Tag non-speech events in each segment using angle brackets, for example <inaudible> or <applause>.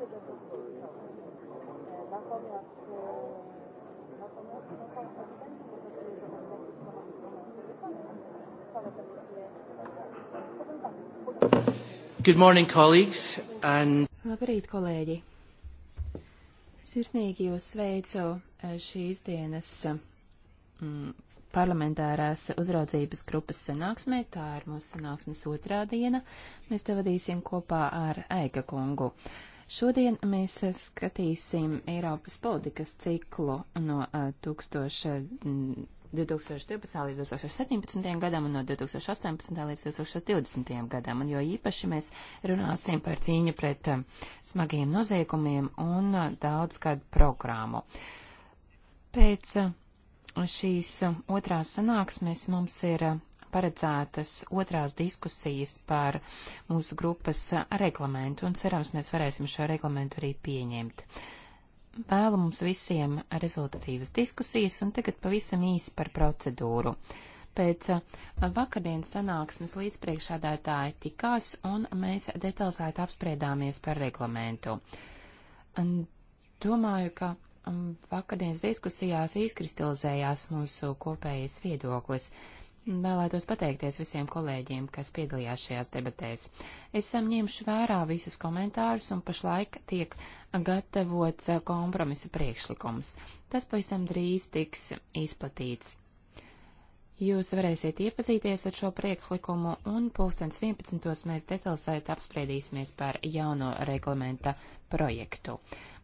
Natomiast, natomiast no, konsekwencje tego, że będzie wcale tak Good morning, colleagues. And... Labrīt, kolēģi! Sirsnīgi jūs sveicu eh, šīs dienas mm, parlamentārās uzraudzības grupas sanāksmē. Tā ir mūsu sanāksmes otrā diena. Mēs te vadīsim kopā ar Aika kungu. Uh, Šodien mēs skatīsim Eiropas politikas ciklu no 1000. Eh, 2012. Mm, līdz 2017. gadam un no 2018. līdz 2020. gadam, un jo īpaši mēs runāsim par cīņu pret eh, smagiem noziegumiem un eh, daudz gadu programmu. Pēc šīs otrās sanāksmes mums ir paredzētas otrās diskusijas par mūsu grupas reglamentu, un cerams, mēs varēsim šo reglamentu arī pieņemt. Vēlu mums visiem rezultatīvas diskusijas, un tagad pavisam īsi par procedūru. Pēc vakardienas sanāksmes līdzpriekšādātāji tikās, un mēs detalizēti apspriedāmies par reglamentu. Un domāju, ka um, vakardienas diskusijās izkristalizējās mūsu kopējais viedoklis. Uh, Vēlētos pateikties visiem kolēģiem, kas piedalījās šajās debatēs. Es ņemšu vērā visus komentārus un pašlaik tiek gatavots eh, kompromisa priekšlikums. Tas pavisam drīz tiks izplatīts. Jūs varēsiet iepazīties ar šo priekšlikumu un pulkstens 11. mēs detalizēti apspriedīsimies par jauno reglamenta projektu.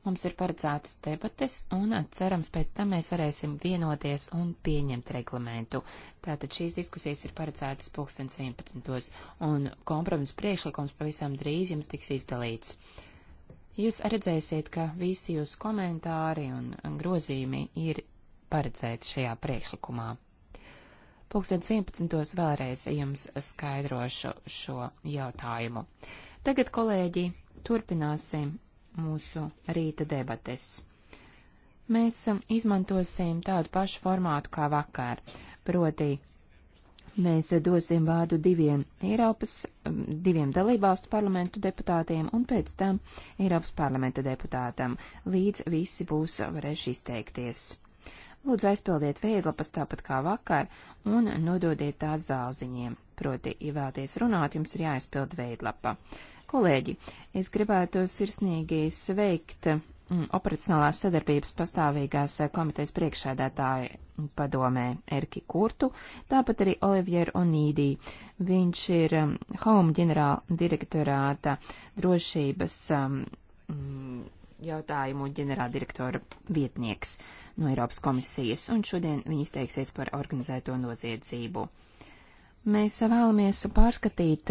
Mums ir paredzētas debates, un cerams, pēc tam mēs varēsim vienoties un pieņemt reglamentu. Tātad šīs diskusijas ir paredzētas 2011. un kompromis priekšlikums pavisam drīz jums tiks izdalīts. Jūs redzēsiet, ka visi jūsu komentāri un grozījumi ir paredzēti šajā priekšlikumā. Pūkstens 11. vēlreiz jums skaidrošu šo jautājumu. Tagad, kolēģi, turpināsim mūsu rīta debates. Mēs um, izmantosim tādu pašu formātu kā vakar, proti mēs dosim vārdu diviem Eiropas, um, diviem dalībvalstu parlamentu deputātiem un pēc tam Eiropas parlamenta deputātam, līdz visi būs varējuši izteikties. Lūdzu aizpildiet veidlapas tāpat kā vakar un nododiet tās zālziņiem. Proti, ja vēlaties runāt, jums ir jāaizpild veidlapa. Kolēģi, es gribētu sirsnīgi sveikt mm, operacionālās sadarbības pastāvīgās komitejas priekšsēdētāju padomē Erki Kurtu, tāpat arī Olivieru Onīdī. Viņš ir mm, Home ģenerāla direktorāta drošības um, jautājumu ģenerāldirektora vietnieks no Eiropas komisijas, un šodien viņi izteiksies par organizēto noziedzību. Mēs vēlamies pārskatīt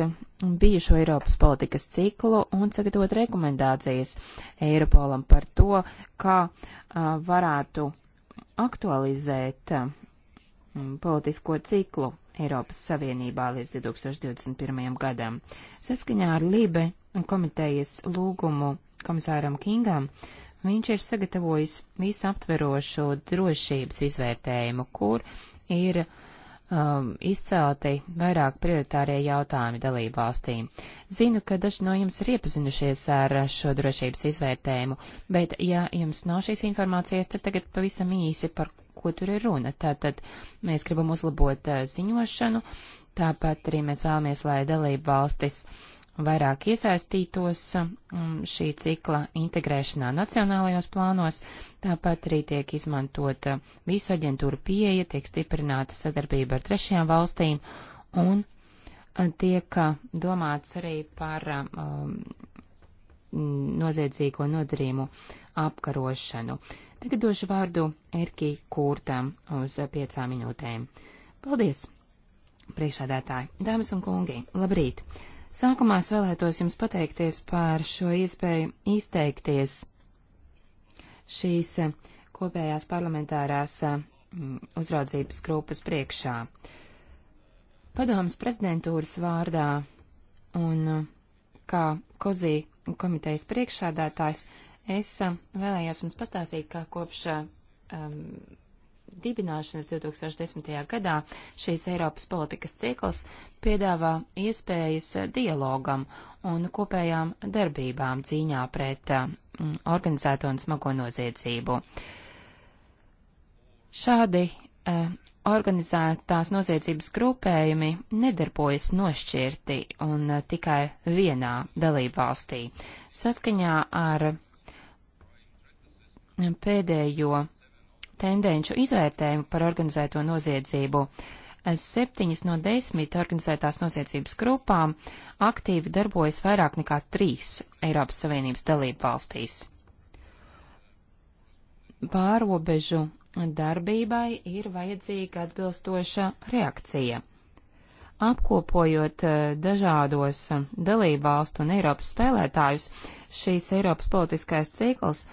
bijušo Eiropas politikas ciklu un sagatavot rekomendācijas Eiropolam par to, kā varētu aktualizēt politisko ciklu Eiropas Savienībā līdz 2021. gadam. Saskaņā ar Lībe komitejas lūgumu komisāram Kingam viņš ir sagatavojis visaptverošu drošības izvērtējumu, kur ir uh, um, izcelti vairāk prioritārie jautājumi dalību valstīm. Zinu, ka daži no jums ir iepazinušies ar šo drošības izvērtējumu, bet ja jums nav šīs informācijas, tad tagad pavisam īsi par ko tur ir runa. Tātad mēs gribam uzlabot uh, ziņošanu, tāpat arī mēs vēlamies, lai dalību valstis uh, vairāk iesaistītos um, šī cikla integrēšanā nacionālajos plānos, tāpat arī tiek izmantota visu aģentūru pieeja, tiek stiprināta sadarbība ar trešajām valstīm un tiek domāts arī par um, noziedzīgo nodarījumu apkarošanu. Tagad došu vārdu Erki Kūrtam uz piecām minūtēm. Paldies, priekšādātāji, dāmas un kungi, labrīt! Sākumā es vēlētos jums pateikties par šo iespēju izteikties šīs eh, kopējās parlamentārās eh, uzraudzības grupas priekšā. Padomas prezidentūras vārdā un eh, kā Kozī komitejas priekšādātājs es vēlējos jums pastāstīt, kā kopš um, dibināšanas 2010. gadā šīs Eiropas politikas cikls piedāvā iespējas dialogam un kopējām darbībām cīņā pret um, organizēto un smago noziedzību. Šādi um, organizētās noziedzības grupējumi nedarbojas nošķirti un uh, tikai vienā dalībvalstī. Saskaņā ar um, pēdējo tendenču izvērtējumu par organizēto noziedzību uh, septiņas no desmit organizētās nosiecības grupām aktīvi darbojas vairāk nekā trīs Eiropas Savienības dalību valstīs. Pārobežu darbībai ir vajadzīga atbilstoša reakcija. Apkopojot eh, dažādos eh, dalību valstu un Eiropas spēlētājus, šīs Eiropas politiskais cikls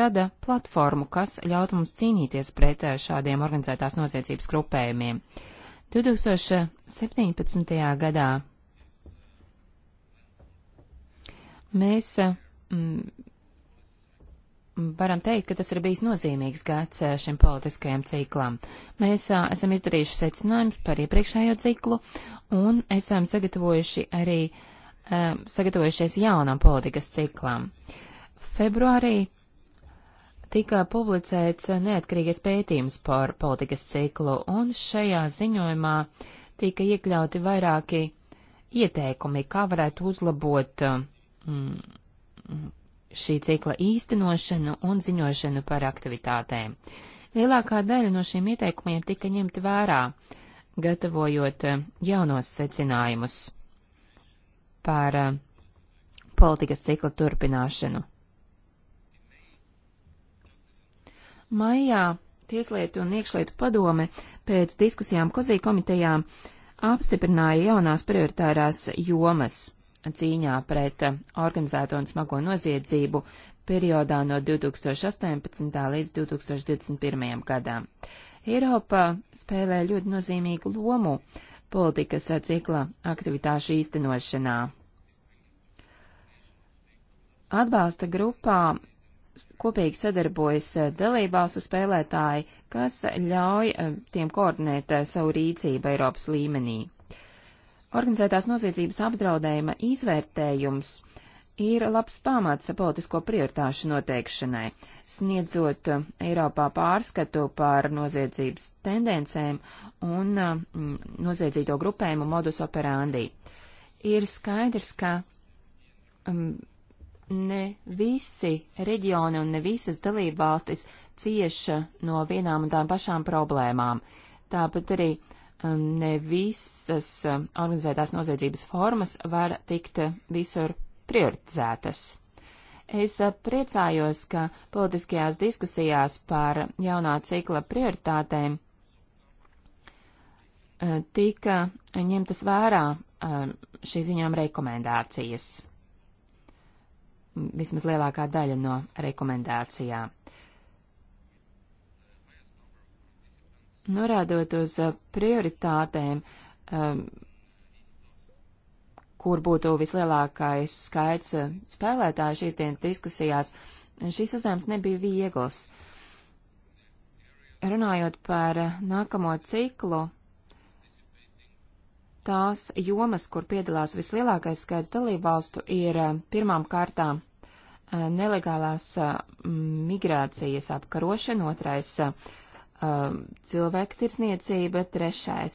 rada platformu, kas ļaut mums cīnīties pret eh, šādiem organizētās noziedzības grupējumiem. Uh, 2017. gadā mēs mm, varam teikt, ka tas ir bijis nozīmīgs gads eh, šim politiskajam ciklam. Mēs a, eh, esam izdarījuši secinājumus par iepriekšējo ciklu un esam sagatavojuši arī a, eh, sagatavojušies jaunam politikas ciklam. Februārī tika publicēts neatkarīgais pētījums par politikas ciklu, un šajā ziņojumā tika iekļauti vairāki ieteikumi, kā varētu uzlabot mm, šī cikla īstenošanu un ziņošanu par aktivitātēm. Lielākā daļa no šiem ieteikumiem tika ņemta vērā, gatavojot jaunos secinājumus par politikas cikla turpināšanu. Maijā Tieslietu un iekšlietu padome pēc diskusijām Kozī komitejā apstiprināja jaunās prioritārās jomas cīņā pret organizēto un smago noziedzību periodā no 2018. līdz 2021. gadam. Eiropa spēlē ļoti nozīmīgu lomu politikas cikla aktivitāšu īstenošanā. Atbalsta grupā kopīgi sadarbojas eh, dalībvalstu spēlētāji, kas ļauj eh, tiem koordinēt eh, savu rīcību Eiropas līmenī. Organizētās noziedzības apdraudējuma izvērtējums ir labs pamats politisko prioritāšu noteikšanai, sniedzot Eiropā pārskatu par noziedzības tendencēm un mm, noziedzīto grupējumu modus operandi. Ir skaidrs, ka mm, ne visi reģioni un ne visas dalībvalstis cieša no vienām un tām pašām problēmām. Tāpat arī um, ne visas um, organizētās noziedzības formas var tikt visur prioritizētas. Es uh, priecājos, ka politiskajās diskusijās par jaunā cikla prioritātēm uh, tika ņemtas vērā um, šī ziņām rekomendācijas vismaz lielākā daļa no rekomendācijām. Norādot uz uh, prioritātēm, um, kur būtu vislielākais skaits uh, spēlētāju šīs dienas diskusijās, šīs uzdevums nebija viegls. Runājot par uh, nākamo ciklu, tās jomas, kur piedalās vislielākais skaits dalībvalstu, ir pirmām kārtām Eh, nelegālās eh, migrācijas apkarošana, otrais eh, cilvēku tirsniecība, trešais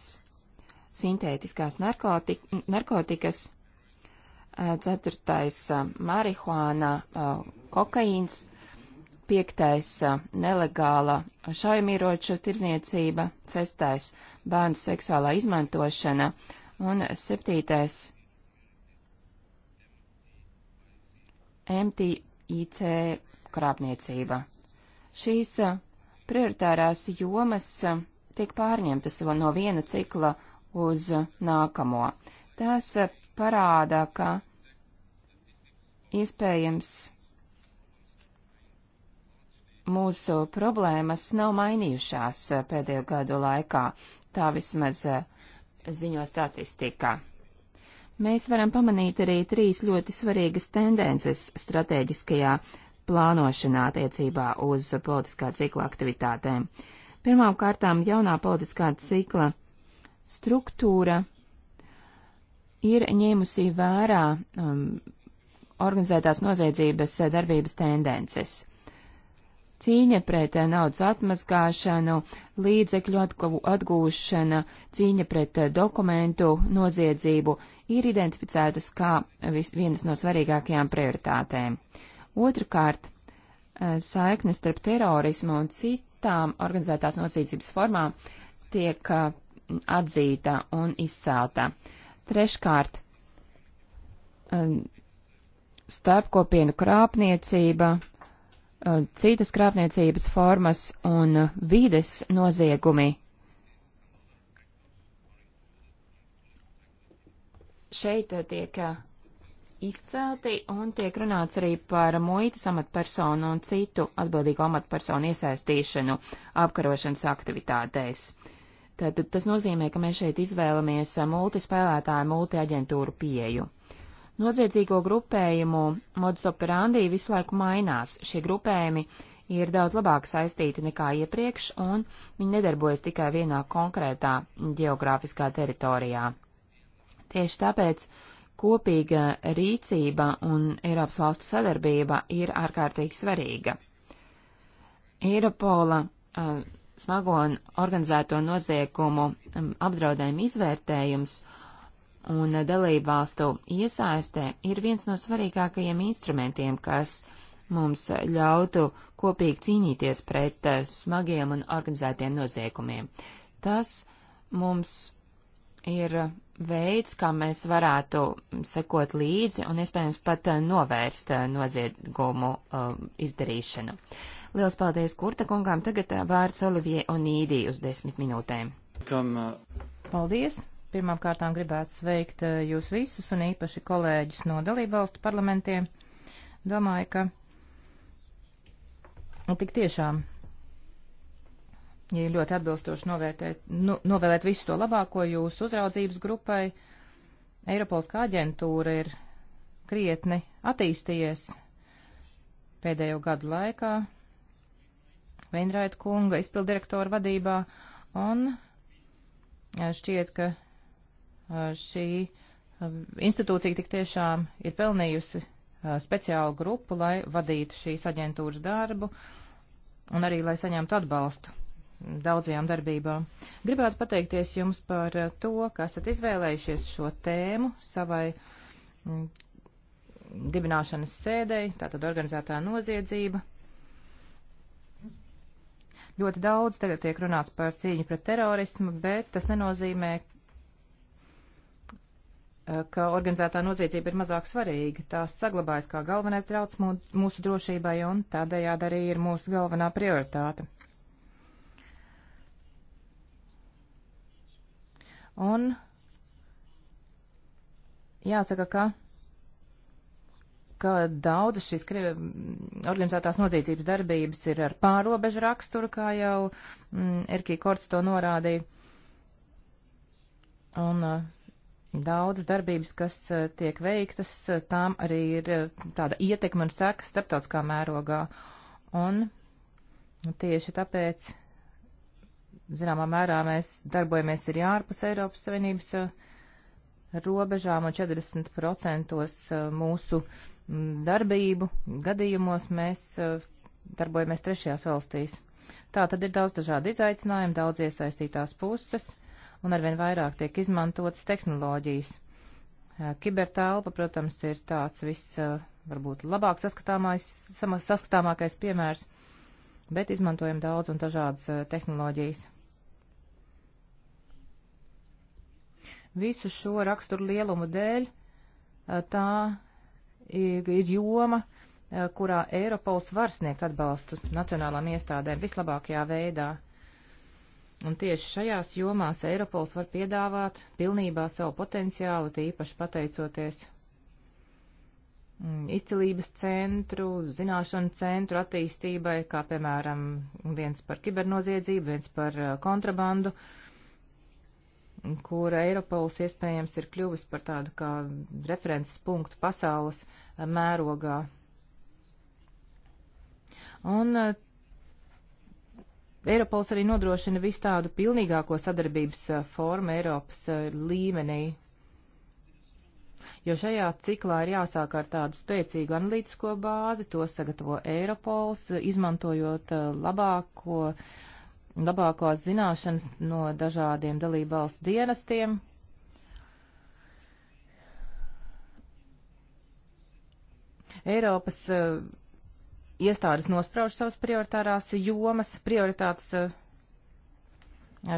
sintētiskās narkotika, narkotikas, ceturtais marihuāna, kokaīns, piektais nelegāla šaujamieroču tirzniecība, sestais bērnu seksuālā izmantošana un septītais MTIC krāpniecība. Šīs prioritārās jomas tiek pārņemtas no viena cikla uz nākamo. Tas parāda, ka iespējams mūsu problēmas nav mainījušās pēdējo gadu laikā, tā vismaz ziņo statistikā mēs varam pamanīt arī trīs ļoti svarīgas tendences stratēģiskajā plānošanā attiecībā uz politiskā cikla aktivitātēm. Pirmām kārtām jaunā politiskā cikla struktūra ir ņēmusi vērā um, organizētās noziedzības darbības tendences. Cīņa pret naudas atmazgāšanu, līdzekļu atgūšana, cīņa pret dokumentu noziedzību, ir identificētas kā vis, vienas no svarīgākajām prioritātēm. Otrakārt, eh, saiknes starp terorismu un citām organizētās nocīcības formām tiek eh, atzīta un izcēlta. Treškārt, eh, starpkopienu krāpniecība, citas krāpniecības formas un vides noziegumi šeit eh, tiek eh, izcelti un tiek runāts arī par muitas amatpersonu un citu atbildīgu amatpersonu iesaistīšanu apkarošanas aktivitātēs. Tātad tas nozīmē, ka mēs šeit izvēlamies eh, multispēlētāju, multiaģentūru pieju. Noziedzīgo grupējumu modus operandi visu laiku mainās. Šie grupējumi ir daudz labāk saistīti nekā iepriekš, un viņi nedarbojas tikai vienā konkrētā geogrāfiskā teritorijā. Tieši tāpēc kopīga rīcība un Eiropas valstu sadarbība ir ārkārtīgi svarīga. Eiropola uh, smago un organizēto noziegumu um, apdraudējumu izvērtējums un dalību valstu iesaistē ir viens no svarīgākajiem instrumentiem, kas mums ļautu kopīgi cīnīties pret uh, smagiem un organizētiem noziegumiem. Tas mums ir veids, kā mēs varētu sekot līdzi un iespējams pat eh, novērst eh, noziegumu eh, izdarīšanu. Liels paldies Kurta kungām. Tagad vārds Olivier Onīdī uz desmit minūtēm. Kam, uh... Paldies! Pirmām kārtām gribētu sveikt jūs visus un īpaši kolēģis no dalībvalstu parlamentiem. Domāju, ka nu, tik tiešām ja ļoti atbilstoši novērtēt, nu, novēlēt visu to labāko jūsu uzraudzības grupai. Eiropols kā aģentūra ir krietni attīstījies pēdējo gadu laikā Veinraita kunga izpildirektora vadībā, un e, šķiet, ka e, šī e, institūcija tik tiešām ir pelnījusi speciālu grupu, lai vadītu šīs aģentūras darbu un arī, lai saņemtu atbalstu daudzajām darbībām. Gribētu pateikties jums par eh, to, ka esat izvēlējušies šo tēmu savai mm, dibināšanas sēdei, tātad organizētā noziedzība. Ļoti daudz tagad tiek runāts par cīņu pret terorismu, bet tas nenozīmē, eh, ka organizētā noziedzība ir mazāk svarīga. Tās saglabājas kā galvenais drauds mūsu drošībai un tādējādi arī ir mūsu galvenā prioritāte. Un jāsaka, ka, ka daudz šīs organizētās noziedzības darbības ir ar pārobežu raksturu, kā jau mm, Erkī Korts to norādīja. Un uh, daudzas darbības, kas eh, tiek veiktas, eh, tām arī ir tāda ietekme un sekas starptautiskā mērogā. Un tieši tāpēc zināmā mērā mēs darbojamies arī ārpus Eiropas Savienības eh, robežām un 40% eh, mūsu mm, darbību gadījumos mēs eh, darbojamies trešajās valstīs. Tā tad ir daudz dažādu izaicinājumu, daudz iesaistītās puses un arvien vairāk tiek izmantotas tehnoloģijas. Kibertēlpa, protams, ir tāds viss varbūt labāk saskatāmākais piemērs, bet izmantojam daudz un dažādas tehnoloģijas. Visu šo raksturu lielumu dēļ tā ir joma, kurā Eiropols var sniegt atbalstu nacionālām iestādēm vislabākajā veidā. Un tieši šajās jomās Eiropols var piedāvāt pilnībā savu potenciālu, tīpaši pateicoties mm, izcilības centru, zināšanu centru attīstībai, kā piemēram viens par kibernoziedzību, viens par kontrabandu. Uh, kur Eiropols iespējams ir kļuvis par tādu kā references punktu pasaules eh, mērogā. Un eh, Eiropols arī nodrošina vis tādu pilnīgāko sadarbības eh, formu Eiropas līmenī. Jo šajā ciklā ir jāsāk ar tādu spēcīgu analītisko bāzi, to sagatavo Eiropols, izmantojot labāko uh, labākās zināšanas no dažādiem dalībvalstu dienestiem. Eiropas uh, iestādes nosprauž savas prioritārās jomas, prioritātes uh,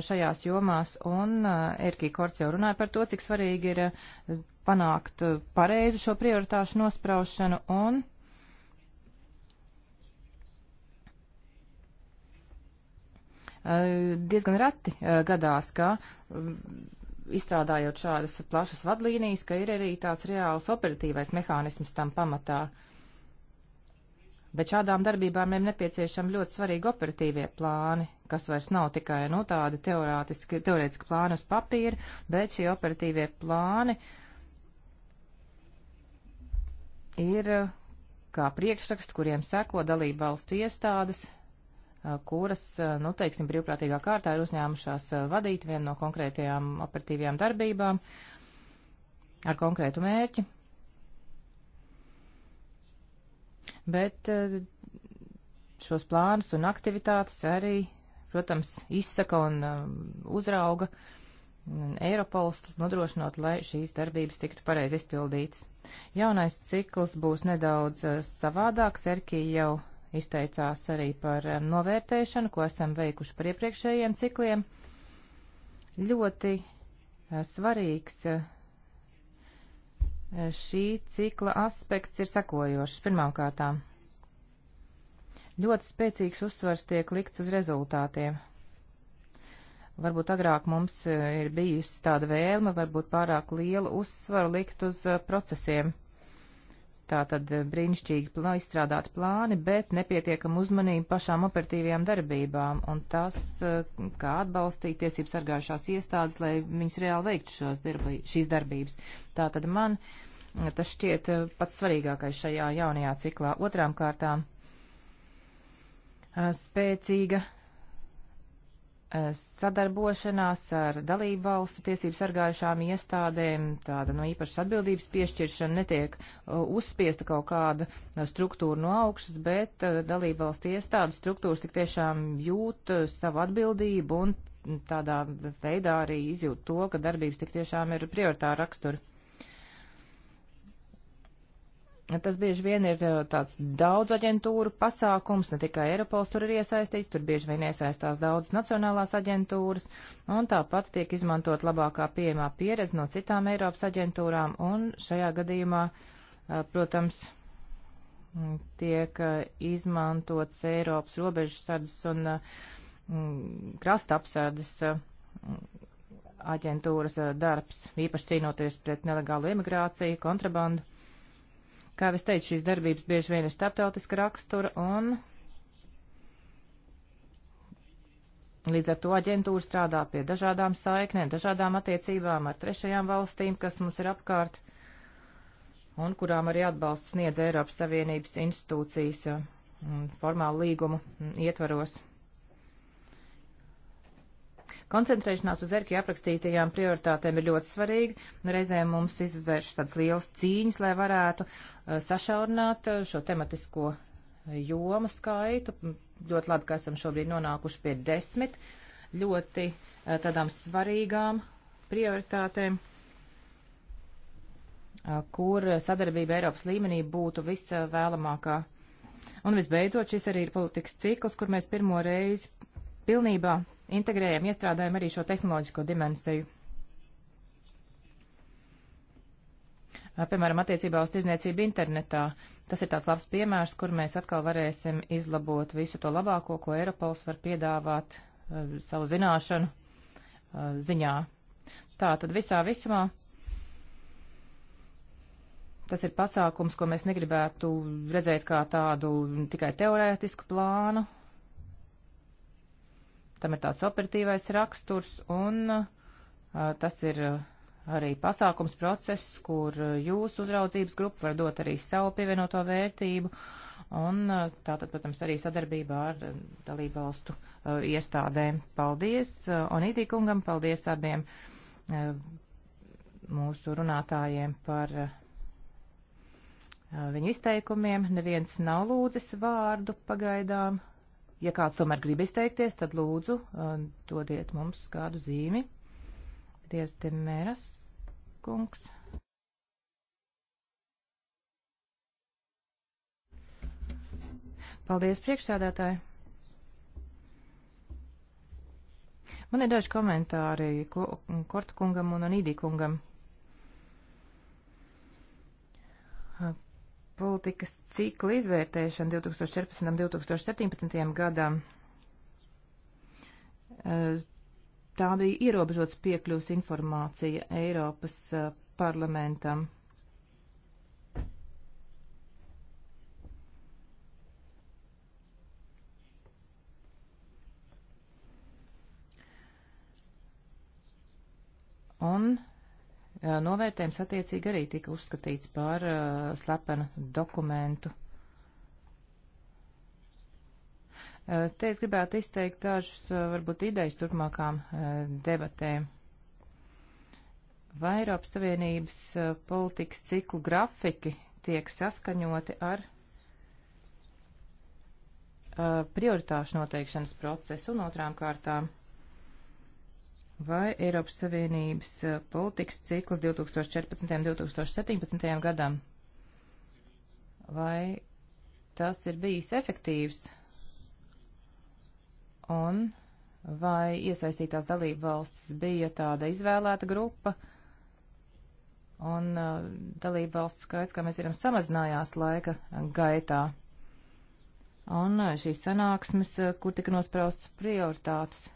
šajās jomās, un uh, Erkī Korts jau runāja par to, cik svarīgi ir panākt pareizu šo prioritāšu nospraušanu, un Eh, diezgan reti eh, gadās, ka mm, izstrādājot šādas plašas vadlīnijas, ka ir arī tāds reāls operatīvais mehānisms tam pamatā. Bet šādām darbībām ir nepieciešami ļoti svarīgi operatīvie plāni, kas vairs nav tikai nu, tādi teorētiski plāni uz papīra, bet šie operatīvie plāni ir eh, kā priekšraksti, kuriem seko dalību valstu iestādes, kuras, nu, teiksim, brīvprātīgā kārtā ir uzņēmušās vadīt vienu no konkrētajām operatīvajām darbībām ar konkrētu mērķi. Bet šos plānus un aktivitātes arī, protams, izsaka un uzrauga Eiropols, nodrošinot, lai šīs darbības tiktu pareizi izpildītas. Jaunais cikls būs nedaudz savādāks, Erkija jau izteicās arī par um, novērtēšanu, ko esam veikuši par iepriekšējiem cikliem. Ļoti uh, svarīgs uh, šī cikla aspekts ir sekojošs. Pirmkārtām, ļoti spēcīgs uzsvars tiek likts uz rezultātiem. Varbūt agrāk mums uh, ir bijusi tāda vēlme, varbūt pārāk lielu uzsvaru likt uz procesiem. Tā tad eh, brīnišķīgi plā, izstrādāti plāni, bet nepietiekam uzmanību pašām operatīvajām darbībām un tas, eh, kā atbalstīt tiesību sargājušās iestādes, lai viņas reāli veiktu šos darbī, šīs darbības. Tā tad man eh, tas šķiet pats svarīgākais šajā jaunajā ciklā. Otrām kārtām spēcīga Eh, sadarbošanās ar dalību valstu tiesību sargājušām iestādēm, tāda no īpašas atbildības piešķiršana netiek eh, uzspiesta kaut kāda eh, struktūra no augšas, bet dalību valstu iestādes struktūras tik tiešām jūt savu atbildību un tādā veidā arī izjūt to, ka darbības tik tiešām ir prioritāra rakstura tas bieži vien ir eh, tāds daudz aģentūru pasākums, ne tikai Eiropols tur ir iesaistīts, tur bieži vien iesaistās daudz nacionālās aģentūras, un tāpat tiek izmantot labākā pieejamā pieredze no citām Eiropas aģentūrām, un šajā gadījumā, eh, protams, tiek eh, izmantots Eiropas robežsardas un krasta apsardas aģentūras darbs, īpaši cīnoties pret nelegālu imigrāciju, kontrabandu. Kā es teicu, šīs darbības bieži vien ir starptautiska rakstura un līdz ar to aģentūra strādā pie dažādām saiknēm, dažādām attiecībām ar trešajām valstīm, kas mums ir apkārt un kurām arī atbalsts sniedz Eiropas Savienības institūcijas um, formālu līgumu ietvaros. Koncentrēšanās uz erki aprakstītajām prioritātēm ir ļoti svarīga. Reizēm mums izvērš tāds liels cīņas, lai varētu uh, sašaurināt uh, šo tematisko eh, jomu skaitu. Ļoti labi, ka esam šobrīd nonākuši pie desmit ļoti uh, tādām svarīgām prioritātēm kur sadarbība Eiropas līmenī būtu visvēlamākā. Un visbeidzot, šis arī ir politikas cikls, kur mēs pirmo reizi pilnībā integrējam, iestrādājam arī šo tehnoloģisko dimensiju. Piemēram, attiecībā uz tirzniecību internetā. Tas ir tāds labs piemērs, kur mēs atkal varēsim izlabot visu to labāko, ko Eiropols var piedāvāt savu zināšanu ziņā. Tā tad visā visumā tas ir pasākums, ko mēs negribētu redzēt kā tādu tikai teorētisku plānu, tam ir tāds operatīvais raksturs, un uh, tas ir uh, arī pasākums process, kur uh, jūs uzraudzības grupa var dot arī savu pievienoto vērtību, un tātad, protams, arī sadarbībā ar dalībvalstu iestādēm. Paldies Onīdī kungam, paldies abiem mūsu runātājiem par viņu izteikumiem. Neviens nav lūdzis vārdu pagaidām. Ja kāds tomēr grib izteikties, tad lūdzu uh, dodiet mums kādu zīmi. Paldies, Demēras kungs. Paldies, priekšsādātāji. Man ir daži komentāri ko, Korta kungam un Anīdī kungam politikas cikla izvērtēšana 2014. un 2017. gadam. Eh, tā bija ierobežots piekļuvs informācija Eiropas eh, parlamentam. Un novērtējums attiecīgi arī tika uzskatīts par uh, slepenu dokumentu. Uh, te es gribētu izteikt dažus uh, varbūt idejas turpmākām debatēm. Vai Eiropas Savienības politikas ciklu grafiki tiek saskaņoti ar prioritāšu noteikšanas procesu un otrām kārtām? vai Eiropas Savienības eh, politikas cikls 2014. un 2017. gadam, vai tas ir bijis efektīvs un vai iesaistītās dalība valstis bija tāda izvēlēta grupa un eh, dalība valsts skaits, kā mēs zinām, samazinājās laika gaitā. Un eh, šīs sanāksmes, kur tika nospraustas prioritātes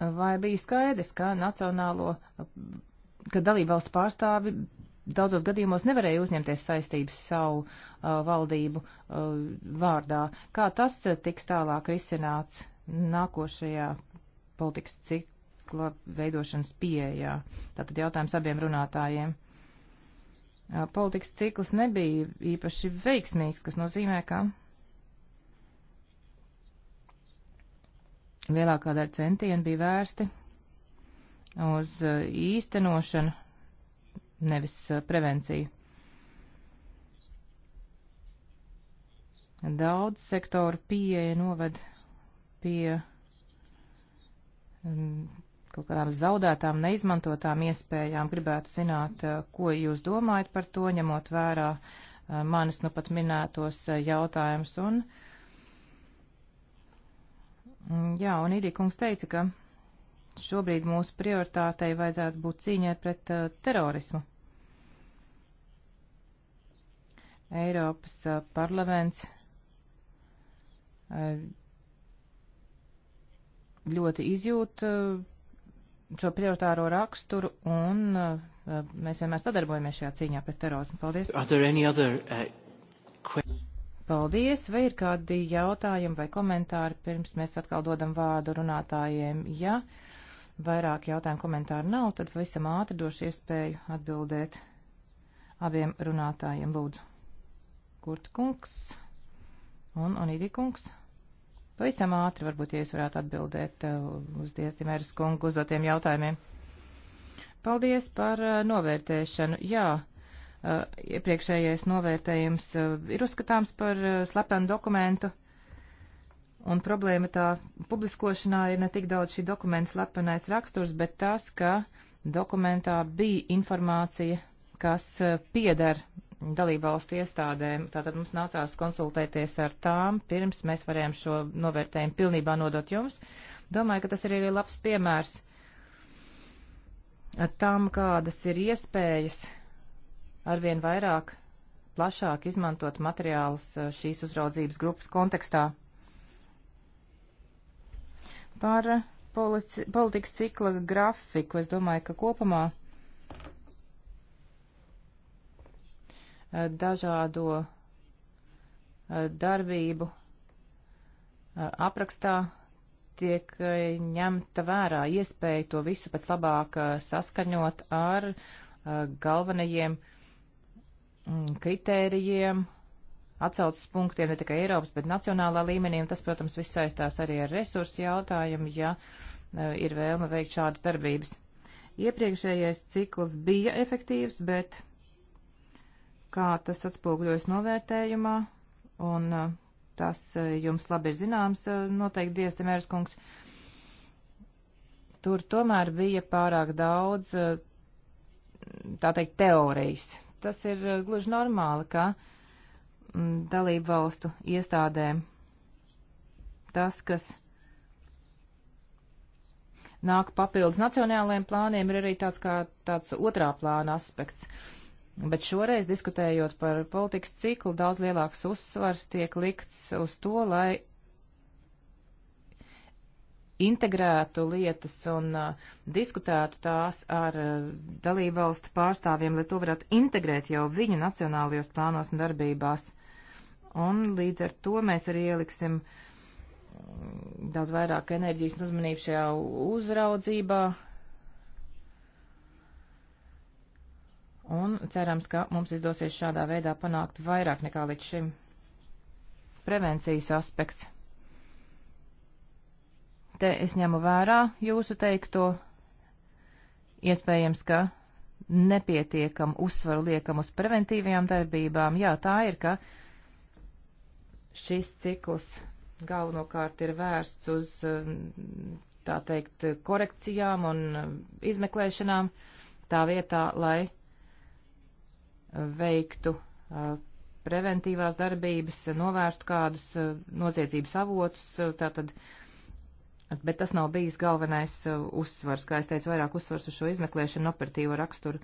vai bija skaidrs, ka nacionālo, ka dalībvalstu pārstāvi daudzos gadījumos nevarēja uzņemties saistības savu uh, valdību uh, vārdā. Kā tas tiks tālāk risināts nākošajā politikas cikla veidošanas pieejā? Tātad jautājums abiem runātājiem. Uh, politikas cikls nebija īpaši veiksmīgs, kas nozīmē, ka. Kā... lielākā daļa centienu bija vērsti uz eh, īstenošanu, nevis eh, prevenciju. Daudz sektoru pieeja noved pie mm, kaut kādām zaudētām, neizmantotām iespējām. Gribētu zināt, eh, ko jūs domājat par to, ņemot vērā manis nu pat minētos jautājumus un uh, Mm, jā, un Idī kungs teica, ka šobrīd mūsu prioritātei vajadzētu būt cīņai pret uh, terorismu. Eiropas uh, parlaments uh, ļoti izjūt uh, šo prioritāro raksturu un uh, uh mēs vienmēr sadarbojamies šajā cīņā pret terorismu. Paldies! Are there any other, uh, Paldies! Vai ir kādi jautājumi vai komentāri pirms mēs atkal dodam vārdu runātājiem? Ja vairāk jautājumu komentāru nav, tad visam ātri došu iespēju atbildēt abiem runātājiem. Lūdzu, Kurta kungs un Onīdi kungs. Pavisam ātri varbūt, ja jūs varētu atbildēt uh, uz Diezdimēras kungu uzdotiem jautājumiem. Paldies par uh, novērtēšanu. Jā. Eh, iepriekšējais novērtējums eh, ir uzskatāms par eh, slepenu dokumentu, un problēma tā publiskošanā ir ne tik daudz šī dokumenta slepenais raksturs, bet tas, ka dokumentā bija informācija, kas piedar dalībvalstu iestādēm. Tātad mums nācās konsultēties ar tām, pirms mēs varējām šo novērtējumu pilnībā nodot jums. Domāju, ka tas ir arī labs piemērs tam, kādas ir iespējas arvien vairāk plašāk izmantot materiālus eh, šīs uzraudzības grupas kontekstā. Par eh, polici, politikas cikla grafiku es domāju, ka kopumā eh, dažādo darbību aprakstā tiek ņemta vērā iespēja to visu pēc labāk saskaņot ar galvenajiem uh, Mm, kritērijiem, atsaucas punktiem ne tikai Eiropas, bet nacionālā līmenī, un tas, protams, viss saistās arī ar resursu jautājumu, ja e, ir vēlme veikt šādas darbības. Iepriekšējais cikls bija efektīvs, bet kā tas atspūgļojas novērtējumā, un e, tas e, jums labi ir zināms, noteikti Diestemērs kungs, tur tomēr bija pārāk daudz, tā teikt, teorijas Tas ir eh, gluži normāli, ka mm, dalību valstu iestādēm tas, kas nāk papildus nacionālajiem plāniem, ir arī tāds kā tāds otrā plāna aspekts. Bet šoreiz, diskutējot par politikas ciklu, daudz lielāks uzsvars tiek likts uz to, lai integrētu lietas un uh, diskutētu tās ar uh, dalībvalstu pārstāvjiem, lai to varētu integrēt jau viņu nacionālajos plānos un darbībās. Un līdz ar to mēs arī ieliksim mm, daudz vairāk enerģijas un uzmanību šajā uzraudzībā. Un cerams, ka mums izdosies šādā veidā panākt vairāk nekā līdz šim prevencijas aspekts Te es ņemu vērā jūsu teikto. Iespējams, ka nepietiekam uzsvaru liekam uz preventīvajām darbībām. Jā, tā ir, ka šis cikls galvenokārt ir vērsts uz, um, tā teikt, korekcijām un um, izmeklēšanām tā vietā, lai veiktu uh, preventīvās darbības, novērstu kādus uh, noziedzības avotus, tātad Bet tas nav bijis galvenais uh, uzsvars, kā es teicu, vairāk uzsvars uz šo izmeklēšanu operatīvo raksturu.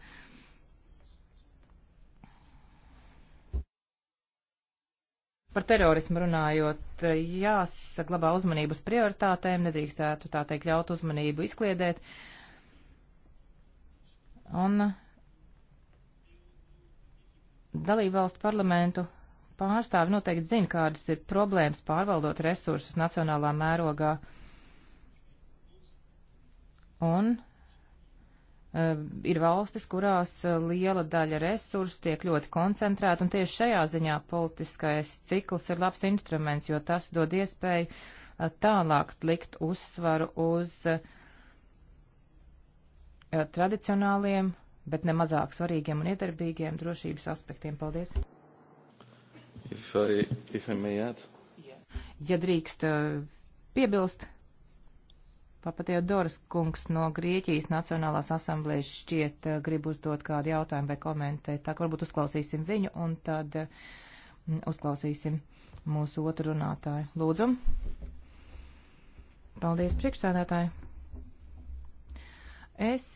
Par terorismu runājot, uh, jāsaglabā uzmanības prioritātēm, nedrīkstētu tā teikt ļaut uzmanību izkliedēt. Un uh, dalībvalstu parlamentu pārstāvi noteikti zina, kādas ir problēmas pārvaldot resursus nacionālā mērogā. Uh, Un eh, ir valstis, kurās eh, liela daļa resursu tiek ļoti koncentrēta, un tieši šajā ziņā politiskais cikls ir labs instruments, jo tas dod iespēju eh, tālāk likt uzsvaru uz tradicionāliem, bet ne mazāk svarīgiem un iedarbīgiem drošības aspektiem. Paldies! If I, if I add... Ja drīkst piebilst. Papatiodoras kungs no Grieķijas Nacionālās asamblējas šķiet eh, grib uzdot kādu jautājumu vai komentēt. Tā varbūt uzklausīsim viņu un tad eh, uzklausīsim mūsu otru runātāju. Lūdzu. Paldies, priekšsēdētāji. Es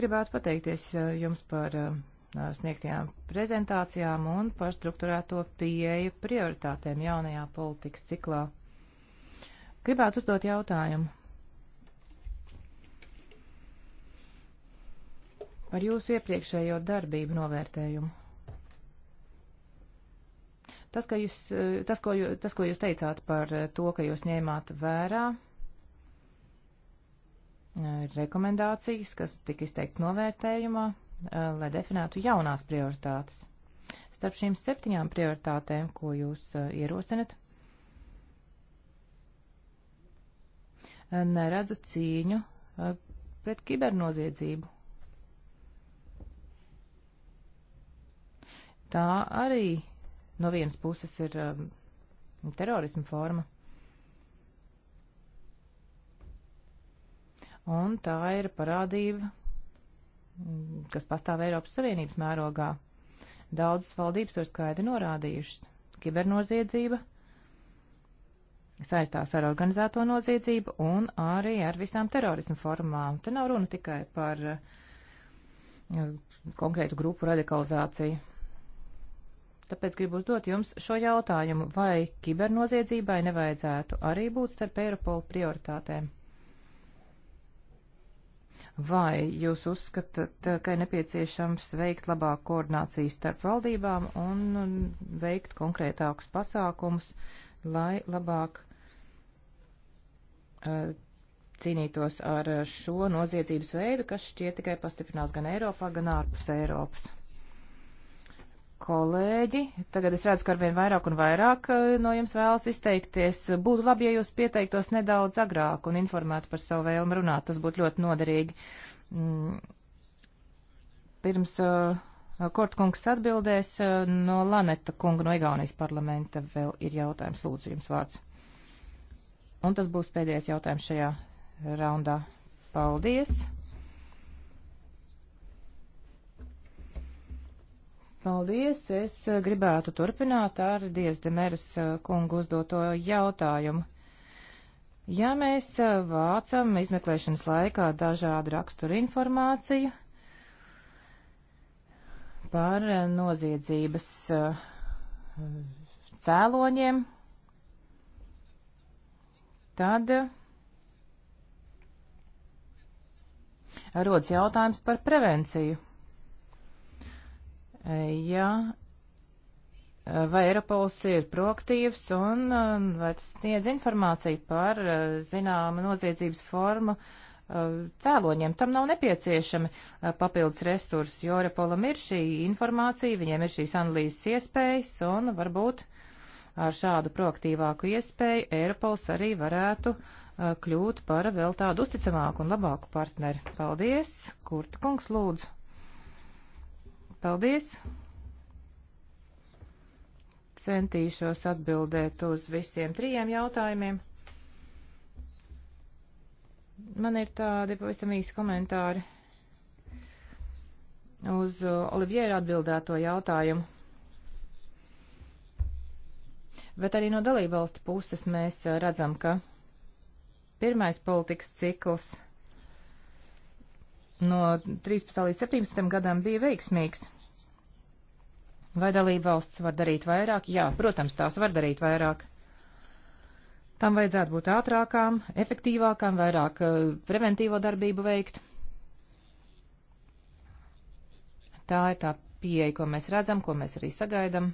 gribētu pateikties eh, jums par sniegtajām prezentācijām un par struktūrēto pieeju prioritātēm jaunajā politikas ciklā. Gribētu uzdot jautājumu par jūsu iepriekšējo darbību novērtējumu. Tas, ka jūs, eh, tas, ko jūs, tas, ko jūs teicāt par eh, to, ka jūs ņēmāt vērā eh, rekomendācijas, kas tika izteikts novērtējumā, lai definētu jaunās prioritātes. Starp šīm septiņām prioritātēm, ko jūs ierosinat, neredzu cīņu pret kibernoziedzību. tā arī no vienas puses ir um, terorisma forma. Un tā ir parādība, mm, kas pastāv Eiropas Savienības mērogā. Daudzas valdības to skaidri norādījušas. Kibernoziedzība saistās ar organizēto noziedzību un arī ar visām terorismu formām. Te nav runa tikai par uh, konkrētu grupu radikalizāciju. Tāpēc gribu uzdot jums šo jautājumu, vai kibernoziedzībai nevajadzētu arī būt starp Eiropolu prioritātēm? Vai jūs uzskatāt, ka ir nepieciešams veikt labāku koordināciju starp valdībām un veikt konkrētākus pasākumus, lai labāk uh, cīnītos ar šo noziedzības veidu, kas šķiet tikai pastiprinās gan Eiropā, gan ārpus Eiropas? kolēģi. Tagad es redzu, ka arvien vairāk un vairāk eh, no jums vēlas izteikties. Būtu labi, ja jūs pieteiktos nedaudz agrāk un informētu par savu vēlmu runāt. Tas būtu ļoti noderīgi. Mm. Pirms uh, Kortkungs atbildēs uh, no Laneta kunga no Igaunijas parlamenta vēl ir jautājums. Lūdzu, jums vārds. Un tas būs pēdējais jautājums šajā raundā. Paldies! Paldies! Es eh, gribētu turpināt ar Diezdemeras eh, kungu uzdoto jautājumu. Ja mēs eh, vācam izmeklēšanas laikā dažādu raksturu informāciju par noziedzības cēloņiem, tad rodas jautājums par prevenciju ja vai Eiropols ir proaktīvs un vai tas sniedz informāciju par e, zināmu noziedzības formu e, cēloņiem. Tam nav nepieciešami e, papildus resursi, jo Eiropolam ir šī informācija, viņiem ir šīs analīzes iespējas un varbūt ar šādu proaktīvāku iespēju Eiropols arī varētu kļūt par vēl tādu uzticamāku un labāku partneri. Paldies, Kurta kungs, lūdzu! Paldies! Centīšos atbildēt uz visiem trījiem jautājumiem. Man ir tādi pavisam īsi komentāri uz Oliviera atbildēto jautājumu. Bet arī no dalībvalstu puses mēs redzam, ka pirmais politikas cikls – no 13. līdz 17. gadam bija veiksmīgs. Vai dalība valsts var darīt vairāk? Jā, protams, tās var darīt vairāk. Tam vajadzētu būt ātrākām, efektīvākām, vairāk uh, preventīvo darbību veikt. Tā ir tā pieeja, ko mēs redzam, ko mēs arī sagaidam.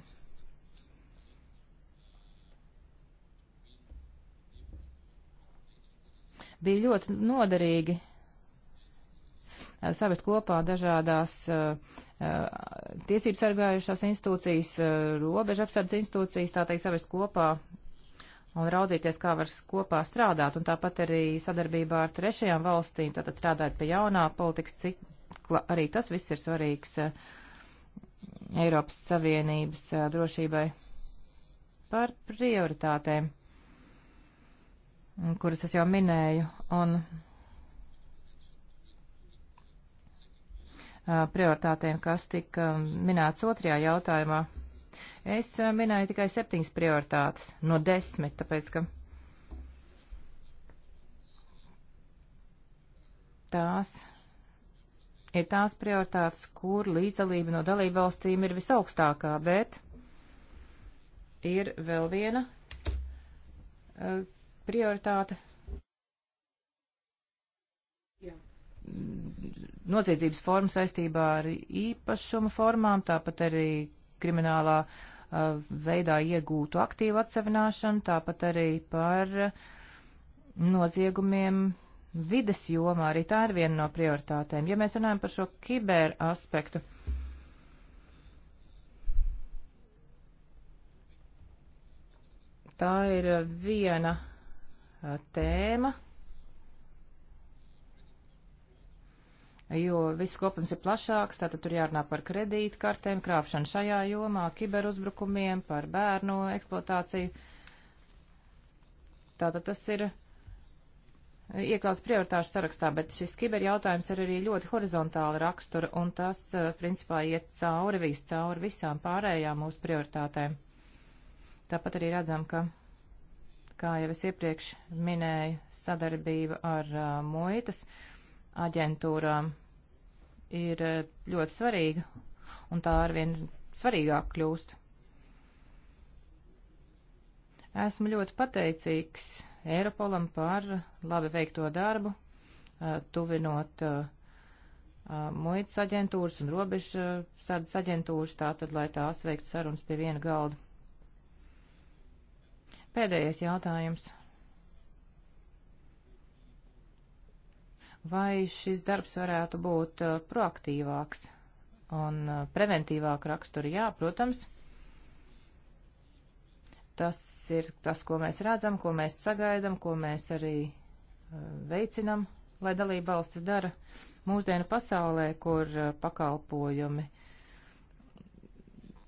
Bija ļoti noderīgi Eh, savest kopā dažādās eh, eh, tiesības sargājušās institūcijas, robeža apsardzes institūcijas, tā teikt, savest kopā un raudzīties, kā var kopā strādāt, un tāpat arī sadarbībā ar trešajām valstīm, tātad strādāt pie jaunā politikas cikla, arī tas viss ir svarīgs Eiropas Savienības drošībai par prioritātēm, kuras es jau minēju, un prioritātēm, kas tika minēts otrajā jautājumā. Es minēju tikai septiņas prioritātes no desmit, tāpēc ka tās ir tās prioritātes, kur līdzdalība no dalībvalstīm ir visaugstākā, bet ir vēl viena prioritāte, noziedzības formu saistībā ar īpašumu formām, tāpat arī kriminālā uh, veidā iegūtu aktīvu atsevināšanu, tāpat arī par noziegumiem vides jomā. Arī tā ir viena no prioritātēm. Ja mēs runājam par šo kiber aspektu, tā ir viena uh, tēma, jo viss kopums ir plašāks, tātad tur jārunā par kredītkartēm, krāpšanu šajā jomā, kiberuzbrukumiem, par bērnu eksploatāciju. Tātad tas ir iekļauts prioritāšu sarakstā, bet šis kiber jautājums ir arī ļoti horizontāla rakstura, un tas, eh, principā, iet cauri, vis cauri visām pārējām mūsu prioritātēm. Tāpat arī redzam, ka, kā jau es iepriekš minēju, sadarbība ar uh, muitas aģentūrām ir eh, ļoti svarīga, un tā arvien svarīgāk kļūst. Esmu ļoti pateicīgs Eiropolam par labi veikto darbu, eh, tuvinot eh, muitas aģentūras un robežu sardas aģentūras, tātad, lai tās veiktu sarunas pie viena galda. Pēdējais jautājums Vai šis darbs varētu būt uh, proaktīvāks un uh, preventīvāk raksturi? Jā, protams. Tas ir tas, ko mēs redzam, ko mēs sagaidam, ko mēs arī uh, veicinam, lai dalība valstis dara mūsdienu pasaulē, kur pakalpojumi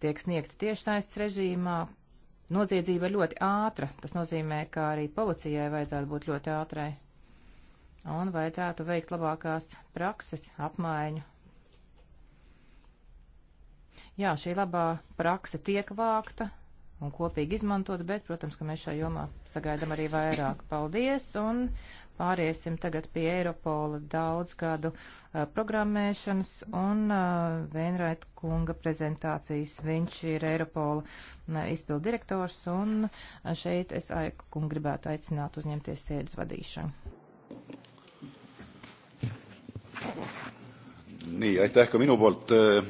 tiek sniegti tiešsaistes režīmā. Noziedzība ir ļoti ātra. Tas nozīmē, ka arī policijai vajadzētu būt ļoti ātrai un vajadzētu veikt labākās prakses apmaiņu. Jā, šī labā prakse tiek vākta un kopīgi izmantot, bet, protams, ka mēs šajā jomā sagaidām arī vairāk. Paldies! Un pāriesim tagad pie Eiropola daudzgadu uh, programmēšanas un uh, Veinraita kunga prezentācijas. Viņš ir Eiropola uh, izpildirektors un uh, šeit es Aiku kungu gribētu aicināt uzņemties sēdes vadīšanu nii, aitäh ka minu poolt äh,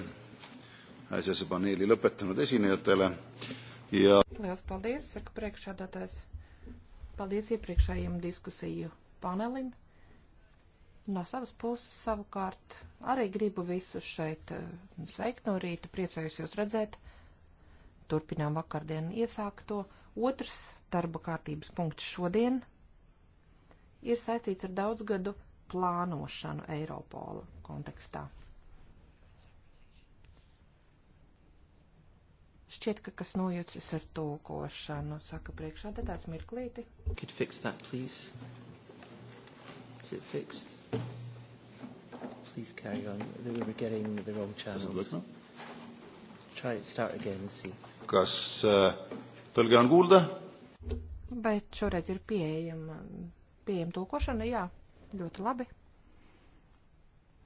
äsjase paneeli lõpetanud esinejatele ja Liels paldies, saka priekšādātājs. Paldies iepriekšējiem diskusiju panelim. No savas puses savukārt arī gribu visus šeit sveikt no rīta, priecājos jūs redzēt. Turpinām vakardien iesākto. Otrs darba kārtības punkts šodien ir saistīts ar daudzgadu plānošanu Eiropola kontekstā. Šķiet, ka kas nojucis ar tūkošanu, saka priekšādātājs mirklīti. Could fix that, please? Is it fixed? Please carry on. They were getting the wrong channels. Try it, start again and see. Kas uh, eh, pelgään kuulda? Bet šoreiz ir pieejama, pieejama tūkošana, jā. Ļoti labi.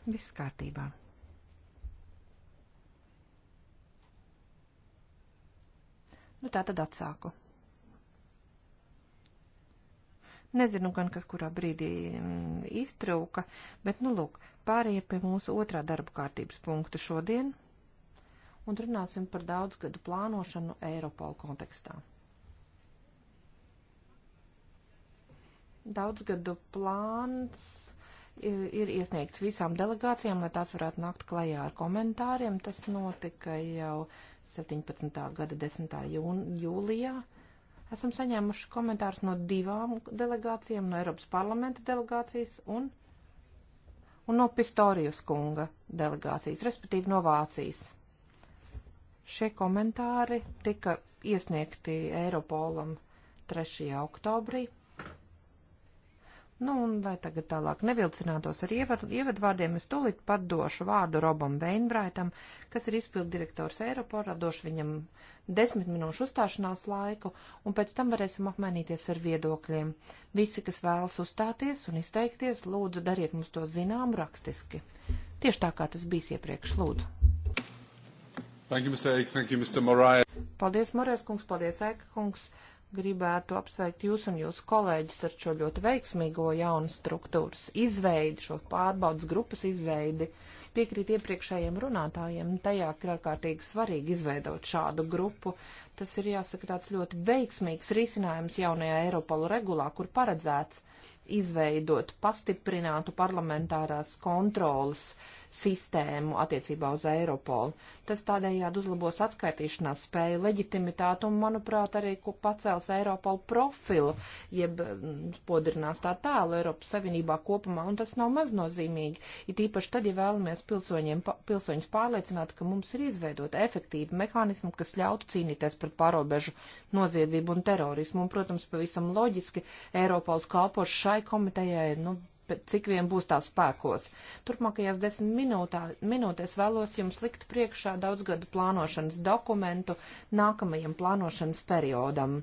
Viss kārtībā. Nu, tā tad atsāku. Nezinu gan, kas kurā brīdī mm, iztrūka, bet, nu, lūk, pārējie pie mūsu otrā darba kārtības punkta šodien un runāsim par daudzgadu plānošanu Eiropola kontekstā. Daudzgadu plāns ir iesniegts visām delegācijām, lai tās varētu nākt klajā ar komentāriem. Tas notika jau 17. gada 10. Jūn, jūlijā. Esam saņēmuši komentārus no divām delegācijām, no Eiropas parlamenta delegācijas un, un no Pistorijas kunga delegācijas, respektīvi no Vācijas. Šie komentāri tika iesniegti Eiropolam 3. oktobrī Nu, un lai tagad tālāk nevilcinātos ar ievad, ievadvārdiem, es tūlīt pat došu vārdu Robam Veinbraitam, kas ir izpildu direktors Eiroporā, došu viņam desmit minūšu uzstāšanās laiku, un pēc tam varēsim apmainīties ar viedokļiem. Visi, kas vēlas uzstāties un izteikties, lūdzu, dariet mums to zinām rakstiski. Tieši tā, kā tas bijis iepriekš, lūdzu. Thank you, Mr. Eik. Thank you, Mr. Morais. Paldies, Morais kungs, paldies, Eika kungs gribētu apsveikt jūs un jūsu kolēģis ar šo ļoti veiksmīgo jaunu struktūras izveidi, šo pārbaudas grupas izveidi. Piekrīt iepriekšējiem runātājiem, nu, tajā ir ārkārtīgi svarīgi izveidot šādu grupu. Tas ir, jāsaka, tāds ļoti veiksmīgs risinājums jaunajā Eiropalu regulā, kur paredzēts izveidot pastiprinātu parlamentārās kontrolas uh, sistēmu attiecībā uz Eiropolu. Tas tādējādi uzlabos atskaitīšanās spēju, leģitimitātu un, manuprāt, arī pacels Eiropolu profilu, jeb mm, spodrinās tā tālu Eiropas Savienībā kopumā, un tas nav maznozīmīgi. It īpaši tad, ja vēlamies pilsoņiem, pilsoņus pārliecināt, ka mums ir izveidota efektīva mehānisma, kas ļautu cīnīties pret pārobežu noziedzību un terorismu. Un, protams, pavisam loģiski Eiropols kalpoš šai komitejai, nu, cik vien būs tās spēkos. Turpmākajās desmit minūtā, minūtēs vēlos jums likt priekšā daudzgadu plānošanas dokumentu nākamajam plānošanas periodam.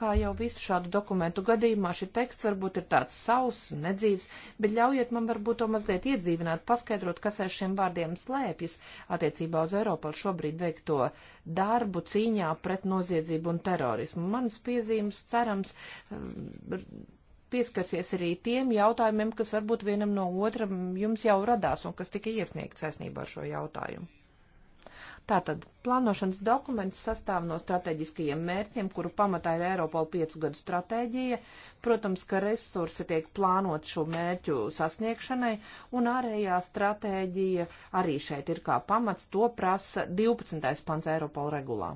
Kā jau visu šādu dokumentu gadījumā, šī teksts varbūt ir tāds sauss un nedzīvs, bet ļaujiet man varbūt to mazliet iedzīvināt, paskaidrot, kas aiz šiem vārdiem slēpjas attiecībā uz Eiropu ar šobrīd veikto darbu cīņā pret noziedzību un terorismu. Manas piezīmes, cerams, pieskarsies arī tiem jautājumiem, kas varbūt vienam no otram jums jau radās un kas tika iesniegts saistībā ar šo jautājumu. Tātad plānošanas dokuments sastāv no strateģiskajiem mērķiem, kuru pamatā ir Eiropola 5 gadu stratēģija. Protams, ka resursi tiek plānot šo mērķu sasniegšanai, un ārējā stratēģija arī šeit ir kā pamats, to prasa 12. pants Eiropola regulā.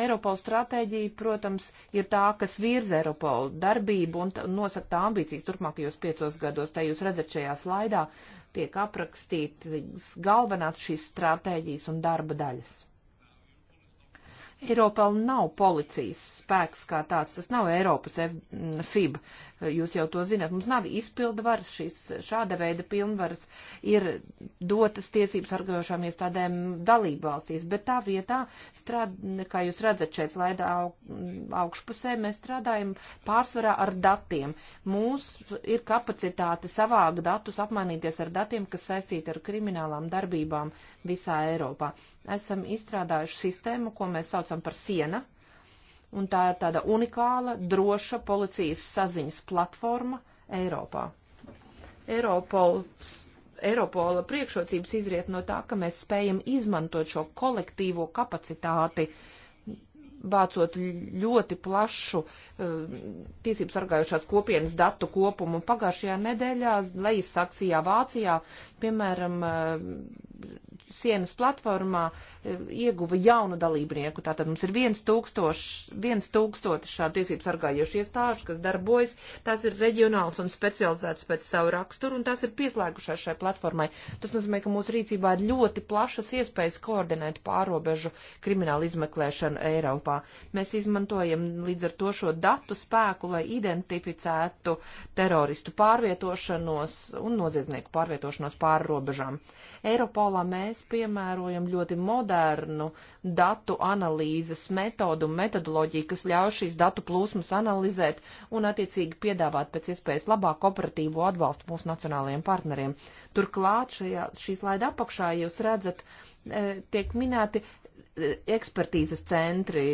Eiropola stratēģija, protams, ir tā, kas virza Eiropola darbību un nosaka tā ambīcijas turpmākajos piecos gados. Tā jūs redzat šajā slaidā, tiek aprakstītas galvenās šīs stratēģijas un darba daļas. Eiropola nav policijas spēks kā tāds, tas nav Eiropas F FIB. Uh, Jūs jau to zināt, mums nav izpildvaras, šīs šāda veida pilnvaras ir dotas tiesības argojošām iestādēm dalību valstīs, bet tā vietā, strād, kā jūs redzat šeit slaidā augšpusē, mēs strādājam pārsvarā ar datiem. Mūs ir kapacitāte savāk datus apmainīties ar datiem, kas saistīti ar kriminālām darbībām visā Eiropā. Esam izstrādājuši sistēmu, ko mēs saucam par siena un tā ir tāda unikāla, droša policijas saziņas platforma Eiropā. Eiropols, Eiropola priekšrocības izriet no tā, ka mēs spējam izmantot šo kolektīvo kapacitāti uh, vācot ļoti plašu uh, tiesību sargājušās kopienas datu kopumu. Pagājušajā nedēļā lejas saksijā Vācijā, piemēram, uh, sienas platformā uh, ieguva jaunu dalībnieku. Tātad mums ir viens tūkstoši, viens tūkstoši šādu tiesību sargājušu iestāžu, kas darbojas. Tās ir reģionāls un specializēts pēc savu raksturu, un tās ir pieslēgušās šai platformai. Tas nozīmē, ka mūsu rīcībā ir ļoti plašas iespējas koordinēt pārobežu kriminālu izmeklēšanu Eiropā. Eiropā. Mēs izmantojam līdz ar to šo datu spēku, lai identificētu teroristu pārvietošanos un noziedznieku pārvietošanos pāri robežām. Eiropolā mēs piemērojam ļoti modernu datu analīzes metodu un metodoloģiju, kas ļauj šīs datu plūsmas analizēt un attiecīgi piedāvāt pēc iespējas labāku operatīvo atbalstu mūsu nacionālajiem partneriem. Turklāt šajā, šī slaida apakšā jūs redzat, e, tiek minēti ekspertīzes centri,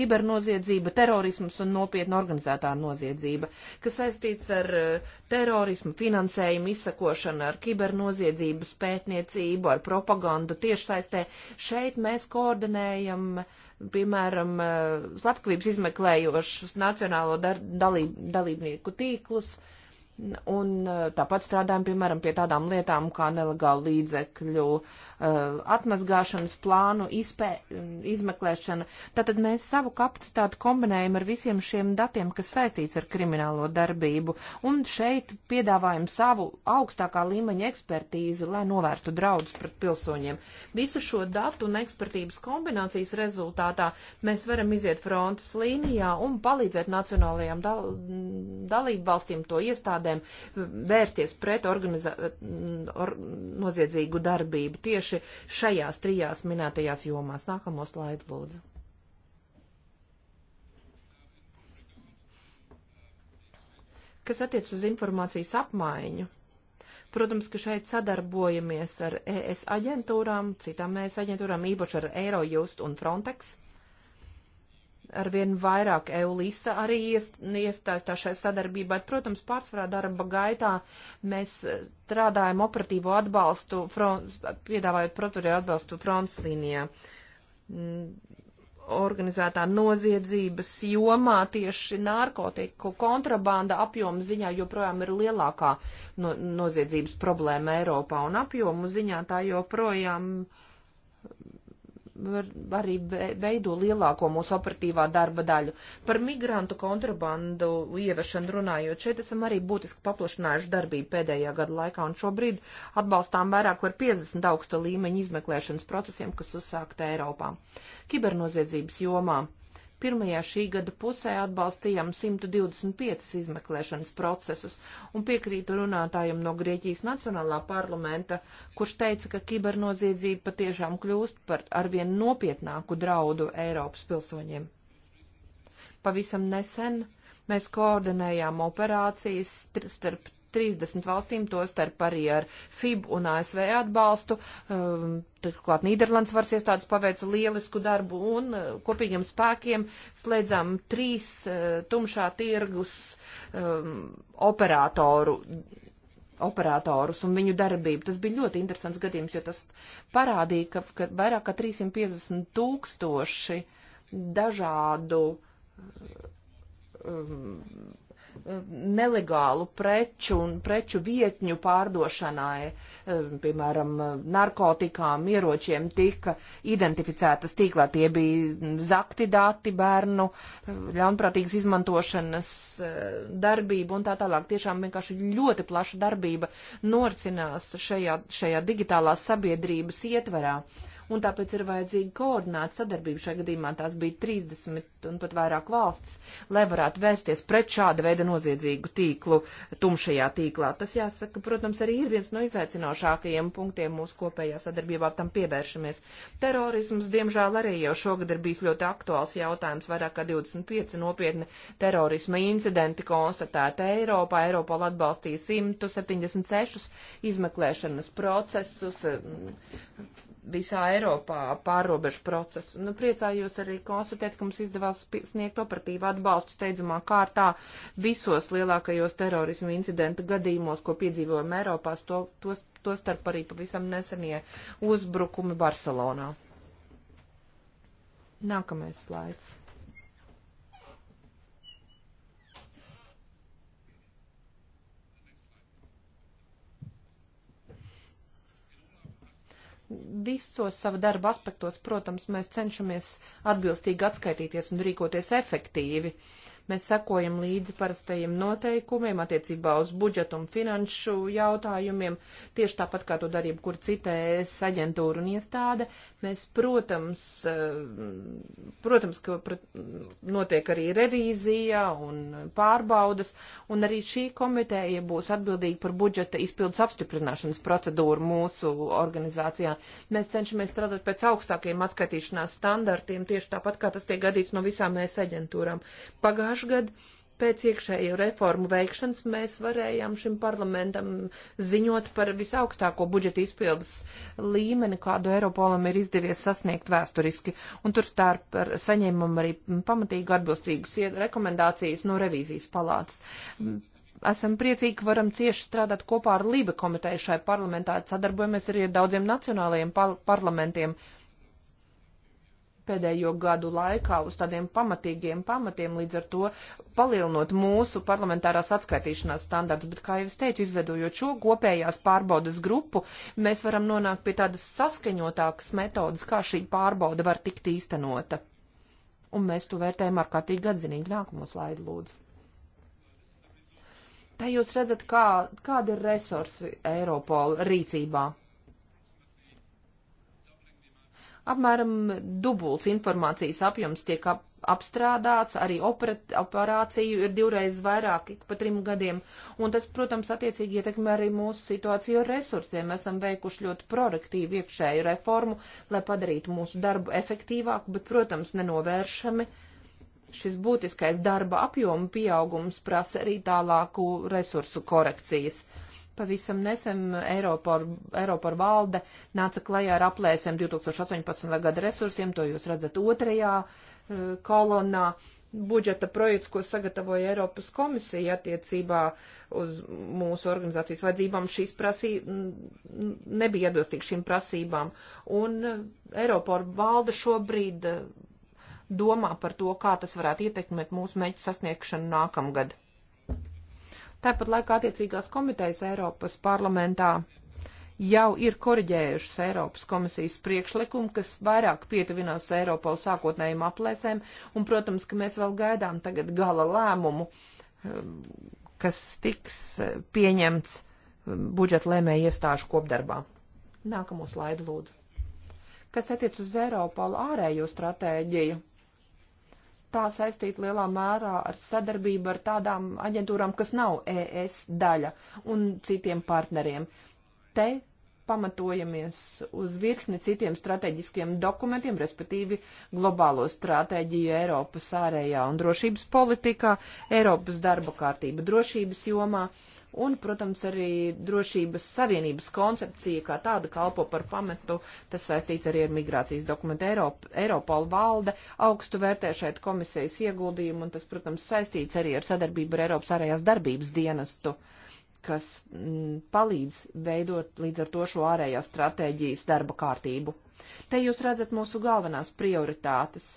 kibernoziedzība, terorisms un nopietna organizētā noziedzība, kas saistīts ar eh, terorismu, finansējumu, izsakošanu, ar kibernoziedzības pētniecību, ar propagandu tiešsaistē. Šeit mēs koordinējam uh, piemēram, eh, slepkavības izmeklējošus nacionālo dar, dalīb, dalībnieku tīklus, Un e, tāpat strādājam, piemēram, pie tādām lietām kā nelegālu līdzekļu e, atmazgāšanas plānu, izpē, izmeklēšana. Tātad mēs savu kapacitāti kombinējam ar visiem šiem datiem, kas saistīts ar kriminālo darbību. Un šeit piedāvājam savu augstākā līmeņa ekspertīzi, lai novērstu draudus pret pilsoņiem. Visu šo datu un ekspertības kombinācijas rezultātā mēs varam iziet frontes līnijā un palīdzēt nacionālajām dal dalību valstīm to iestādē iestādēm vērsties pret organizā... or... noziedzīgu darbību tieši šajās trijās minētajās jomās. Nākamo slaidu lūdzu. Kas attiec uz informācijas apmaiņu? Protams, ka šeit sadarbojamies ar ES aģentūrām, citām ES aģentūrām, īpaši ar Eurojust un Frontex arvien vairāk EULISA arī iesaistās šai sadarbībai. Protams, pārsvarā darba gaitā mēs eh, strādājam operatīvo atbalstu, front, piedāvājot proturē atbalstu fronts līnijā. Mm, organizētā noziedzības jomā tieši narkotiku kontrabanda apjoma ziņā joprojām ir lielākā no, noziedzības problēma Eiropā un apjomu ziņā tā joprojām. Uh, arī veido lielāko mūsu operatīvā darba daļu. Par migrantu kontrabandu ievešanu runājot, šeit esam arī būtiski paplašinājuši darbību pēdējā gada laikā, un šobrīd atbalstām vairāk par 50 augsta līmeņa izmeklēšanas procesiem, kas uzsākta Eiropā. Kibernoziedzības jomā Pirmajā šī gada pusē atbalstījām 125 izmeklēšanas procesus un piekrītu runātājam no Grieķijas Nacionālā parlamenta, kurš teica, ka kibernoziedzība patiešām kļūst par arvien nopietnāku draudu Eiropas pilsoņiem. Pavisam nesen mēs koordinējām operācijas starp 30 valstīm, to starp arī ar FIB un ASV atbalstu. Um, turklāt Nīderlands varas iestādes paveica lielisku darbu un uh, kopīgiem spēkiem slēdzām trīs uh, tumšā tirgus um, operatoru operatorus un viņu darbību. Tas bija ļoti interesants gadījums, jo tas parādīja, ka, ka vairāk kā 350 tūkstoši dažādu um, nelegālu preču un preču vietņu pārdošanai, eh, piemēram, narkotikām, ieročiem tika identificētas tīklā. Tie bija zakti dati bērnu, eh, ļaunprātīgas izmantošanas eh, darbība un tā tālāk. Tiešām vienkārši ļoti plaša darbība norisinās šajā, šajā digitālās sabiedrības ietverā. Uh, un tāpēc ir vajadzīga koordināta sadarbība. Šajā gadījumā tās bija 30 un pat vairāk valstis, lai varētu vērsties pret šāda veida noziedzīgu tīklu, tumšajā tīklā. Tas, jāsaka, protams, arī ir viens no izaicinošākajiem punktiem mūsu kopējā sadarbībā, tam pievēršamies. Terorisms, diemžēl, arī jau šogad ir bijis ļoti aktuāls jautājums, vairāk kā 25 nopietni terorisma incidenti konstatēti Eiropā. Eiropola atbalstīja 176 izmeklēšanas procesus visā Eiropā pārobežu procesu. Nu, priecājos arī konstatēt, ka mums izdevās sniegt operatīvu atbalstu steidzamā kārtā visos lielākajos terorismu incidentu gadījumos, ko piedzīvojam Eiropās, to, tos, to starp arī pavisam nesenie uzbrukumi Barcelonā. Nākamais slaids. visos sava darba aspektos, protams, mēs cenšamies atbilstīgi atskaitīties un rīkoties efektīvi. Mēs sekojam līdzi parastajiem noteikumiem attiecībā uz budžetu un finanšu jautājumiem, tieši tāpat kā to darīja kur cita ES aģentūra un iestāde. Mēs, protams, eh, protams, ka notiek arī revīzija un pārbaudas, un arī šī komiteja būs atbildīga par budžeta izpildes apstiprināšanas procedūru mūsu organizācijā. Mēs cenšamies strādāt pēc augstākiem atskaitīšanās standartiem, tieši tāpat kā tas tiek gadīts no visām mēs aģentūrām. Pagājušajā pagājuši gadu. Pēc iekšējo reformu veikšanas mēs varējām šim parlamentam ziņot par visaugstāko budžeta izpildes līmeni, kādu Eiropolam ir izdevies sasniegt vēsturiski, un tur starp saņēmam arī pamatīgu atbilstīgus rekomendācijas no revīzijas palātas esam priecīgi, ka varam cieši strādāt kopā ar Lība komiteju šai parlamentā, sadarbojamies arī ar daudziem nacionālajiem par parlamentiem. Uh, pēdējo gadu laikā uz tādiem pamatīgiem pamatiem, līdz ar to palielinot mūsu parlamentārās atskaitīšanās standartus. Bet, kā jau es teicu, izveidojot šo kopējās pārbaudas grupu, mēs varam nonākt pie tādas saskaņotākas metodas, kā šī pārbauda var tikt īstenota. Un mēs to vērtējam ārkārtīgi atzinīgi. Nākamo slaidu lūdzu. Te jūs redzat, kā, kāda ir resursi Eiropola rīcībā apmēram dubults informācijas apjoms tiek ap, apstrādāts, arī operat, operāciju ir divreiz vairāk ik pa trim gadiem, un tas, protams, attiecīgi ietekmē arī mūsu situāciju ar resursiem. Mēs esam veikuši ļoti proaktīvu iekšēju reformu, lai padarītu mūsu darbu efektīvāku, bet, protams, nenovēršami. Šis būtiskais darba apjoma pieaugums prasa arī tālāku resursu korekcijas. Uh, Pavisam nesen Eiropor, Eiropor valde nāca klajā ar aplēsēm 2018. gada resursiem, to jūs redzat otrajā uh, eh, kolonā. Budžeta projekts, ko sagatavoja Eiropas komisija attiecībā uz mūsu organizācijas vajadzībām, šīs prasība nebija atbilstīga šīm prasībām. Un eh, Eiropor valde šobrīd eh, domā par to, kā tas varētu ietekmēt mūsu mērķu sasniegšanu nākamgad. Tāpat laikā attiecīgās komitejas Eiropas parlamentā jau ir koriģējušas Eiropas komisijas priekšlikumu, kas vairāk pietuvinās Eiropā sākotnējiem aplēsēm, un, protams, ka mēs vēl gaidām tagad gala lēmumu, um, kas tiks eh, pieņemts um, budžeta lēmēja iestāžu kopdarbā. Nākamo slaidu lūdzu. Kas attiec uz Eiropālu ārējo stratēģiju? tā saistīta lielā mērā ar sadarbību ar tādām aģentūrām, kas nav ES daļa un citiem partneriem. Te pamatojamies uz virkni citiem strateģiskiem dokumentiem, respektīvi globālo stratēģiju Eiropas ārējā un drošības politikā, Eiropas darba kārtība drošības jomā. Uh, un, protams, arī drošības savienības koncepcija kā tāda kalpo par pametu, tas saistīts arī ar migrācijas dokumentu Eiropa, Eiropola valde, augstu vērtē šeit komisijas ieguldījumu, un tas, protams, saistīts arī ar sadarbību ar Eiropas ārējās darbības dienestu kas m, mm, palīdz veidot līdz ar to šo ārējā stratēģijas darba kārtību. Te jūs redzat mūsu galvenās prioritātes.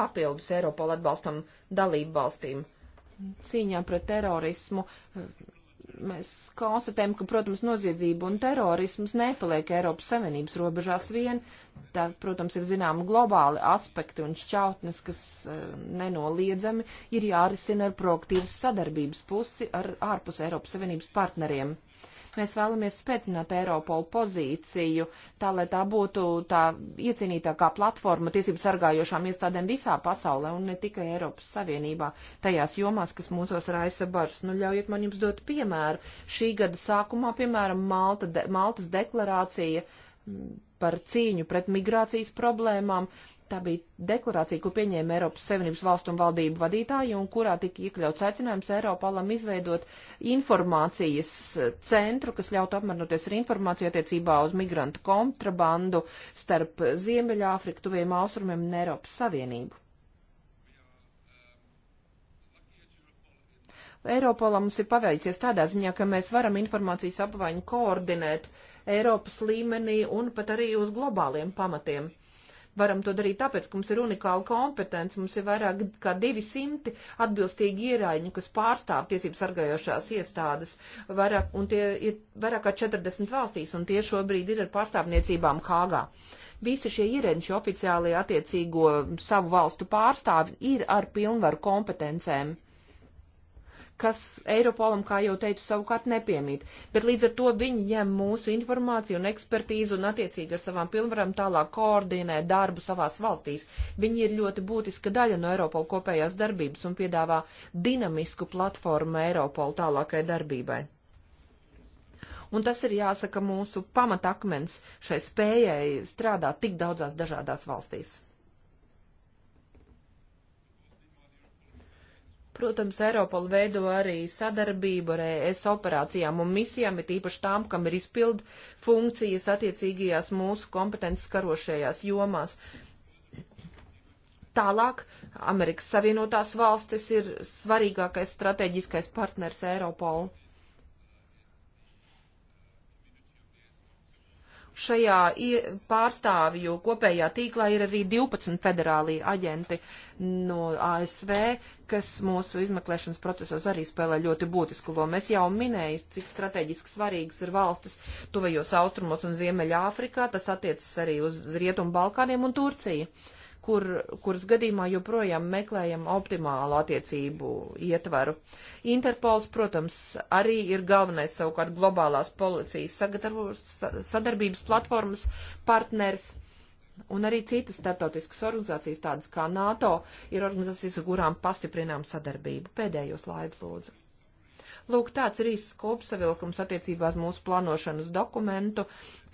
Papildus Eiropola atbalstam dalību valstīm cīņā pret terorismu. Mēs konstatējam, ka, protams, noziedzība un terorisms nepaliek Eiropas Savienības robežās vien. Tā, protams, ir zināma globāli aspekti un šķautnes, kas eh, nenoliedzami ir jārisina ar proaktīvas sadarbības pusi ar ārpus Eiropas Savienības partneriem. Mēs vēlamies spēcināt Eiropolu pozīciju, tā lai tā būtu tā iecienītākā platforma tiesību sargājošām iestādēm visā pasaulē un ne tikai Eiropas Savienībā, tajās jomās, kas mūsos raisa bažas. Nu, ļaujiet man jums dot piemēru. Šī gada sākumā, piemēram, Malta de Maltas deklarācija par cīņu pret migrācijas problēmām. Tā bija deklarācija, ko pieņēma Eiropas Savienības valstu un valdību vadītāji, un kurā tika iekļauts aicinājums Eiropalam izveidot informācijas centru, kas ļautu apmierinoties ar informāciju attiecībā uz migrantu kontrabandu starp Ziemeļāfriku, tuviem austrumiem un Eiropas Savienību. Eiropolam mums ir paveicies tādā ziņā, ka mēs varam informācijas apvaiņu koordinēt uh, Eiropas līmenī un pat arī uz globāliem pamatiem. Varam to darīt tāpēc, ka mums ir unikāla kompetence, mums ir vairāk kā 200 atbilstīgi ieraiņi, kas pārstāv tiesības sargājošās iestādes, vairāk, un tie ir vairāk kā 40 valstīs, un tie šobrīd ir ar pārstāvniecībām Hāgā. Visi šie ierēņši oficiāli attiecīgo savu valstu pārstāvi ir ar pilnvaru kompetencēm kas Eiropolam, kā jau teicu, savukārt nepiemīt. Bet līdz ar to viņi ņem mūsu informāciju un ekspertīzu un attiecīgi ar savām pilnvarām tālāk koordinē darbu savās valstīs. Viņi ir ļoti būtiska daļa no Eiropola kopējās darbības un piedāvā dinamisku platformu Eiropola tālākai darbībai un tas ir jāsaka mūsu pamatakmens šai spējai strādāt tik daudzās dažādās valstīs. Protams, Eiropola veido arī sadarbību ar ES operācijām un misijām, ir īpaši tām, kam ir izpild funkcijas attiecīgajās mūsu kompetences karošajās jomās. Tālāk Amerikas Savienotās valstis ir svarīgākais strateģiskais partners Eiropolu Šajā pārstāvju kopējā tīklā ir arī 12 federālie aģenti no ASV, kas mūsu izmeklēšanas procesos arī spēlē ļoti būtisku lomu. Es jau minēju, cik strateģiski svarīgas ir valstis tuvajos austrumos un Ziemeļāfrikā, tas attiecas arī uz Rietumu Balkāniem un Turciju kur, kuras gadījumā joprojām meklējam optimālu attiecību ietvaru. Interpols, protams, arī ir galvenais savukārt globālās policijas sadarbības platformas partners. Un arī citas starptautiskas organizācijas, tādas kā NATO, ir organizācijas, ar kurām pastiprinām sadarbību. Pēdējo slaidu lūdzu. Lūk, tāds ir īsts kopsavilkums attiecībās mūsu plānošanas dokumentu.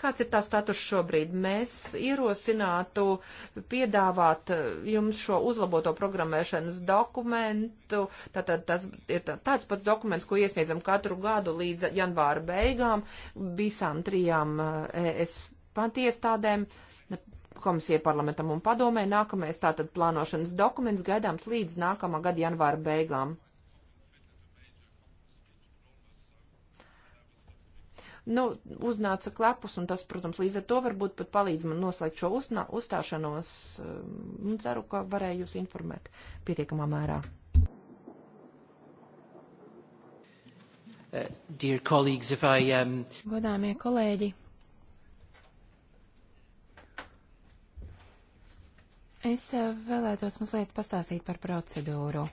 Kāds ir tā status šobrīd? Mēs ierosinātu piedāvāt eh, jums šo uzlaboto programmēšanas dokumentu. Tātad tas ir tāds pats dokuments, ko iesniedzam katru gadu līdz janvāra beigām visām trijām eh, ES pantiestādēm komisija parlamentam un padomē nākamais tātad plānošanas dokuments gaidāms līdz nākamā gada janvāra beigām. nu, uznāca klepus, un tas, protams, līdz ar to varbūt pat palīdz man noslēgt šo uznā, uzstāšanos, um, un ceru, ka varēju jūs informēt pietiekamā mērā. Uh, dear colleagues, if I... Um... Godāmie kolēģi, es uh, vēlētos mazliet pastāstīt par procedūru.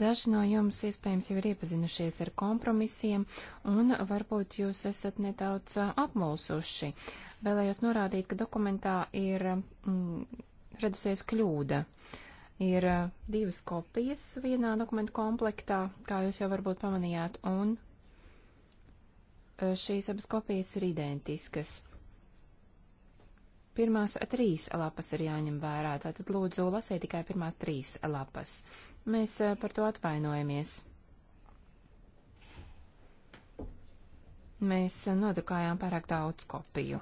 Daži no jums iespējams jau ir iepazinušies ar kompromisiem, un varbūt jūs esat nedaudz apmulsuši. Vēlējos norādīt, ka dokumentā ir mm, redusies kļūda. Ir divas kopijas vienā dokumentu komplektā, kā jūs jau varbūt pamanījāt, un šīs abas kopijas ir identiskas. Pirmās trīs lapas ir jāņem vērā, tātad lūdzu lasiet tikai pirmās trīs lapas. Mēs eh, par to atvainojamies. Mēs eh, nodrukājām pārāk daudz kopiju.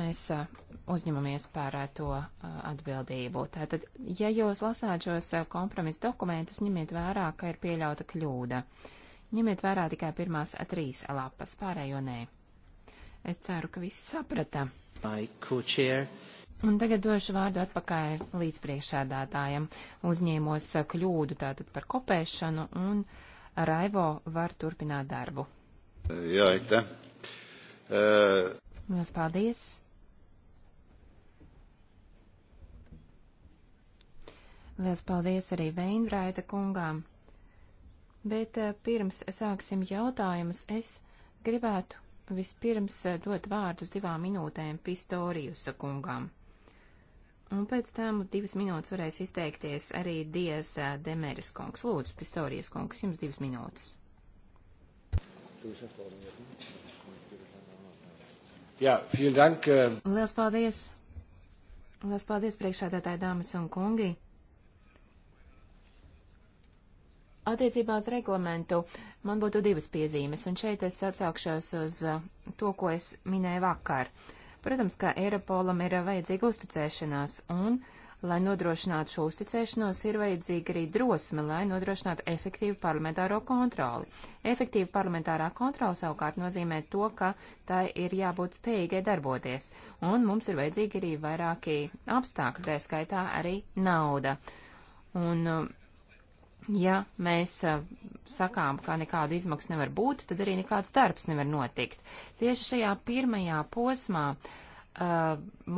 Mēs eh, uzņemamies par to atbildību. Tātad, ja jūs lasāt šos kompromisu dokumentus, ņemiet vērā, ka ir pieļauta kļūda. Ņemiet vērā tikai pirmās trīs lapas, pārējo nē. Es ceru, ka visi saprata. My co-chair. Un tagad došu vārdu atpakaļ līdz priekšādātājiem. Uzņēmos kļūdu tātad par kopēšanu un Raivo var turpināt darbu. Jā, Ita. Uh... Eh, Lielas paldies. Lielas paldies arī Veinbraita kungām. Bet eh, pirms sāksim jautājumus, es gribētu vispirms eh, dot vārdus divām minūtēm Pistorijusa kungām. Un pēc tam divas minūtes varēs izteikties arī Dievs eh, Demeris kungs. Lūdzu, Pistorijas kungs, jums divas minūtes. Jā, vielen dank. Eh. Lielas paldies. Lielas paldies priekšādātāji dāmas un kungi. Attiecībā uz reglamentu man būtu divas piezīmes, un šeit es atsaukšos uz eh, to, ko es minēju vakar. Uh, Protams, ka Eiropolam ir vajadzīga uzticēšanās, un, lai nodrošinātu šo uzticēšanos, ir vajadzīga arī drosme, lai nodrošinātu efektīvu parlamentāro kontroli. Efektīva parlamentārā kontrola savukārt nozīmē to, ka tai ir jābūt spējīgai darboties, un mums ir vajadzīgi arī vairāki apstākļi, tā skaitā arī nauda. Un um, Ja mēs uh, sakām, ka nekāda izmaksa nevar būt, tad arī nekāds darbs nevar notikt. Tieši šajā pirmajā posmā uh,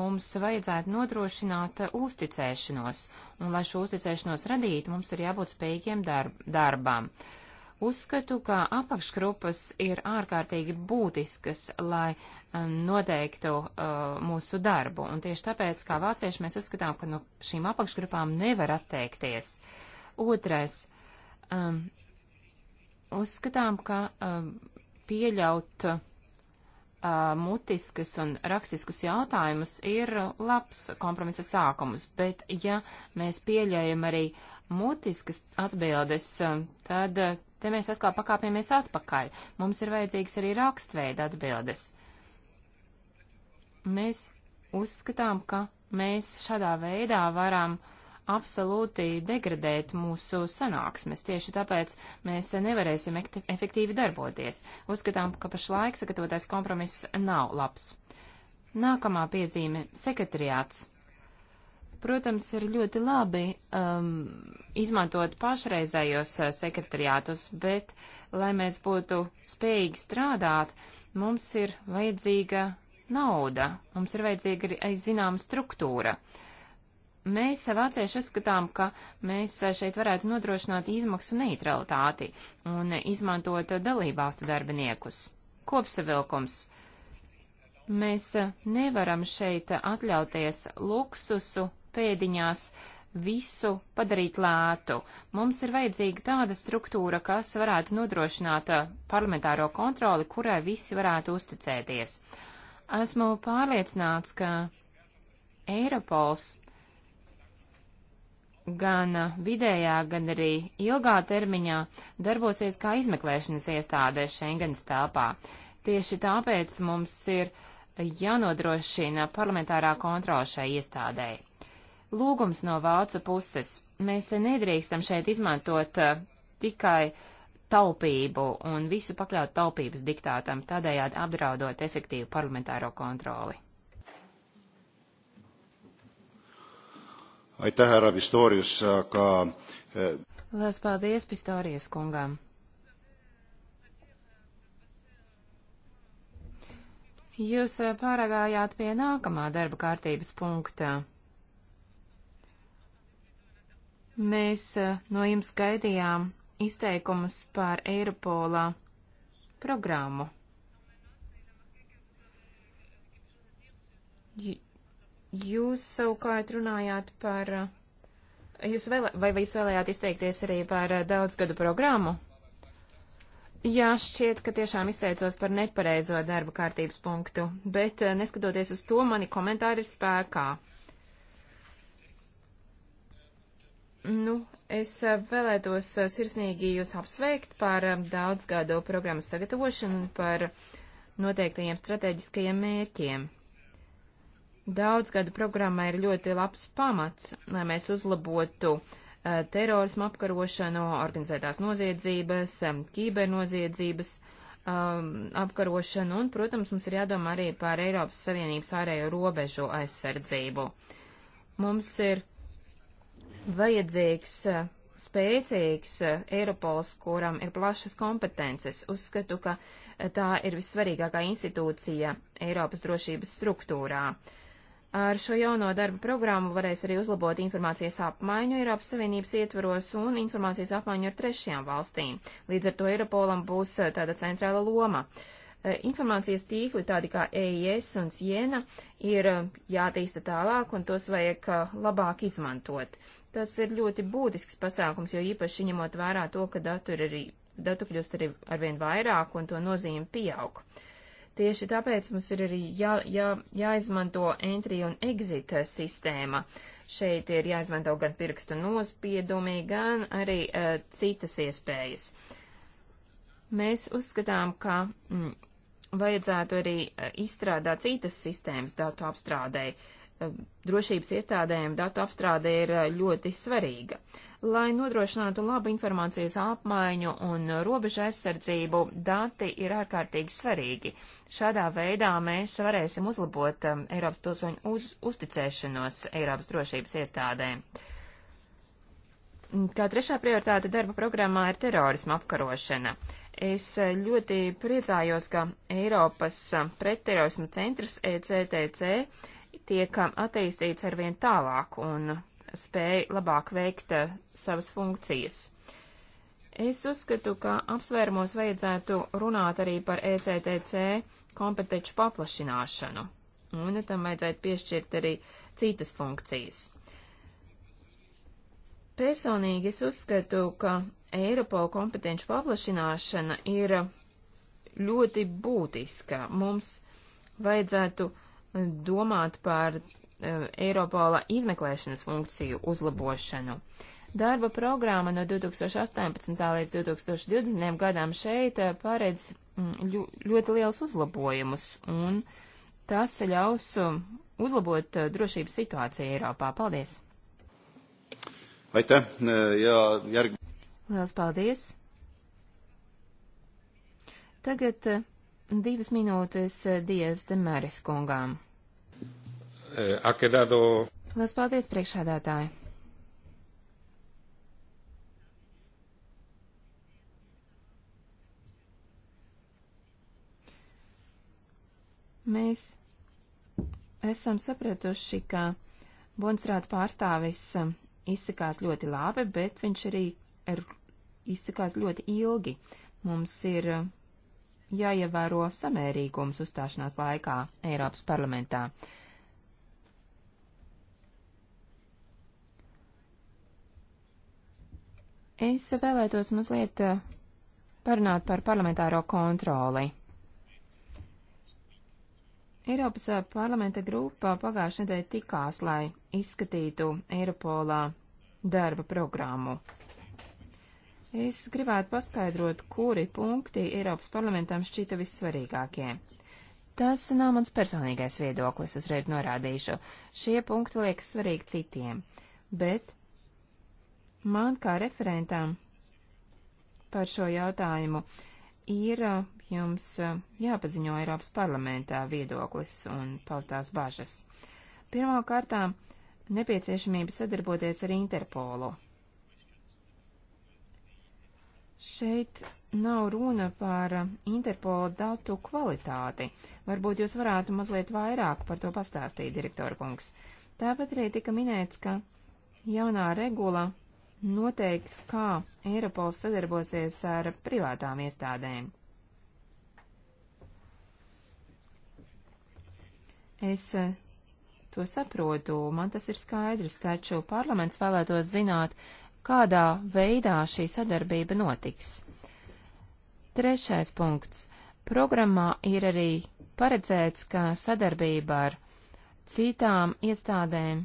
mums vajadzētu nodrošināt uh, uzticēšanos, un lai šo uzticēšanos radītu, mums ir jābūt spējīgiem darb darbām. Uzskatu, ka apakšgrupas ir ārkārtīgi būtiskas, lai noteiktu uh, mūsu darbu, un tieši tāpēc, kā vācieši, mēs uzskatām, ka no šīm apakšgrupām nevar atteikties. Uh, Otrais. Um, uzskatām, ka um, pieļaut uh, mutiskas un rakstiskus jautājumus ir labs kompromisa sākums, bet ja mēs pieļaujam arī mutiskas atbildes, um, tad uh, te mēs atkal pakāpjamies atpakaļ. Mums ir vajadzīgs arī rakstveida atbildes. Mēs uzskatām, ka mēs šādā veidā varam uh, absolūti degradēt mūsu sanāksmes. Tieši tāpēc mēs nevarēsim efektīvi darboties. Uzskatām, ka pašlaik sagatavotais kompromiss nav labs. Nākamā piezīme - sekretariāts. Protams, ir ļoti labi um, izmantot pašreizējos uh, sekretariātus, bet, lai mēs būtu spējīgi strādāt, mums ir vajadzīga nauda, mums ir vajadzīga arī zināma struktūra. Uh, Mēs vācieši uzskatām, ka mēs šeit varētu nodrošināt izmaksu neutralitāti un izmantot dalībvalstu darbiniekus. Kopsavilkums. Mēs nevaram šeit atļauties luksusu pēdiņās visu padarīt lētu. Mums ir vajadzīga tāda struktūra, kas varētu nodrošināt parlamentāro kontroli, kurai visi varētu uzticēties. Esmu pārliecināts, ka Eiropols gan eh, vidējā, gan arī ilgā termiņā darbosies kā izmeklēšanas iestādē Schengens telpā. Tieši tāpēc mums ir jānodrošina parlamentārā kontrola šai iestādē. Lūgums no vācu puses. Mēs nedrīkstam šeit izmantot uh, tikai taupību un visu pakļaut taupības diktātam, tādējādi apdraudot efektīvu parlamentāro kontroli. aitäh, härra Pistorius, aga äh, Lielas paldies Pistorijas kungām. Jūs äh, pāragājāt pie nākamā darba kārtības punktā. Mēs äh, no jums gaidījām izteikumus par Eiropola programmu. J Jūs savukārt runājāt par, uh, jūs vēlē, vai, vai jūs vēlējāt izteikties arī par uh, daudzgadu programmu? Jā, šķiet, ka tiešām izteicos par nepareizo darba kārtības punktu, bet uh, neskatoties uz to, mani komentāri ir spēkā. Nu, es vēlētos sirsnīgi jūs apsveikt par daudzgadu programmas sagatavošanu un par noteiktajiem strateģiskajiem mērķiem. Daudzgada programma ir ļoti labs pamats, lai mēs uzlabotu eh, terorismu apkarošanu, organizētās noziedzības, eh, kibernoziedzības um, apkarošanu, un, protams, mums ir jādomā arī par Eiropas Savienības ārējo robežu aizsardzību. Mums ir vajadzīgs eh, spēcīgs Eiropols, kuram ir plašas kompetences. Uzskatu, ka tā ir vissvarīgākā institūcija Eiropas drošības struktūrā. Uh, Ar šo jauno darba programmu varēs arī uzlabot informācijas apmaiņu Eiropas Savienības ietveros un informācijas apmaiņu ar trešajām valstīm. Līdz ar to Eiropolam būs eh, tāda centrāla loma. Eh, informācijas tīkli, tādi kā EIS un Siena, ir eh, jātīsta tālāk un tos vajag labāk izmantot. Tas ir ļoti būtisks pasākums, jo īpaši ņemot vērā to, ka datu, ir arī, datu kļūst arī arvien vairāk un to nozīme pieaug. Uh, Tieši tāpēc mums ir arī jā, jā, jāizmanto entry un exit sistēma. Šeit ir jāizmanto gan pirkstu nospiedumi, gan arī uh, citas iespējas. Mēs uzskatām, ka mm, vajadzētu arī uh, izstrādāt citas sistēmas datu apstrādēji. Uh, Um, drošības iestādēm datu apstrāde ir uh, ļoti svarīga. Lai nodrošinātu labu informācijas apmaiņu un robežu aizsardzību, dati ir ārkārtīgi svarīgi. Šādā veidā mēs varēsim uzlabot um, Eiropas pilsoņu uz, uzticēšanos Eiropas drošības iestādēm. Kā trešā prioritāte darba programmā ir terorisma apkarošana. Es uh, ļoti priecājos, ka Eiropas uh, pretterorisma centrs ECTC tiek attīstīts arvien tālāk un spēj labāk veikt eh, savas funkcijas. Es uzskatu, ka apsvērumos vajadzētu runāt arī par ECTC kompetenču paplašināšanu, un tam vajadzētu piešķirt arī citas funkcijas. Personīgi es uzskatu, ka Eiropola kompetenci paplašināšana ir ļoti būtiska. Mums vajadzētu domāt par eh, Eiropola izmeklēšanas funkciju uzlabošanu. Darba programma no 2018. līdz 2020. gadam šeit eh, paredz mm, ļu, ļoti liels uzlabojumus, un tas ļaus eh, uzlabot drošības situāciju Eiropā. Paldies! Aitäh ja järg... Liels paldies! Tagad Divas minūtes eh, Dievs Demēris kungām. Eh, Akedado. Lielas paldies, priekšādātāji. Mēs esam sapratuši, ka Bonsrāta pārstāvis eh, izsakās ļoti labi, bet viņš arī ir er, izsakās ļoti ilgi. Mums ir jāievēro samērīgums uzstāšanās laikā Eiropas parlamentā. Es vēlētos mazliet eh, parunāt par parlamentāro kontroli. Eiropas eh, parlamenta grupa pagājušajā nedēļā tikās, lai izskatītu Eiropolā darba programmu. Es gribētu paskaidrot, kuri punkti Eiropas parlamentam šķita vissvarīgākie. Tas nav mans personīgais viedoklis, uzreiz norādīšu. Šie punkti liekas svarīgi citiem, bet man kā referentam par šo jautājumu ir uh, jums uh, jāpaziņo Eiropas parlamentā viedoklis un paustās bažas. Pirmkārtām, nepieciešamība sadarboties ar Interpolu. Šeit nav runa par Interpola datu kvalitāti. Varbūt jūs varētu mazliet vairāk par to pastāstīt, direktora kungs. Tāpat arī tika minēts, ka jaunā regula noteiks, kā Eiropols sadarbosies ar privātām iestādēm. Es eh, to saprotu, man tas ir skaidrs, taču parlaments vēlētos zināt, uh, kādā veidā šī sadarbība notiks. Trešais punkts. Programmā ir arī paredzēts, ka sadarbība ar citām iestādēm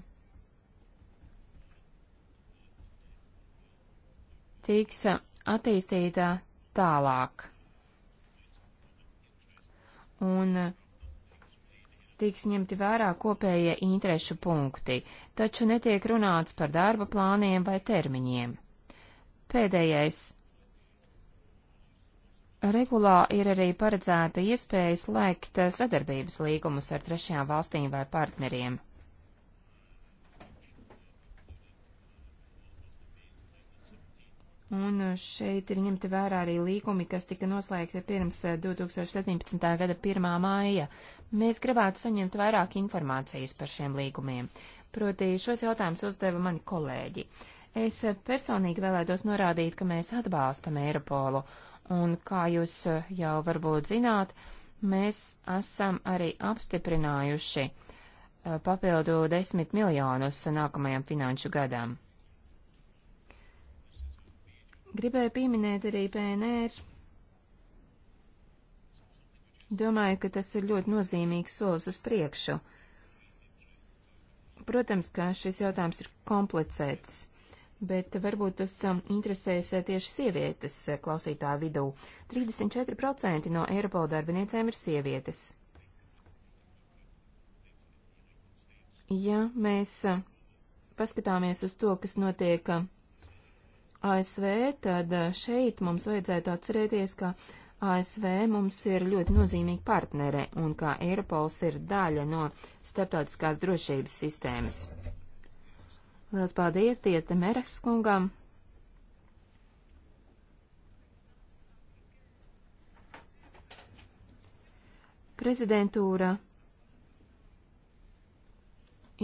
tiks attīstīta tālāk. Un tiks ņemti vērā kopējie interešu punkti, taču netiek runāts par darba plāniem vai termiņiem. Pēdējais. Regulā ir arī paredzēta iespēja slēgt sadarbības līgumus ar trešajām valstīm vai partneriem. Un šeit ir ņemti vērā arī līgumi, kas tika noslēgti pirms eh, 2017. gada 1. māja, Mēs gribētu saņemt vairāk informācijas par šiem līgumiem. Proti, šos jautājumus uzdeva mani kolēģi. Es personīgi vēlētos norādīt, ka mēs atbalstam Eiropolu, un kā jūs jau varbūt zināt, mēs esam arī apstiprinājuši uh, papildu desmit miljonus nākamajam finanšu gadam. Gribēju pieminēt arī PNR Domāju, ka tas ir ļoti nozīmīgs solis uz priekšu. Protams, ka šis jautājums ir komplicēts, bet varbūt tas um, interesēs uh, tieši sievietes uh, klausītāju vidū. 34% no Eiropola darbiniecēm ir sievietes. Ja mēs uh, paskatāmies uz to, kas notiek ASV, tad šeit mums vajadzētu atcerēties, ka ASV mums ir ļoti nozīmīgi partneri un kā Eiropols ir daļa no starptautiskās drošības sistēmas. Lielas paldies Tiesde Mereks kungam! Prezidentūra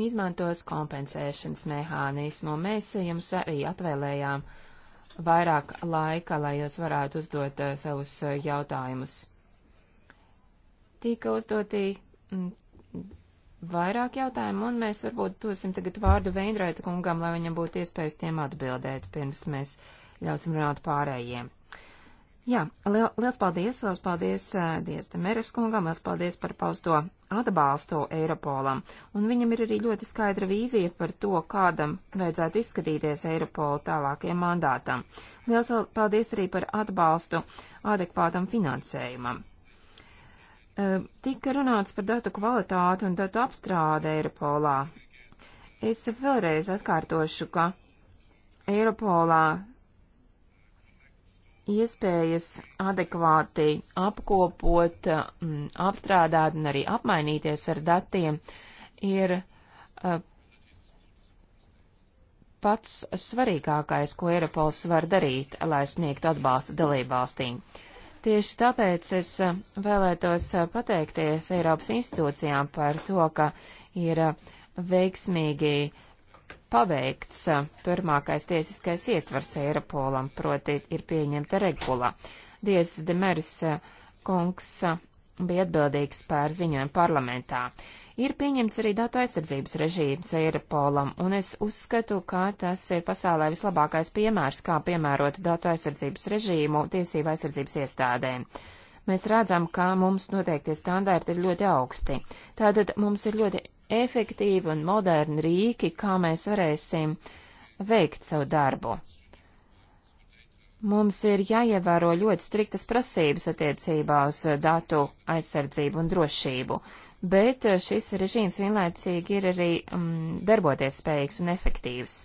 izmantos kompensēšanas mehānismu. Mēs jums arī atvēlējām uh, vairāk laika, lai jūs varētu uzdot uh, savus uh, jautājumus. Tika uzdoti mm, vairāk jautājumu, un mēs varbūt dosim tagad vārdu Veindraita kungam, lai viņam būtu iespējas tiem atbildēt, pirms mēs ļausim runāt pārējiem. Jā, liel, liels paldies, liels paldies uh, Diezde Meres kungam, liels paldies par pausto atbalstu Eiropolam. Un viņam ir arī ļoti skaidra vīzija par to, kādam vajadzētu izskatīties Eiropola tālākajam mandātam. Liels paldies arī par atbalstu adekvātam finansējumam. Uh, tika runāts par datu kvalitāti un datu apstrāde Eiropolā. Es vēlreiz atkārtošu, ka Eiropolā iespējas adekvāti apkopot, m, mm, apstrādāt un arī apmainīties ar datiem ir uh, pats svarīgākais, ko Eiropols var darīt, lai sniegtu atbalstu dalībvalstīm. Tieši tāpēc es vēlētos pateikties Eiropas institūcijām par to, ka ir veiksmīgi uh, paveikts turmākais tiesiskais ietvars Eiropolam, proti ir pieņemta regula. Diezis Demeris kungs bija atbildīgs par ziņojumu parlamentā. Ir pieņemts arī datu aizsardzības režīms Eiropolam, un es uzskatu, ka tas ir pasaulē vislabākais piemērs, kā piemērot datu aizsardzības režīmu tiesību aizsardzības iestādēm. Mēs redzam, ka mums noteikti standarti ir ļoti augsti. Tātad mums ir ļoti efektīvi un moderni rīki, kā mēs varēsim veikt savu darbu. Mums ir jāievēro ļoti striktas prasības attiecībā uz datu aizsardzību un drošību, bet šis režīms vienlaicīgi ir arī mm, darboties spējīgs un efektīvs.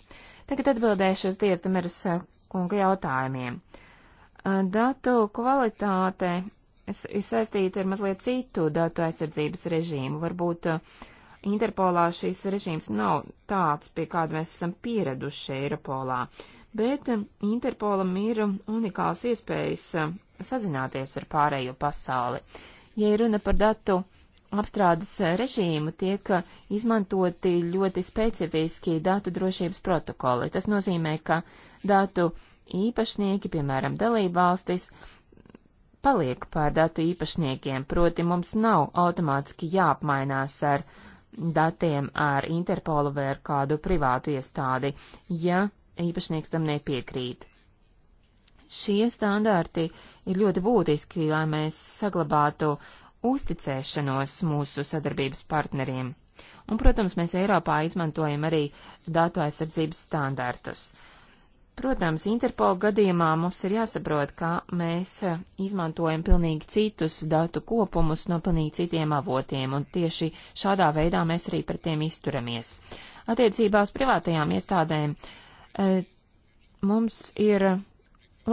Tagad atbildēšu uz Diezdameras eh, kunga jautājumiem. Eh, datu kvalitāte saistīta ar mazliet citu datu aizsardzības režīmu. Varbūt uh, Interpolā šīs režīms nav tāds, pie kāda mēs esam pieraduši Eiropolā, bet um, Interpolam ir unikāls iespējas um, sazināties ar pārējo pasauli. Ja runa par datu apstrādes režīmu tiek uh, izmantoti ļoti specifiski datu drošības protokoli. Tas nozīmē, ka datu īpašnieki, piemēram, dalībvalstis, paliek pār datu īpašniekiem, proti mums nav automātiski jāapmainās ar datiem ar Interpolu vai ar kādu privātu iestādi, ja īpašnieks tam nepiekrīt. Šie standarti ir ļoti būtiski, lai mēs saglabātu uzticēšanos mūsu sadarbības partneriem. Un, protams, mēs Eiropā izmantojam arī datu aizsardzības standartus. Uh, Protams, Interpol gadījumā mums ir jāsaprot, ka mēs eh, izmantojam pilnīgi citus datu kopumus no pilnīgi citiem avotiem, un tieši šādā veidā mēs arī pret tiem izturamies. Attiecībā uz privātajām iestādēm eh, mums ir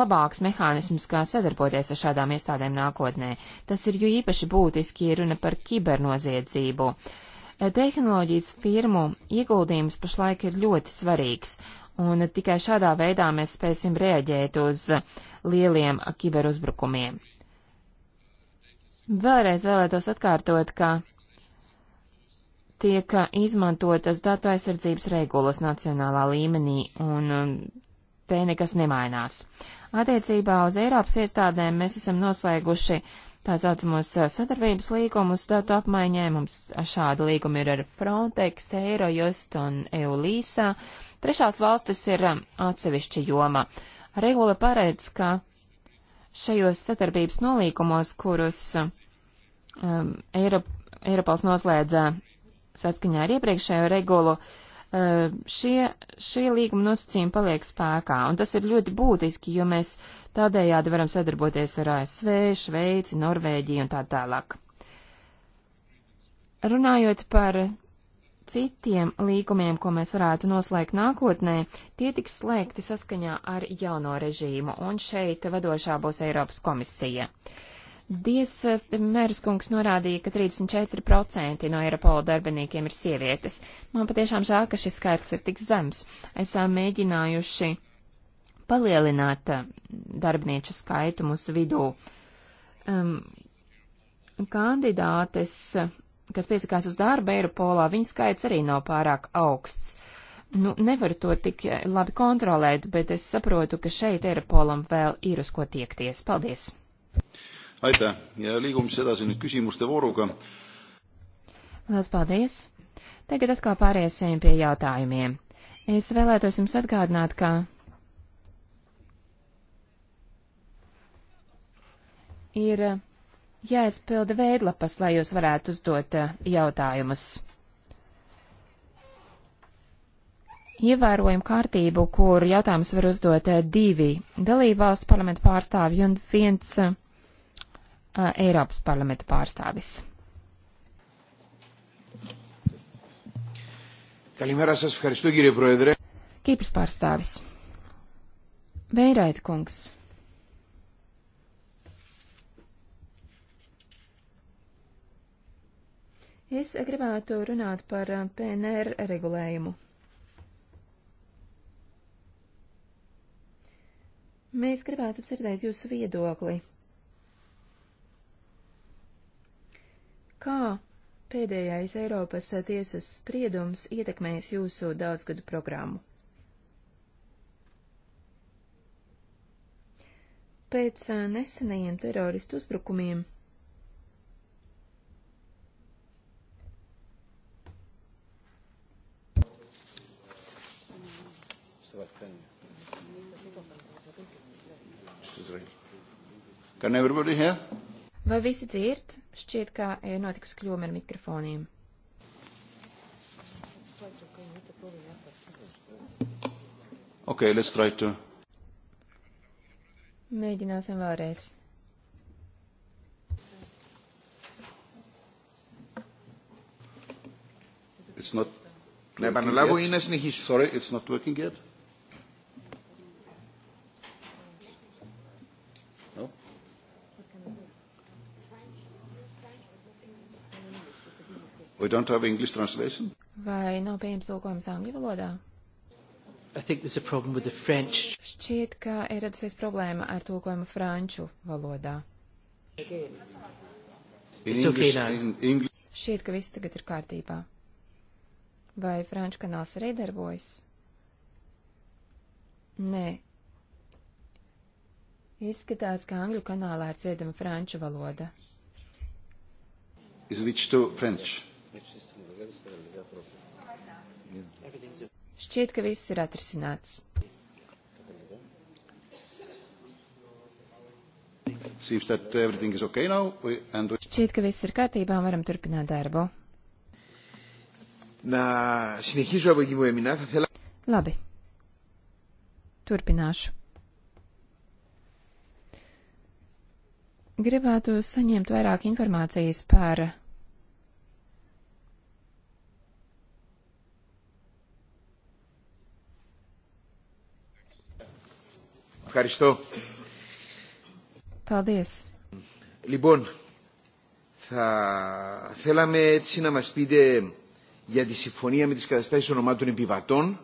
labāks mehānisms, kā sadarboties ar šādām iestādēm nākotnē. Tas ir jo īpaši būtiski, ja runa par kibernoziedzību. Eh, tehnoloģijas firmu ieguldījums pašlaik ir ļoti svarīgs, un tikai šādā veidā mēs spēsim reaģēt uz lieliem kiberuzbrukumiem. Vēlreiz vēlētos atkārtot, ka tiek izmantotas datu aizsardzības regulas nacionālā līmenī, un um, te nekas nemainās. Attiecībā uz Eiropas iestādēm mēs esam noslēguši tā saucamos uh, sadarbības līgumus datu apmaiņai. Mums šādi līgumi ir ar Frontex, Eurojust un EULISA. Trešās valstis ir um, atsevišķa joma. Regula paredz, ka šajos sadarbības nolīkumos, kurus um, Eiropa, Eiropals noslēdza saskaņā ar iepriekšējo regulu, um, šie, šie līguma nosacījumi paliek spēkā. Un tas ir ļoti būtiski, jo mēs tādējādi varam sadarboties ar ASV, Šveici, Norvēģiju un tā tālāk. Runājot par citiem līgumiem, ko mēs varētu noslēgt nākotnē, tie tiks slēgti saskaņā ar jauno režīmu, un šeit vadošā būs Eiropas komisija. Diezas eh, mērs kungs norādīja, ka 34% no Eiropola darbiniekiem ir sievietes. Man patiešām žēl, ka šis skaitlis ir tik zems. Esam mēģinājuši palielināt eh, darbinieču skaitu mūsu vidū. Um, kandidātes kas piesakās uz darbu Eiropolā, viņu skaits arī nav pārāk augsts. Nu, nevaru to tik labi kontrolēt, bet es saprotu, ka šeit Eiropolam vēl ir uz ko tiekties. Paldies! Aitäh ja liigume siis edasi nüüd küsimuste vooruga. Lielas paldies! Tagad atkal pāriesim pie jautājumiem. Es vēlētos jums atgādināt, ka ir jāizpilda veidlapas, lai jūs varētu uzdot eh, jautājumus. Ievērojam kārtību, kur jautājumus var uzdot eh, divi dalībvalsts parlamenta pārstāvji un viens uh, Eiropas parlamenta pārstāvis. Kīpras pārstāvis. Veirait kungs. Es gribētu runāt par eh, PNR regulējumu. Mēs gribētu dzirdēt jūsu viedokli. Kā pēdējais Eiropas tiesas spriedums ietekmēs jūsu daudzgadu programmu? Pēc eh, nesenajiem teroristu uzbrukumiem Can everybody hear? Vai visi dzird? Šķiet, ka ir notikusi kļūme ar mikrofoniem. Okay, let's try to. Mēģināsim vēlreiz. It's not. Ναι, επαναλάβω, είναι συνεχίσου. Sorry, it's not working yet. We don't have English translation? Vai nav pieejams tulkojums angļu valodā? Šķiet, ka ir radusies problēma ar tulkojumu franču valodā. English, okay in English. Šķiet, ka viss tagad ir kārtībā. Vai franču kanāls arī darbojas? Nē. Izskatās, ka angļu kanālā ir dziedama franču valoda. Is which to French? Šķiet, ka viss ir atrisināts. Okay now, and... Šķiet, ka viss ir kārtībā un varam turpināt darbu. Labi. Turpināšu. Gribētu saņemt vairāk informācijas par Ευχαριστώ. Paldies. Λοιπόν, θα θέλαμε έτσι να μας πείτε για τη συμφωνία με τις καταστάσεις ονομάτων επιβατών.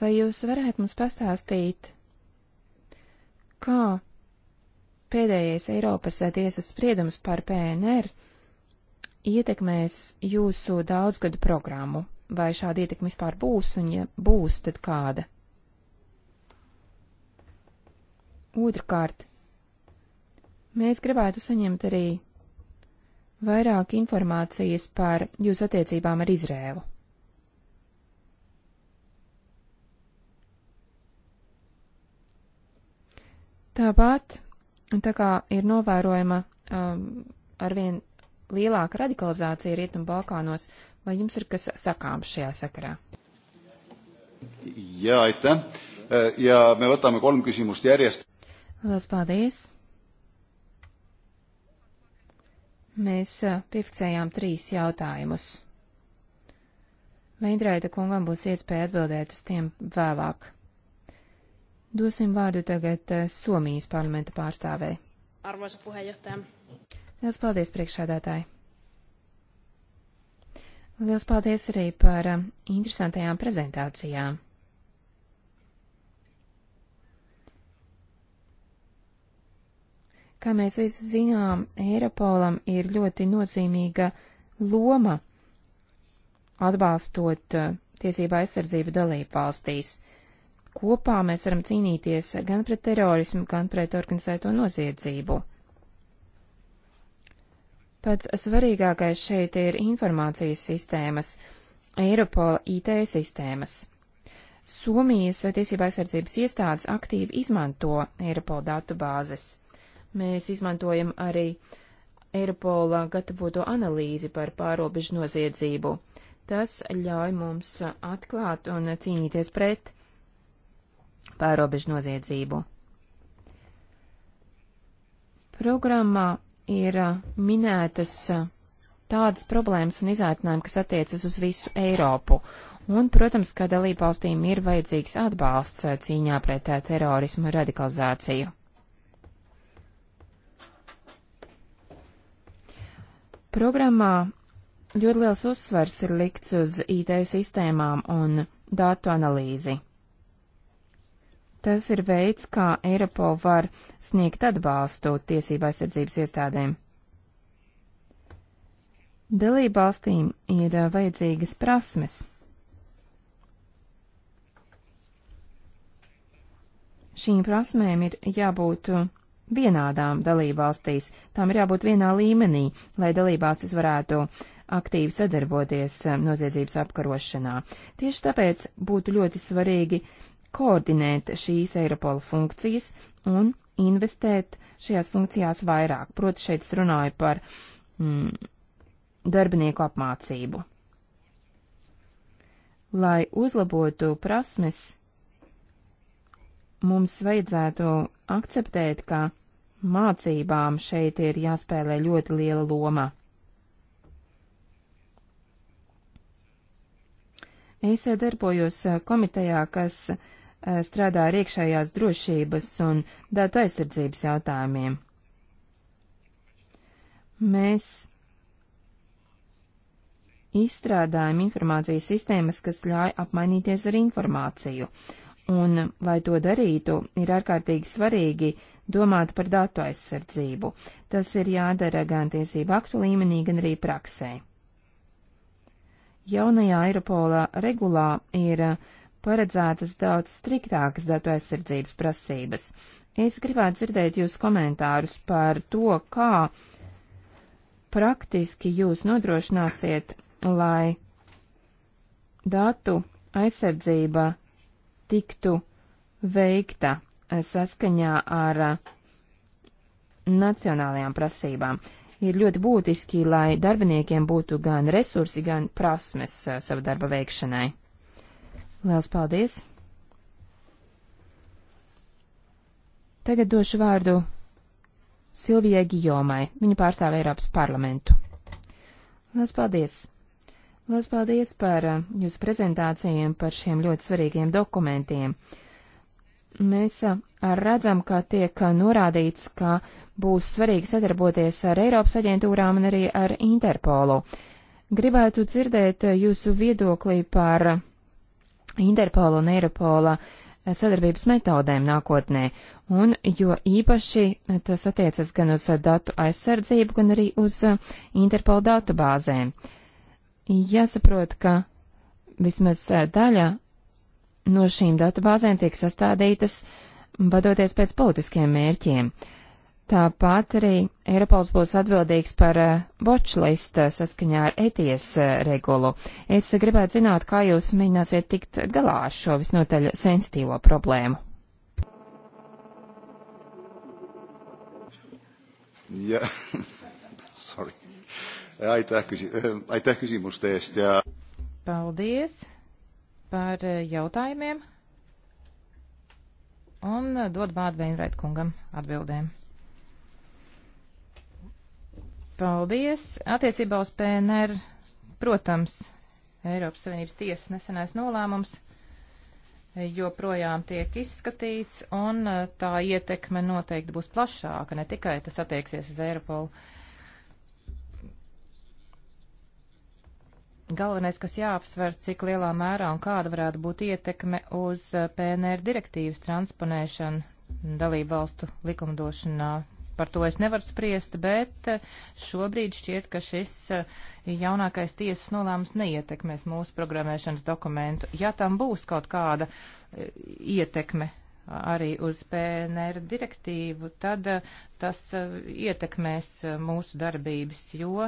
Vai jūs varētu mums pastāstīt, kā pēdējais Eiropas tiesas spriedums par PNR ietekmēs jūsu daudzgadu programmu? Vai šāda ietekme vispār būs, un ja būs, tad kāda? Otrkārt, mēs gribētu saņemt arī vairāk informācijas par jūsu attiecībām ar Izrēlu. Tāpat, tā kā ir novērojama um, arvien lielāka radikalizācija Rietumu Balkānos, vai jums ir kas sakāms šajā sakarā? Jā, aitäh! Eh, ja me võtame kolm küsimust järjest. Lielas paldies! Mēs piefiksējām trīs jautājumus. Veindraita kungam būs iespēja atbildēt uz tiem vēlāk. Dosim vārdu tagad Somijas parlamenta pārstāvē. Arvoisa puheenjohtaja. Liels paldies, priekšsādātāji. Liels paldies arī par interesantajām prezentācijām. Kā mēs visi zinām, Eiropolam ir ļoti nozīmīga loma atbalstot uh, tiesību aizsardzību dalību valstīs. Kopā mēs varam cīnīties gan pret terorismu, gan pret organizēto noziedzību. Pats svarīgākais šeit ir informācijas sistēmas, Eiropola IT sistēmas. Somijas tiesība aizsardzības iestādes aktīvi izmanto Eiropola datu bāzes. Mēs izmantojam arī Eiropola gatavoto analīzi par pārobežu noziedzību. Tas ļauj mums atklāt un cīnīties pret pārobežu noziedzību. Programmā ir minētas tādas problēmas un izaicinājumi, kas attiecas uz visu Eiropu. Un, protams, ka dalībvalstīm ir vajadzīgs atbalsts cīņā pret terorismu un radikalizāciju. Programmā ļoti liels uzsvers ir likts uz IT sistēmām un datu analīzi. Tas ir veids, kā Eiropol var sniegt atbalstu tiesību aizsardzības iestādēm. Dalībvalstīm ir vajadzīgas prasmes. Šīm prasmēm ir jābūt vienādām dalībvalstīs. Tām ir jābūt vienā līmenī, lai dalībvalstis varētu aktīvi sadarboties eh, noziedzības apkarošanā. Tieši tāpēc būtu ļoti svarīgi koordinēt šīs Eiropola funkcijas un investēt šajās funkcijās vairāk. Proti šeit es runāju par mm, darbinieku apmācību. Lai uzlabotu prasmes, mums vajadzētu akceptēt, ka mācībām šeit ir jāspēlē ļoti liela loma. Es darbojos eh, komitejā, kas eh, strādā ar iekšējās drošības un datu aizsardzības jautājumiem. Mēs izstrādājam informācijas sistēmas, kas ļauj apmainīties ar informāciju, Un, lai to darītu, ir ārkārtīgi svarīgi domāt par datu aizsardzību. Tas ir jādara gan tiesību aktu līmenī, gan arī praksē. Jaunajā Eiropola regulā ir paredzētas daudz striktākas datu aizsardzības prasības. Es gribētu dzirdēt jūs komentārus par to, kā praktiski jūs nodrošināsiet, lai datu aizsardzība tiktu veikta saskaņā ar nacionālajām prasībām. Ir ļoti būtiski, lai darbiniekiem būtu gan resursi, gan prasmes eh, savu darba veikšanai. Lielas paldies! Tagad došu vārdu Silvijai Gijomai. Viņa pārstāv Eiropas parlamentu. Lielas paldies! Lielas paldies par eh, jūsu prezentācijām, par šiem ļoti svarīgiem dokumentiem. Mēs eh, redzam, ka tiek eh, norādīts, ka būs svarīgi sadarboties ar Eiropas aģentūrām un arī ar Interpolu. Gribētu dzirdēt jūsu viedoklī par Interpola un Eiropola sadarbības metodēm nākotnē, un jo īpaši tas attiecas gan uz datu aizsardzību, gan arī uz Interpola datubāzēm. Uh, jāsaprot, ka vismaz daļa no šīm datubāzēm tiek sastādītas vadoties pēc politiskiem mērķiem. Tāpat arī Eiropols būs atbildīgs par watchlist saskaņā ar ETIES regulu. Es gribētu zināt, kā jūs mēģināsiet tikt galā ar šo visnotaļ sensitīvo problēmu. Jā. Yeah. Aitäh, küsi-, <laughs> aitäh küsimuste eest ja paldies par eh, jautājumiem un eh, dod vārdu Veinrait kungam atbildēm. Paldies. Attiecībā uz PNR, protams, Eiropas Savienības tiesas nesenais nolēmums eh, joprojām tiek izskatīts, un tā ietekme noteikti būs plašāka, ne tikai tas attieksies uz Eiropolu. Uh, Galvenais, kas jāapsver, cik lielā mērā un kāda varētu būt ietekme uz eh, PNR direktīvas transponēšanu dalību valstu likumdošanā. Par to es nevaru spriest, bet eh, šobrīd šķiet, ka šis eh, jaunākais tiesas nolēmums neietekmēs mūsu programmēšanas dokumentu. Ja tam būs kaut kāda ietekme arī uz PNR direktīvu, tad tas ietekmēs mūsu darbības, jo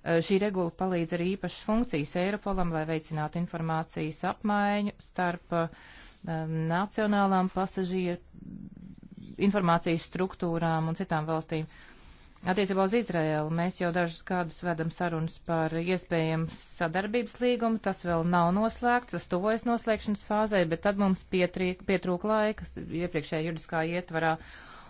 Eh, šī regula palīdz arī īpašas funkcijas Eiropolam, lai veicinātu informācijas apmaiņu starp um, nacionālām pasažieru informācijas struktūrām un citām valstīm. Attiecībā uz Izraēlu mēs jau dažus gadus vedam sarunas par iespējamu sadarbības līgumu. Tas vēl nav noslēgts, tas tuvojas noslēgšanas fāzē, bet tad mums pietrūk laika iepriekšējā juridiskā ietvarā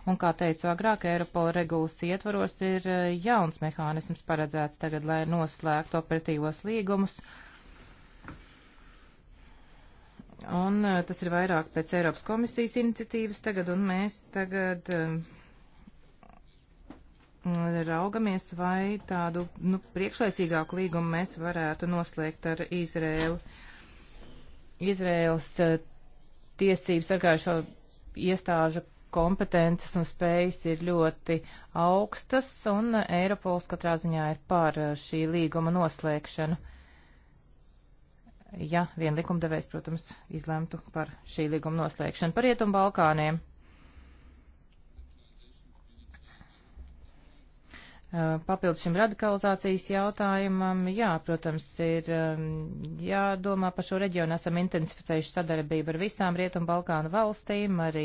Un, kā teicu agrāk, Eiropola regulas ietvaros ir eh, jauns mehānisms paredzēts tagad, lai noslēgtu operatīvos līgumus. Un eh, tas ir vairāk pēc Eiropas komisijas iniciatīvas tagad, un mēs tagad eh, raugamies, vai tādu nu, priekšlaicīgāku līgumu mēs varētu noslēgt ar Izrēlu. Izrēlas tiesību sargājušo iestāžu kompetences un spējas ir ļoti augstas, un Eiropols katrā ziņā ir par eh, šī līguma noslēgšanu. Ja vien likumdevējs, protams, izlemtu par šī līguma noslēgšanu par Rietumu Balkāniem. Eh, papildus šim radikalizācijas jautājumam, jā, protams, ir jādomā par šo reģionu. Esam intensificējuši sadarbību ar visām Rietumu Balkānu valstīm, arī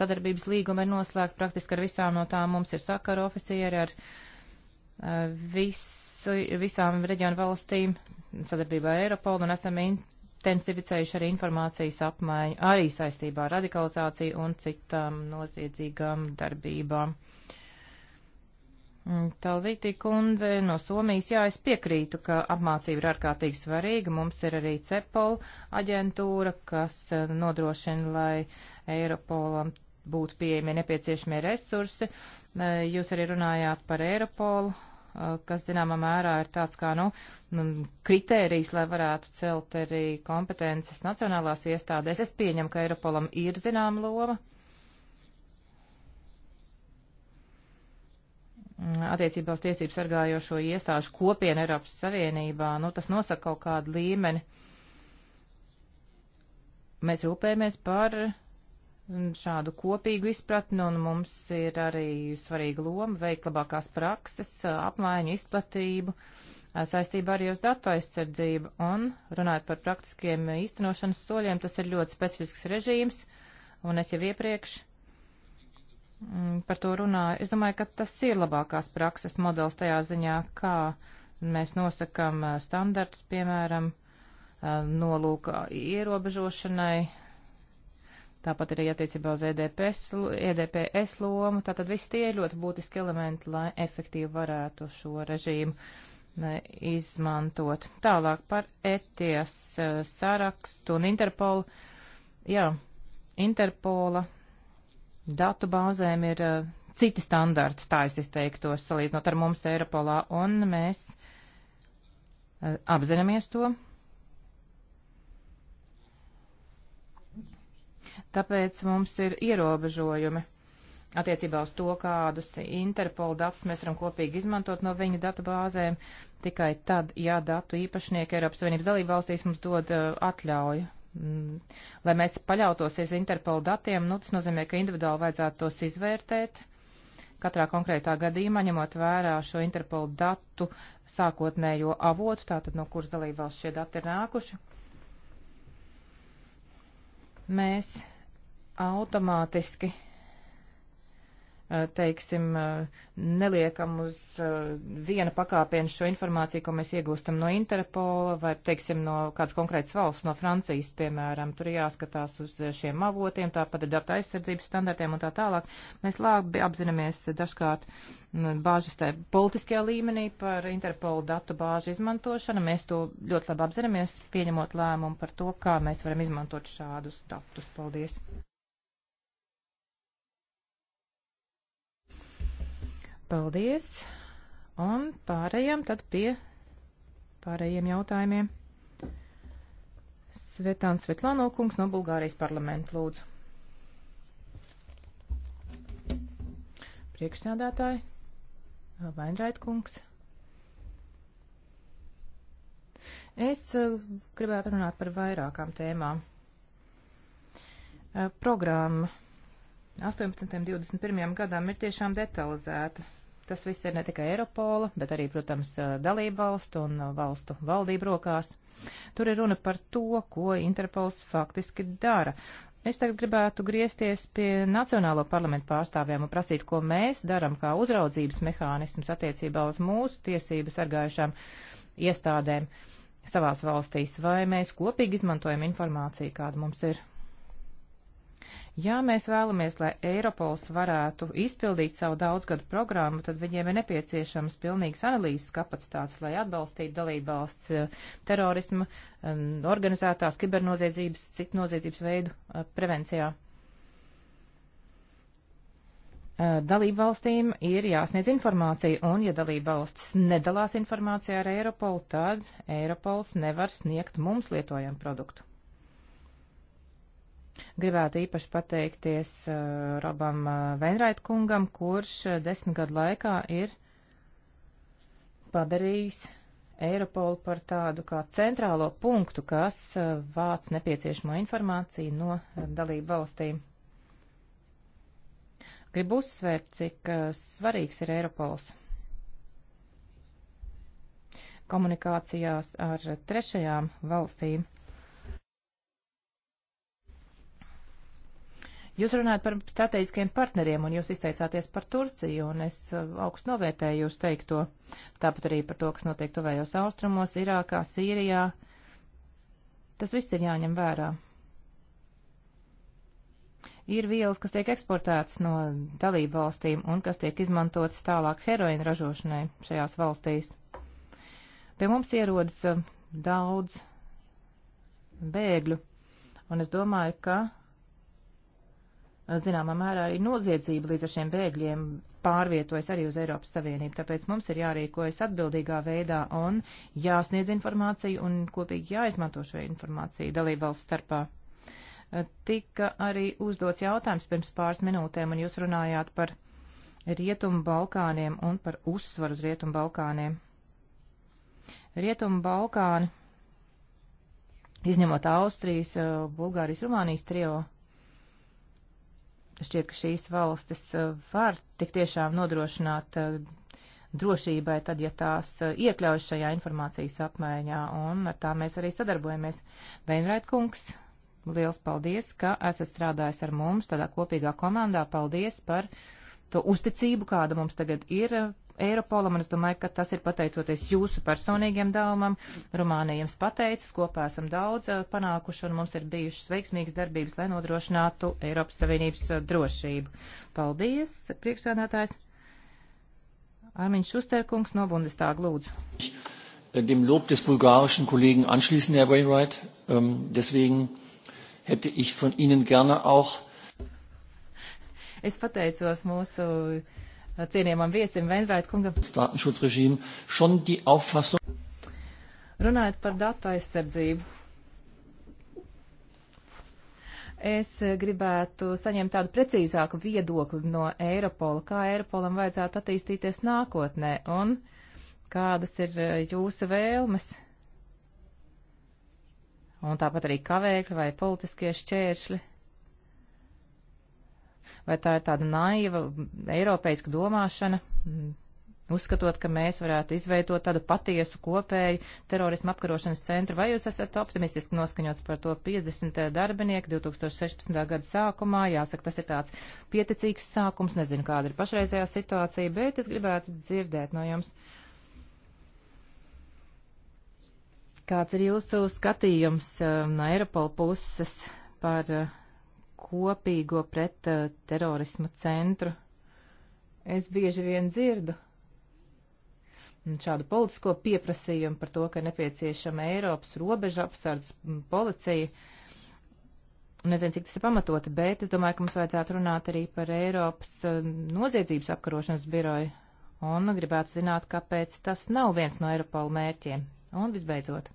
sadarbības līguma ir noslēgta praktiski ar visām no tām. Mums ir sakara oficieri ar eh, visu, visām reģionu valstīm sadarbībā ar Eiropolu un esam intensificējuši arī informācijas apmaiņu arī saistībā ar radikalizāciju un citām noziedzīgām darbībām. Uh, Mm, Talvītī kundze no Somijas, jā, es piekrītu, ka apmācība ir ārkārtīgi svarīga. Mums ir arī CEPOL aģentūra, kas eh, nodrošina, lai Eiropolam būtu pieejami nepieciešamie resursi. Eh, jūs arī runājāt par Eiropolu, eh, kas zināmā mērā ir tāds kā nu, nu, kritērijs, lai varētu celt arī kompetences nacionālās iestādēs. Es pieņemu, ka Eiropolam ir zināma loma Mm, attiecībā uz tiesību sargājošo iestāžu kopienu Eiropas Savienībā, nu, tas nosaka kaut kādu līmeni. Mēs rūpējamies par šādu kopīgu izpratni, un mums ir arī svarīga loma veikt labākās prakses, apmaiņu, izplatību saistībā arī uz datu aizsardzību. Un runājot par praktiskiem īstenošanas soļiem, tas ir ļoti specifisks režīms, un es jau iepriekš Mm, par to runāja. Es domāju, ka tas ir labākās prakses modelis tajā ziņā, kā mēs nosakam standartus, piemēram, nolūka ierobežošanai, tāpat arī attiecībā uz EDPS, EDPS lomu. Tātad viss tie ir ļoti būtiski elementi, lai efektīvi varētu šo režīmu izmantot. Tālāk par ETIAS sarakstu un Interpolu. Jā, Interpola datu bāzēm ir uh, citi standarti, tā es izteiktos, salīdzinot ar mums Eiropolā, un mēs uh, apzināmies to. Tāpēc mums ir ierobežojumi attiecībā uz to, kādus Interpol datus mēs varam kopīgi izmantot no viņu datubāzēm, tikai tad, ja datu īpašnieki Eiropas Savienības dalībvalstīs mums dod uh, atļauju Mm, lai mēs paļautosies Interpol datiem, nu, tas nozīmē, ka individuāli vajadzētu tos izvērtēt katrā konkrētā gadījumā, ņemot vērā šo Interpol datu sākotnējo avotu, tātad no kuras dalībvalsts šie dati ir nākuši. Mēs automātiski Eh, teiksim, eh, neliekam uz eh, viena pakāpiena šo informāciju, ko mēs iegūstam no Interpola vai, teiksim, no kādas konkrētas valsts, no Francijas, piemēram. Tur jāskatās uz šiem avotiem, tāpat ir data aizsardzības standartiem un tā tālāk. Mēs labi apzināmies dažkārt mm, bāžas tā politiskajā līmenī par Interpola datu bāžu izmantošanu. Mēs to ļoti labi apzināmies, pieņemot lēmumu par to, kā mēs varam izmantot šādus datus. Paldies! Paldies! Un pārējām tad pie pārējiem jautājumiem. Svetāns Svetlāno kungs no Bulgārijas parlamenta lūdzu. Priekšsēdētāji, Vainrait kungs. Es eh, gribētu runāt par vairākām tēmām. Eh, programma 18. un 21. gadām ir tiešām detalizēta. Tas viss ir ne tikai Eiropola, bet arī, protams, dalību valstu un valstu valdību rokās. Tur ir runa par to, ko Interpols faktiski dara. Es tagad gribētu griezties pie Nacionālo parlamentu pārstāvjiem un prasīt, ko mēs darām kā uzraudzības mehānisms attiecībā uz mūsu tiesību sargājušām iestādēm savās valstīs, vai mēs kopīgi izmantojam informāciju, kāda mums ir. Ja mēs vēlamies, lai Eiropols varētu izpildīt savu daudzgadu programmu, tad viņiem ir nepieciešams pilnīgs analīzes kapacitātes, lai atbalstītu dalībvalsts eh, terorismu, eh, organizētās kibernoziedzības, citu noziedzības veidu eh, prevencijā. Dalību valstīm ir jāsniedz informācija, un ja dalību valstis nedalās informācijā ar Eiropolu, tad Eiropols nevar sniegt mums lietojumu produktu. Gribētu īpaši pateikties uh, Robam uh, Veinraitkungam, kurš uh, desmit gadu laikā ir padarījis Eiropolu par tādu kā centrālo punktu, kas uh, vāc nepieciešamo informāciju no uh, dalību valstīm. Gribu uzsvērt, cik uh, svarīgs ir Eiropols komunikācijās ar trešajām valstīm. Uh, Jūs runājat par strateģiskiem partneriem, un jūs izteicāties par Turciju, un es uh, augstu novērtēju jūs teikto. Tāpat arī par to, kas notiek tuvējos austrumos, Irākā, Sīrijā. Tas viss ir jāņem vērā. Ir vielas, kas tiek eksportētas no dalību valstīm un kas tiek izmantotas tālāk heroīna ražošanai šajās valstīs. Pie mums ierodas uh, daudz bēgļu, un es domāju, ka zināmā mērā arī noziedzība līdz ar šiem bēgļiem pārvietojas arī uz Eiropas Savienību. Tāpēc mums ir jārīkojas atbildīgā veidā un jāsniedz informācija un kopīgi jāizmanto šo informāciju dalībvalsts starpā. Tika arī uzdots jautājums pirms pāris minūtēm, un jūs runājāt par Rietumu Balkāniem un par uzsvaru uz Rietumu Balkāniem. Rietumu Balkāni, izņemot Austrijas, eh, Bulgārijas, Rumānijas trio, Šķiet, ka šīs valstis uh, var tik tiešām nodrošināt uh, drošībai, tad, ja tās uh, iekļaujas šajā informācijas apmaiņā, un ar tā mēs arī sadarbojamies. Veinrait kungs, liels paldies, ka esat strādājis ar mums tādā kopīgā komandā. Paldies par to uzticību, kāda mums tagad ir Eiropolam, un es domāju, ka tas ir pateicoties jūsu personīgiem dāvumam. Rumānija jums pateicis, kopā esam daudz eh, panākuši, un mums ir bijušas veiksmīgas darbības, lai nodrošinātu Eiropas Savienības eh, drošību. Paldies, priekšsēdētājs. Armiņš Šusterkungs no Bundestāga lūdzu. Dem Lob des bulgarischen Kollegen anschließen, Herr Wainwright. Ähm, deswegen hätte ich von Ihnen gerne auch. Es pateicos mūsu uh, cienījamam viesim Veinrēt kungam. Runājot par datu aizsardzību. Es gribētu saņemt tādu precīzāku viedokli no Eiropola, kā Eiropolam vajadzētu attīstīties nākotnē un kādas ir eh, jūsu vēlmes. Un tāpat arī kavēkļi vai politiskie šķēršļi. Vai tā ir tāda naiva, eiropeiska domāšana, mm, uzskatot, ka mēs varētu izveidot tādu patiesu kopēju terorismu apkarošanas centru, vai jūs esat optimistiski noskaņots par to 50 darbinieku 2016. gada sākumā? Jāsaka, tas ir tāds pieticīgs sākums, nezinu, kāda ir pašreizējā situācija, bet es gribētu dzirdēt no jums. Kāds ir jūsu skatījums eh, no Eiropola puses par uh, kopīgo pret uh, terorismu centru. Es bieži vien dzirdu šādu politisko pieprasījumu par to, ka nepieciešama Eiropas robeža apsardzes policija. Nezinu, cik tas ir pamatoti, bet es domāju, ka mums vajadzētu runāt arī par Eiropas uh, noziedzības apkarošanas biroju un gribētu zināt, kāpēc tas nav viens no Eiropola mērķiem. Un visbeidzot.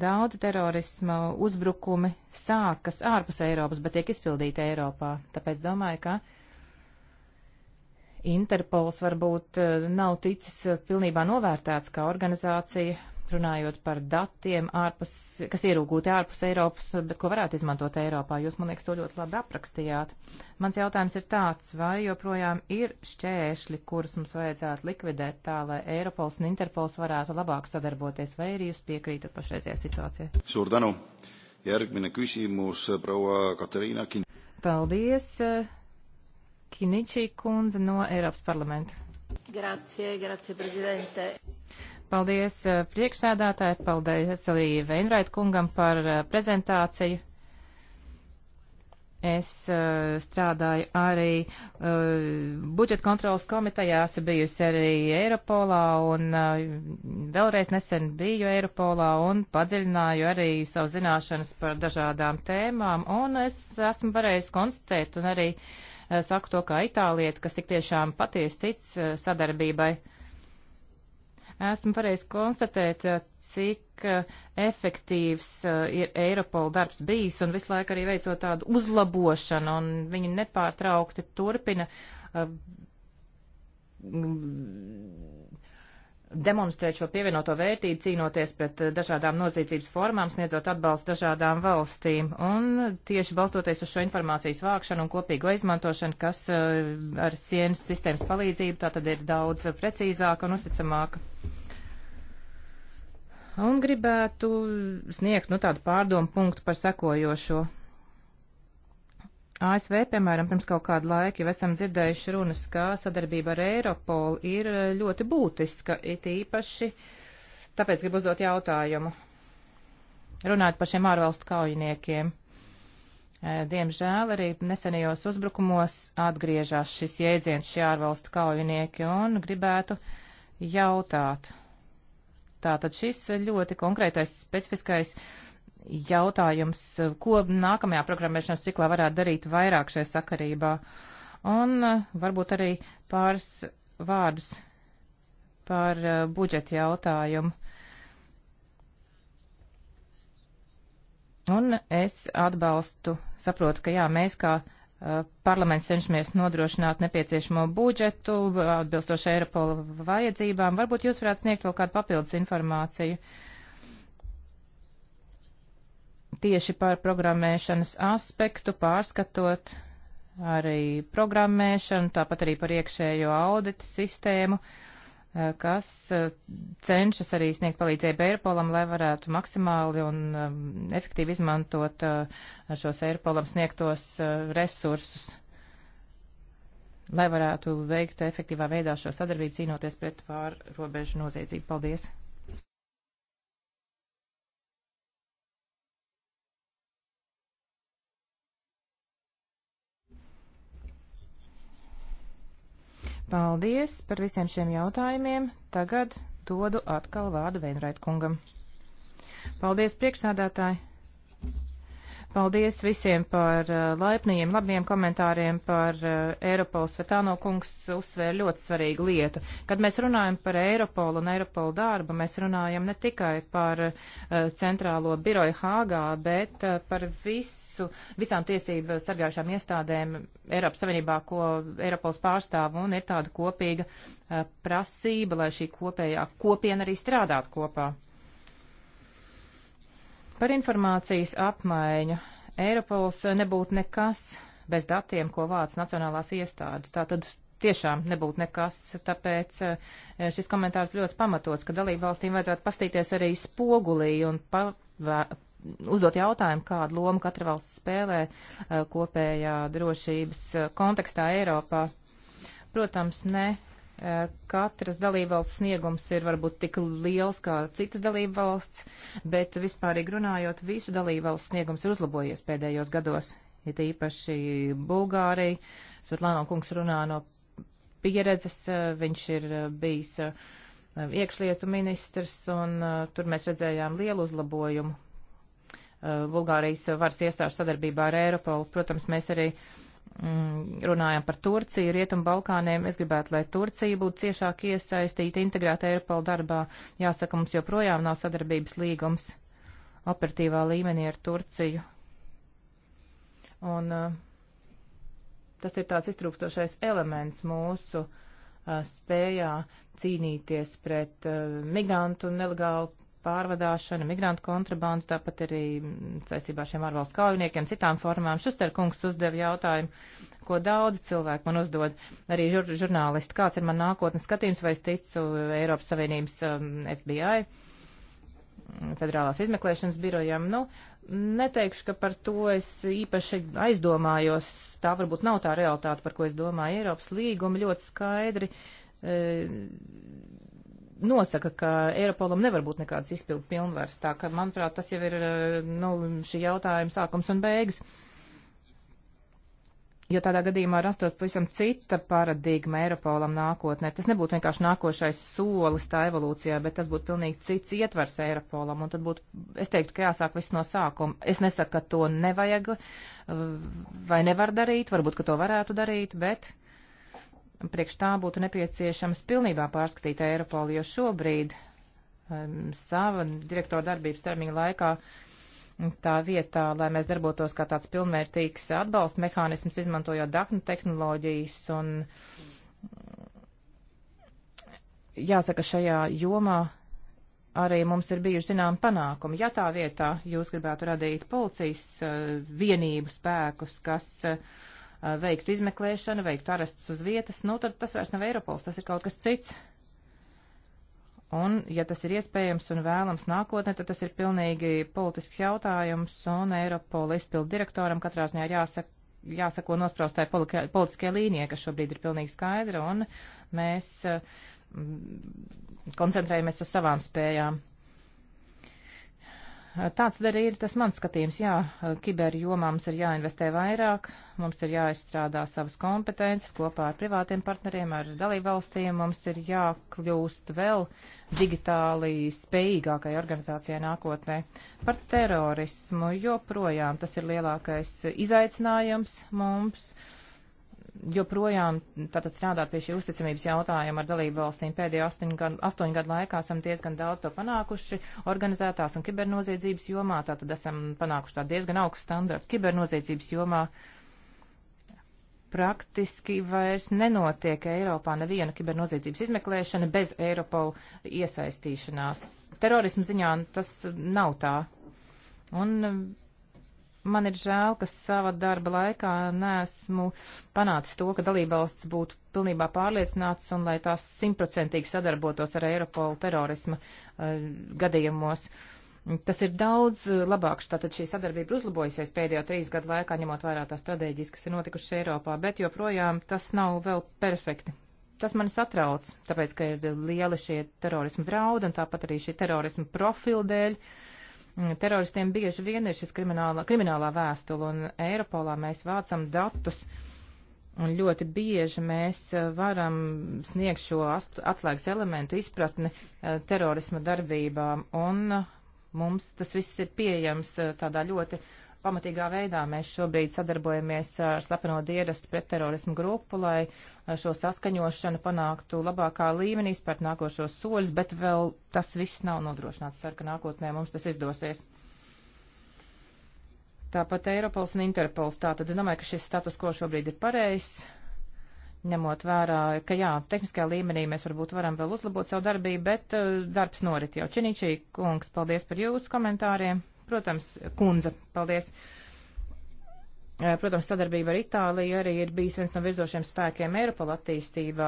Daudz terorisma uzbrukumi sākas ārpus Eiropas, bet tiek izpildīti Eiropā. Tāpēc domāju, ka Interpols varbūt eh, nav ticis eh, pilnībā novērtēts kā organizācija, runājot par datiem, ārpus, kas ierūgūti ārpus Eiropas, bet ko varētu izmantot Eiropā. Jūs, man liekas, to ļoti labi aprakstījāt. Mans jautājums ir tāds, vai joprojām ir šķēršļi, kurus mums vajadzētu likvidēt tā, lai Eiropols un Interpols varētu labāk sadarboties, vai arī jūs piekrītat pašreizajā situācijā? Suur tänu! Järgmine küsimus proua Katariina Kin-. Paldies, Kiniči kundze no Eiropas parlamenta. Grazie, grazie, prezidente. Paldies eh, priekšsēdātāji, paldies arī Veinrait kungam par eh, prezentāciju. Es uh, strādāju arī uh, budžeta kontrolas komitejā, esmu bijusi arī Eiropolā un uh, vēlreiz nesen biju Eiropolā un padziļināju arī savu zināšanas par dažādām tēmām. Un es esmu varējusi konstatēt un arī uh, saku to kā itālieti, kas tik tiešām patiesi tic uh, sadarbībai. Uh, esmu pareizi konstatēt, eh, cik eh, efektīvs eh, ir Eiropola darbs bijis un visu laiku arī veicot tādu uzlabošanu, un viņi nepārtraukti turpina demonstrēt šo pievienoto vērtību, cīnoties pret eh, dažādām noziedzības formām, sniedzot atbalstu dažādām valstīm. Un tieši balstoties uz šo informācijas vākšanu un kopīgo izmantošanu, kas eh, ar sienas sistēmas palīdzību tā tad ir daudz precīzāka un uzticamāka. Un gribētu sniegt nu, tādu pārdomu punktu par sekojošo. ASV, piemēram, pirms kaut kādu laiku jau esam dzirdējuši runas, ka sadarbība ar Eiropolu ir e, ļoti būtiska, it īpaši, tāpēc gribu uzdot jautājumu. Runājot par šiem ārvalstu kaujiniekiem, e, diemžēl arī nesenajos uzbrukumos atgriežas šis jēdziens šie ārvalstu kaujinieki un gribētu jautāt. Tātad šis ļoti konkrētais, specifiskais jautājums, ko nākamajā programmēšanas ciklā varētu darīt vairāk šajā sakarībā. Un eh, varbūt arī pāris vārdus par eh, budžeta jautājumu. Un es atbalstu, saprotu, ka jā, mēs kā eh, parlaments cenšamies nodrošināt nepieciešamo budžetu atbilstoši Eiropola vajadzībām. Varbūt jūs varētu sniegt vēl kādu papildus informāciju. Uh, tieši par programmēšanas aspektu, pārskatot arī programmēšanu, tāpat arī par iekšējo auditu sistēmu, eh, kas eh, cenšas arī sniegt palīdzību Eiropolam, lai varētu maksimāli un ehm, efektīvi izmantot eh, šos Eiropolam sniegtos resursus, lai varētu veikt efektīvā veidā šo sadarbību cīnoties pret pārrobežu noziedzību. Paldies! Paldies par visiem šiem jautājumiem. Tagad dodu atkal vārdu Veinrait kungam. Paldies, priekšsādātāji! Paldies visiem par uh, laipniem, labiem komentāriem par uh, Eiropolu. Svetāno kungs uzsvēra ļoti svarīgu lietu. Kad mēs runājam par Eiropolu un Eiropolu darbu, mēs runājam ne tikai par uh, centrālo biroju Hāgā, bet par visu, visām tiesību sargājušām iestādēm Eiropas Savienībā, ko Eiropols pārstāv, un ir tāda kopīga prasība, lai šī kopējā kopiena arī strādātu kopā. Par informācijas apmaiņu Eiropols nebūtu nekas bez datiem, ko vāc nacionālās iestādes. Tātad tiešām nebūtu nekas, tāpēc eh, šis komentārs ļoti pamatots, ka dalību valstīm vajadzētu pastīties arī spogulī un pavē, uzdot jautājumu, kādu lomu katra valsts spēlē eh, kopējā drošības eh, kontekstā Eiropā. Protams, ne katras dalībvalsts sniegums ir varbūt tik liels kā citas dalībvalsts, bet vispārīgi runājot, visu dalībvalsts sniegums ir uzlabojies pēdējos gados. Ir ja īpaši Bulgārija. Svetlāno kungs runā no pieredzes, eh, viņš ir eh, bijis eh, iekšlietu ministrs, un tur mēs redzējām lielu uzlabojumu. Bulgārijas varas iestāžu sadarbībā ar Eiropolu. Protams, mēs arī uh, Mm, runājam par Turciju, Rietumu Balkāniem, es gribētu, lai Turcija būtu ciešāk iesaistīta, integrēta Eiropola darbā. Jāsaka, mums joprojām nav sadarbības līgums operatīvā līmenī ar Turciju. Un uh, tas ir tāds iztrūkstošais elements mūsu uh, spējā cīnīties pret uh, migrantu un nelegālu pārvadāšanu, migrantu kontrabandu, tāpat arī saistībā ar šiem ārvalstu kaujiniekiem, citām formām. Šusterkungs uzdeva jautājumu, ko daudzi cilvēki man uzdod, arī žur žurnālisti. Kāds ir man nākotnes skatījums, vai es ticu Eiropas Savienības um, FBI? Federālās izmeklēšanas birojam. Nu, neteikšu, ka par to es īpaši aizdomājos. Tā varbūt nav tā realitāte, par ko es domāju. Eiropas līguma ļoti skaidri e, nosaka, ka Eiropolam nevar būt nekādas izpildu pilnvaras. Tā ka, manuprāt, tas jau ir eh, nu, šī jautājuma sākums un beigas. Jo tādā gadījumā rastos pavisam cita paradigma Eiropolam nākotnē. Tas nebūtu vienkārši nākošais solis tā evolūcijā, bet tas būtu pilnīgi cits ietvers Eiropolam. Un tad būtu, es teiktu, ka jāsāk viss no sākuma. Es nesaku, ka to nevajag eh, vai nevar darīt, varbūt, ka to varētu darīt, bet priekš tā būtu nepieciešams pilnībā pārskatīt Eiropolu, jo šobrīd um, sava direktora darbības termiņa laikā tā vietā, lai mēs darbotos kā tāds pilnvērtīgs atbalsta mehānisms, izmantojot daknu tehnoloģijas un jāsaka šajā jomā arī mums ir bijuši zinām panākumi. Ja tā vietā jūs gribētu radīt policijas uh, vienību spēkus, kas uh, Eh, veiktu izmeklēšanu, veiktu arestus uz vietas, nu tad tas vairs nav Eiropols, tas ir kaut kas cits. Un, ja tas ir iespējams un vēlams nākotnē, tad tas ir pilnīgi politisks jautājums, un Eiropola izpildu direktoram katrā ziņā jāsaka, jāsako nospraustai politiskajai līnijai, kas šobrīd ir pilnīgi skaidra, un mēs uh, koncentrējamies uz savām spējām. Tāds arī ir tas mans skatījums. Jā, kiberjomā mums ir jāinvestē vairāk, mums ir jāizstrādā savas kompetences kopā ar privātiem partneriem, ar dalībvalstīm, mums ir jākļūst vēl digitāli spējīgākai organizācijai nākotnē. Par terorismu joprojām tas ir lielākais izaicinājums mums. Uh, joprojām tātad strādāt pie šī uzticamības jautājuma ar dalību valstīm. Pēdējo astoņu gadu, astoņu gadu laikā esam diezgan daudz to panākuši organizētās un kibernoziedzības jomā, tātad esam panākuši tā diezgan augstu standartu kibernoziedzības jomā. Praktiski vairs nenotiek Eiropā neviena kibernoziedzības izmeklēšana bez Eiropola iesaistīšanās. Terorismu ziņā tas nav tā. Un Man ir žēl, ka sava darba laikā nesmu panācis to, ka dalībvalsts būtu pilnībā pārliecināts un lai tās simtprocentīgi sadarbotos ar Eiropolu terorisma uh, gadījumos. Tas ir daudz eh, labāks, tātad šī sadarbība uzlabojusies pēdējo trīs gadu laikā, ņemot vērā tās traģēdijas, kas ir notikušas Eiropā, bet joprojām tas nav vēl perfekti. Tas man satrauc, tāpēc, ka ir lieli šie terorisma draudi un tāpat arī šī terorisma profila dēļ. Uh, Mm, teroristiem bieži vien ir šis kriminālā, kriminālā vēstule, un Eiropolā mēs vācam datus, un ļoti bieži mēs eh, varam sniegt šo atslēgas elementu izpratni eh, terorisma darbībām, un eh, mums tas viss ir pieejams tādā ļoti pamatīgā veidā mēs šobrīd sadarbojamies ar slepeno dienestu pret terorismu grupu, lai eh, šo saskaņošanu panāktu labākā līmenī, spērt nākošos soļus, bet vēl tas viss nav nodrošināts. Ceru, ka nākotnē mums tas izdosies. Tāpat Eiropols un Interpols. Tātad domāju, ka šis status, ko šobrīd ir pareizs, ņemot vērā, ka jā, tehniskajā līmenī mēs varbūt varam vēl uzlabot savu darbību, bet uh, darbs norit jau. Činičī, kungs, paldies par jūsu komentāriem. Protams, kundze, paldies. Eh, protams, sadarbība ar Itāliju arī ir bijis viens no virzošiem spēkiem Eiropola attīstībā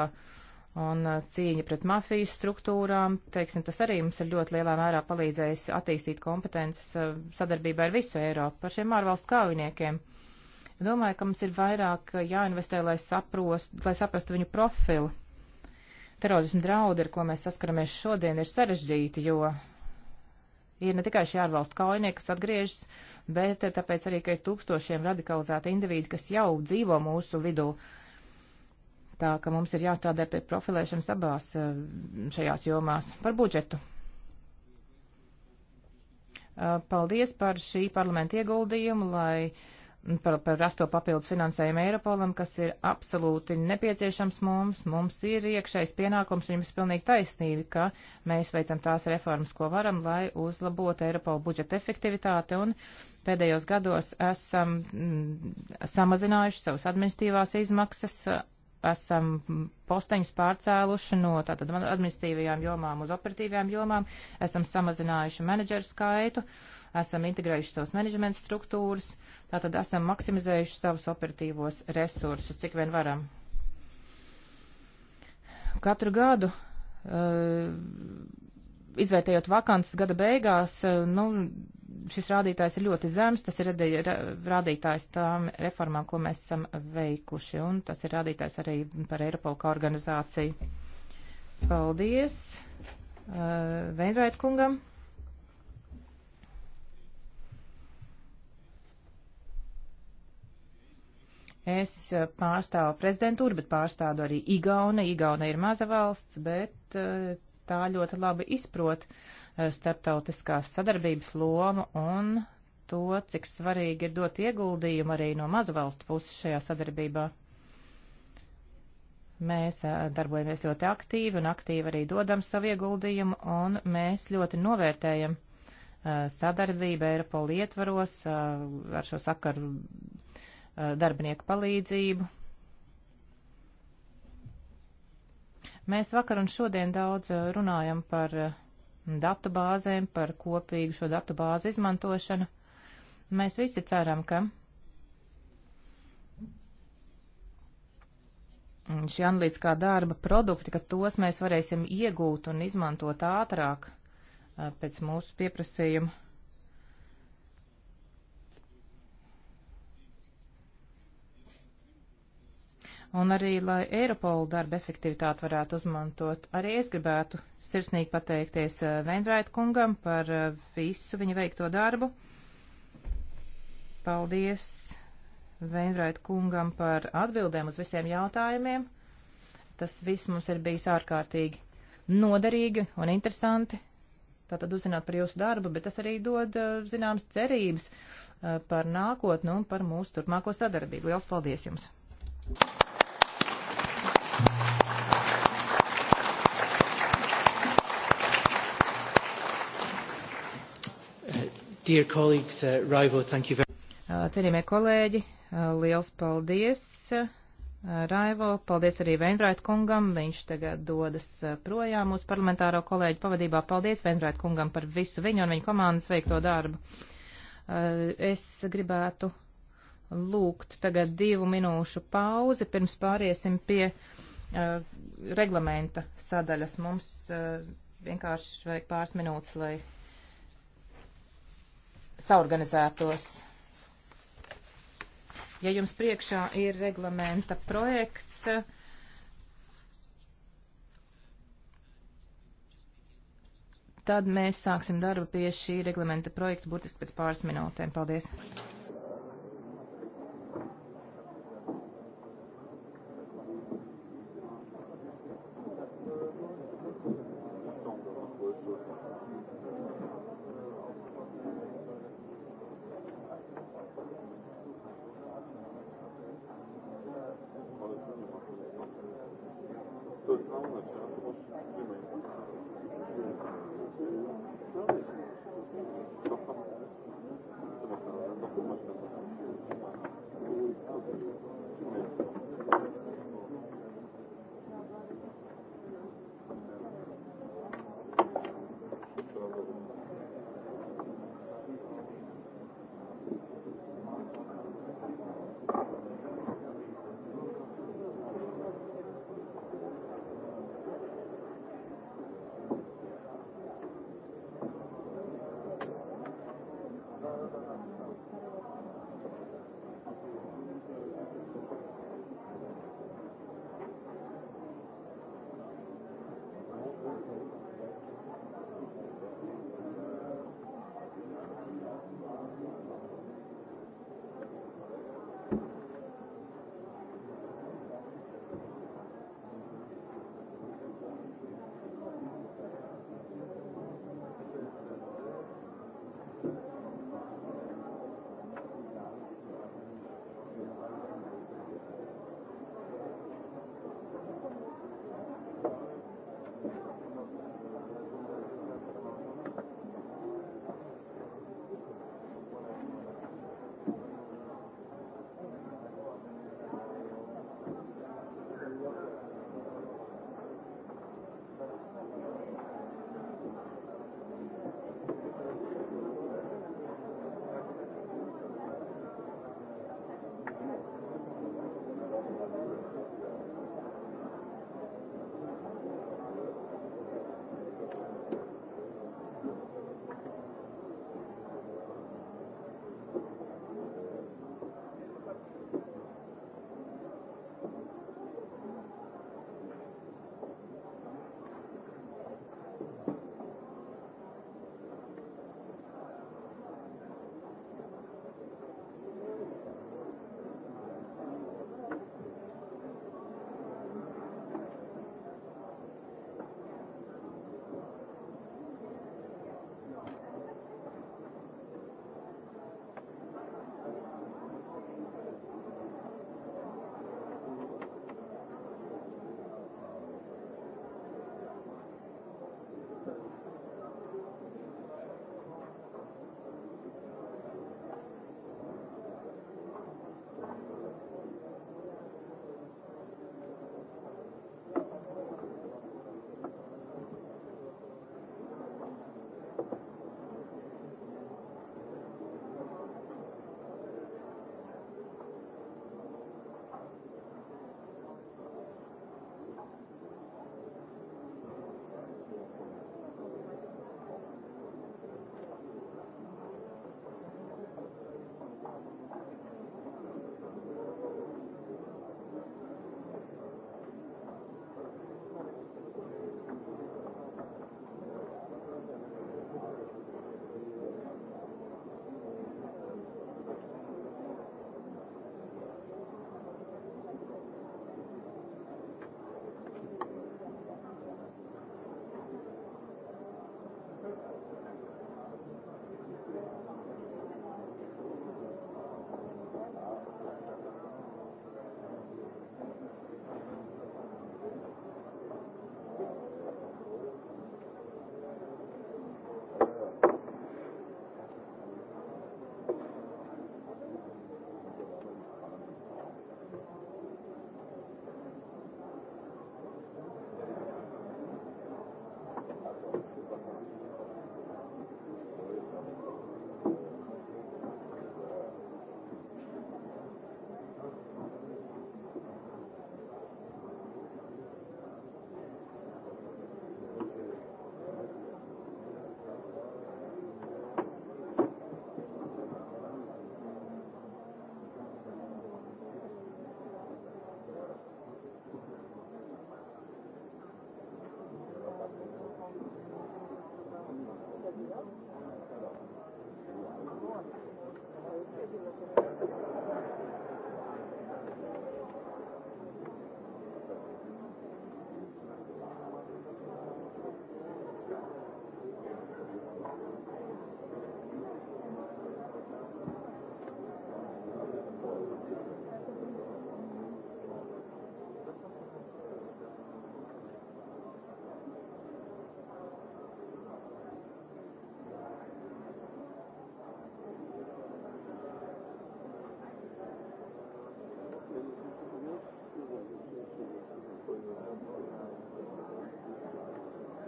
un eh, cīņa pret mafijas struktūrām. Teiksim, tas arī mums ir ļoti lielā mērā palīdzējis attīstīt kompetences eh, sadarbībā ar visu Eiropu par šiem ārvalstu kaujiniekiem. Domāju, ka mums ir vairāk jāinvestē, lai, sapros, lai saprastu viņu profilu. Terorismu draudi, ar ko mēs saskaramies šodien, ir sarežģīti, jo ir ne tikai šie ārvalstu kaujinieki, kas atgriežas, bet tāpēc arī, ka ir tūkstošiem radikalizēta individu, kas jau dzīvo mūsu vidū. Tā ka mums ir jāstrādā pie profilēšanas abās eh, šajās jomās par budžetu. Eh, paldies par šī parlamenta ieguldījumu, lai par, par rasto papildus finansējumu Eiropolam, kas ir absolūti nepieciešams mums. Mums ir iekšējs pienākums, un jums pilnīgi taisnība, ka mēs veicam tās reformas, ko varam, lai uzlabotu Eiropola budžeta efektivitāti, un pēdējos gados esam mm, samazinājuši savas administratīvās izmaksas, esam posteņus pārcēluši no tātad administratīvajām jomām uz operatīvajām jomām, esam samazinājuši menedžeru skaitu, esam integrējuši savus menedžmenta struktūras, tātad esam maksimizējuši savus operatīvos resursus, cik vien varam. Katru gadu uh, izvērtējot vakances gada beigās, eh, nu, šis rādītājs ir ļoti zems, tas ir rādītājs tām reformām, ko mēs esam veikuši, un tas ir rādītājs arī par Eiropolu kā organizāciju. Paldies uh, eh, Veinvēt kungam. Es eh, pārstāvu prezidentūru, bet pārstāvu arī Igauna. Igauna ir maza valsts, bet uh, tā ļoti labi izprot eh, starptautiskās sadarbības lomu un to, cik svarīgi ir dot ieguldījumu arī no mazvalstu puses šajā sadarbībā. Mēs eh, darbojamies ļoti aktīvi un aktīvi arī dodam savu ieguldījumu, un mēs ļoti novērtējam eh, sadarbību Eiropola ietvaros ar šo sakaru darbinieku palīdzību, Mēs vakar un šodien daudz eh, runājam par eh, datu bāzēm, par kopīgu šo datu bāzu izmantošanu. Mēs visi ceram, ka šī analītiskā darba produkti, ka tos mēs varēsim iegūt un izmantot ātrāk eh, pēc mūsu pieprasījuma. un arī, lai Eiropola darba efektivitāti varētu uzmantot. Arī es gribētu sirsnīgi pateikties Veinbraita eh, kungam par eh, visu viņa veikto darbu. Paldies Veinbraita kungam par atbildēm uz visiem jautājumiem. Tas viss mums ir bijis ārkārtīgi noderīgi un interesanti. Tātad uzzināt par jūsu darbu, bet tas arī dod eh, zināmas cerības par nākotnu un par mūsu turpmāko sadarbību. Lielas paldies jums! Thank you. Dear colleagues, uh, Raivo, thank you very much. Cienījamie kolēģi, uh, liels paldies uh, Raivo, paldies arī Veinrēt kungam, viņš tagad dodas uh, projām mūsu parlamentāro kolēģi pavadībā. Paldies Veinrēt kungam par visu viņu un viņa komandas veikto darbu. Es gribētu lūgt tagad divu minūšu pauzi, pirms pāriesim pie reglamenta sadaļas. Mums vienkārši vajag pāris minūtes, lai saorganizētos. Ja jums priekšā ir reglamenta projekts, tad mēs sāksim darbu pie šī reglamenta projekta burtiski pēc pāris minūtēm. Paldies!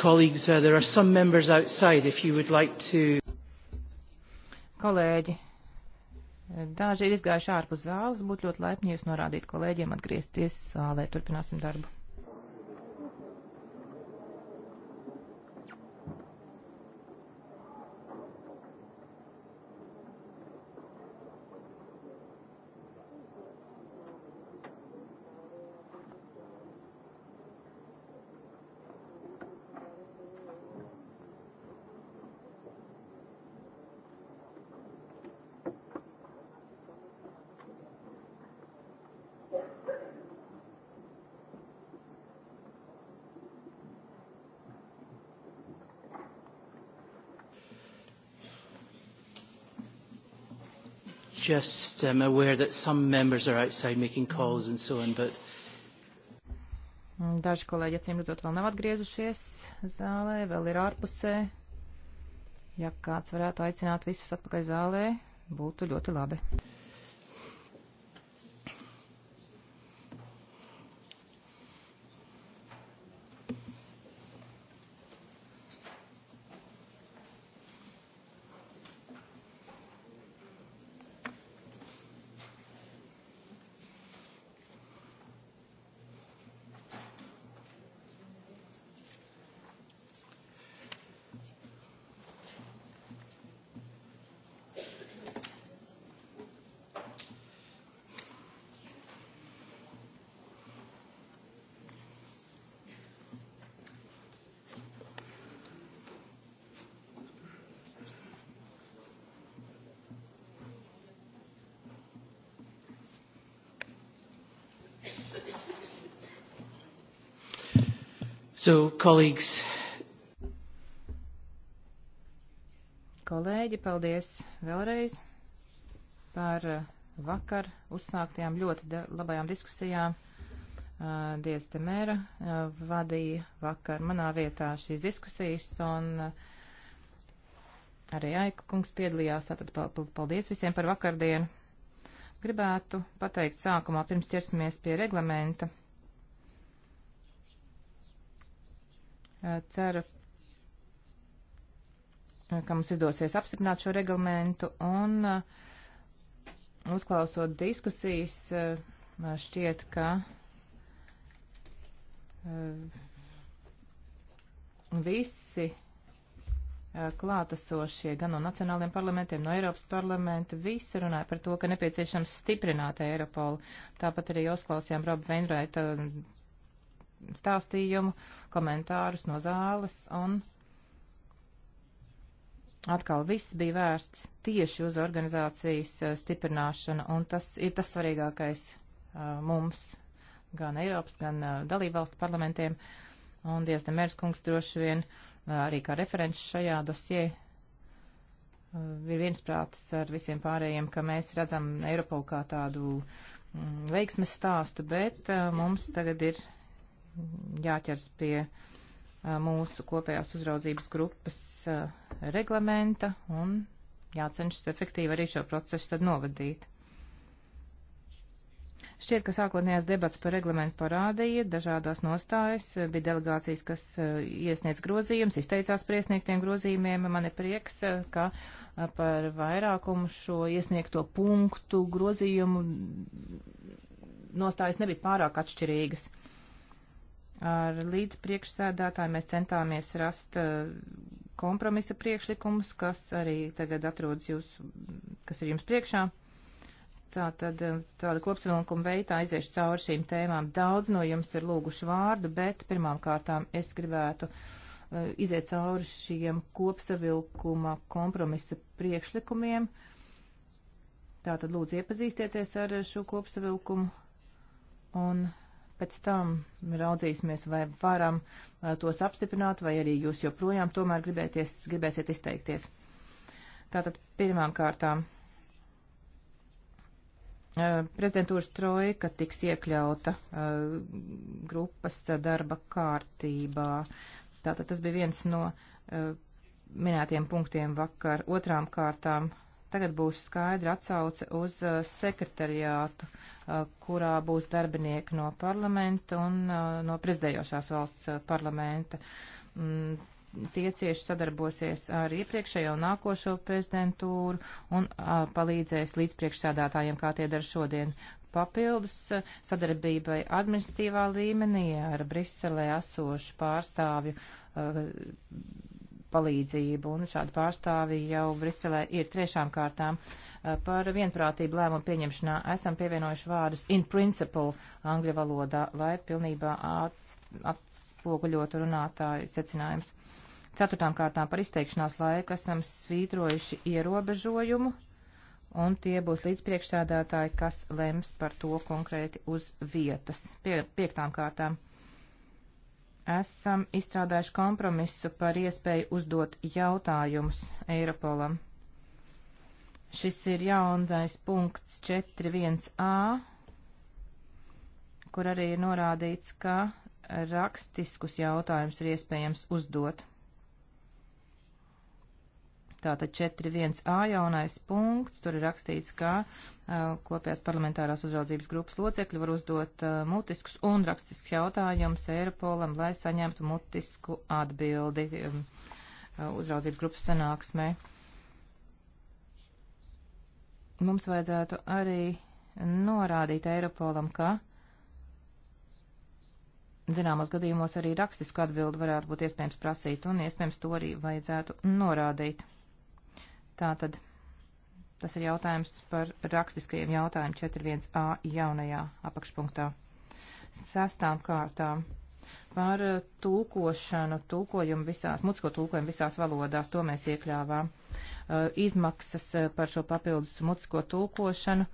Colleagues, uh, there are some members outside if you would like to. Kolēģi, daži ir izgājuši ārpus zāles, būtu ļoti laipni jūs norādīt kolēģiem atgriezties zālē. Turpināsim darbu. just um, aware that some members are outside making calls and so on, but. Daži kolēģi acīm redzot vēl nav atgriezušies zālē, vēl ir ārpusē. Ja kāds varētu aicināt visus atpakaļ zālē, būtu ļoti labi. So, colleagues. Kolēģi, paldies vēlreiz par uh, vakar uzsāktajām ļoti labajām diskusijām. Uh, Dievs te mēra uh, vadīja vakar manā vietā šīs diskusijas un uh, arī Aiku kungs piedalījās. Tātad paldies visiem par vakardienu. Gribētu pateikt sākumā, pirms ķersimies pie reglamenta, Eh, ceru, ka mums izdosies apstiprināt šo reglamentu un eh, uzklausot diskusijas, eh, šķiet, ka visi klātesošie gan no nacionāliem parlamentiem, no Eiropas parlamenta, visi runāja par to, ka nepieciešams stiprināt Eiropolu. Tāpat arī uzklausījām Robu Veinraita stāstījumu, komentārus no zāles, un atkal viss bija vērsts tieši uz organizācijas eh, stiprināšanu, un tas ir tas svarīgākais eh, mums, gan Eiropas, gan eh, dalībvalstu parlamentiem, un Diezde Mērskungs droši vien arī kā referents šajā dosjē ir viensprātis ar visiem pārējiem, ka mēs redzam Eiropolu kā tādu mm, veiksmes stāstu, bet mums tagad ir jāķers pie mūsu kopējās uzraudzības grupas reglamenta un jācenšas efektīvi arī šo procesu tad novadīt. Šķiet, ka sākotnējās debats par reglamentu parādīja dažādās nostājas, bija delegācijas, kas iesniedz grozījums, izteicās par iesniegtiem grozījumiem. Man ir prieks, ka par vairākumu šo iesniegto punktu grozījumu nostājas nebija pārāk atšķirīgas. Ar līdz priekšsēdētāju mēs centāmies rast eh, kompromisa priekšlikumus, kas arī tagad atrodas jūs, kas ir jums priekšā. Tā tad eh, tāda kopsavilkuma veidā aiziešu cauri šīm tēmām. Daudz no jums ir lūguši vārdu, bet pirmām kārtām es gribētu eh, iziet cauri šiem kopsavilkuma kompromisa priekšlikumiem. Tātad lūdzu iepazīstieties ar šo kopsavilkumu un Pēc tam raudzīsimies, vai varam uh, tos apstiprināt, vai arī jūs joprojām tomēr gribēties, gribēsiet izteikties. Tātad pirmām kārtām uh, prezidentūras trojka tiks iekļauta uh, grupas darba kārtībā. Tātad tas bija viens no uh, minētiem punktiem vakar. Otrām kārtām uh, Tagad būs skaidra atsauce uz uh, sekretariātu, uh, kurā būs darbinieki no parlamenta un uh, no prezidējošās valsts parlamenta. Mm, tie cieši sadarbosies ar iepriekšējo un nākošo prezidentūru un palīdzēs līdzpriekšsēdātājiem, kā tie dara šodien papildus sadarbībai administratīvā līmenī ar Briselē esošu pārstāvju uh, palīdzību, un šādu pārstāvi jau Briselē ir trešām kārtām. Eh, par vienprātību lēmumu pieņemšanā esam pievienojuši vārdus in principle angļu valodā, lai pilnībā atspoguļotu runātāju secinājums. Ceturtām kārtām par izteikšanās laiku esam svītrojuši ierobežojumu, un tie būs līdzpriekšsēdētāji, kas lems par to konkrēti uz vietas. Pie, piektām kārtām esam izstrādājuši kompromisu par iespēju uzdot jautājumus Eiropolam. Šis ir jaunais punkts 4.1a, kur arī ir norādīts, ka rakstiskus jautājumus ir iespējams uzdot. Tātad 4.1a jaunais punkts, tur ir rakstīts, ka uh, kopējās parlamentārās uzraudzības grupas locekļi var uzdot uh, mutiskus un rakstiskus jautājumus Eiropolam, lai saņemtu mutisku atbildi um, uzraudzības grupas sanāksmē. Mums vajadzētu arī norādīt Eiropolam, ka Zināmos gadījumos arī rakstisku atbildi varētu būt iespējams prasīt, un iespējams to arī vajadzētu norādīt. Tātad tas ir jautājums par rakstiskajiem jautājumiem 41a jaunajā apakšpunktā. Sastām kārtām par eh, tulkošanu, tulkojumu visās, mutisko tulkojumu visās valodās, to mēs iekļāvām. Eh, izmaksas eh, par šo papildus mutisko tulkošanu.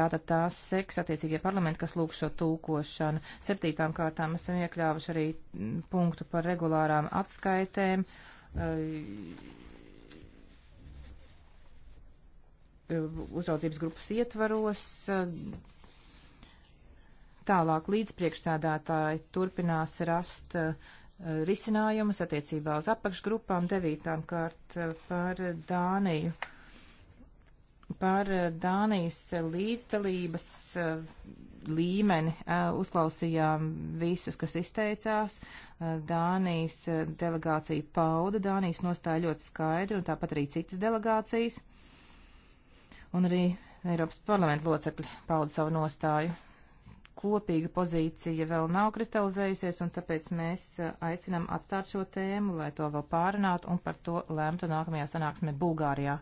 Tātad tās seks attiecīgie parlamenti, kas lūg šo tulkošanu. Septītām kārtām esam iekļāvuši arī punktu par regulārām atskaitēm. Uh, Eh, uzraudzības grupas ietvaros. Eh, tālāk līdzpriekšsēdētāji turpinās rast eh, risinājumus attiecībā uz apakšgrupām devītām kārt par Dāniju. Par Dānijas līdzdalības līmeni uzklausījām visus, kas izteicās. Dānijas delegācija pauda, Dānijas nostāja ļoti skaidri un tāpat arī citas delegācijas un arī Eiropas parlamenta locekļi pauda savu nostāju. Kopīga pozīcija vēl nav kristalizējusies, un tāpēc mēs eh, aicinam atstāt šo tēmu, lai to vēl pārunātu un par to lēmtu nākamajā sanāksmē Bulgārijā.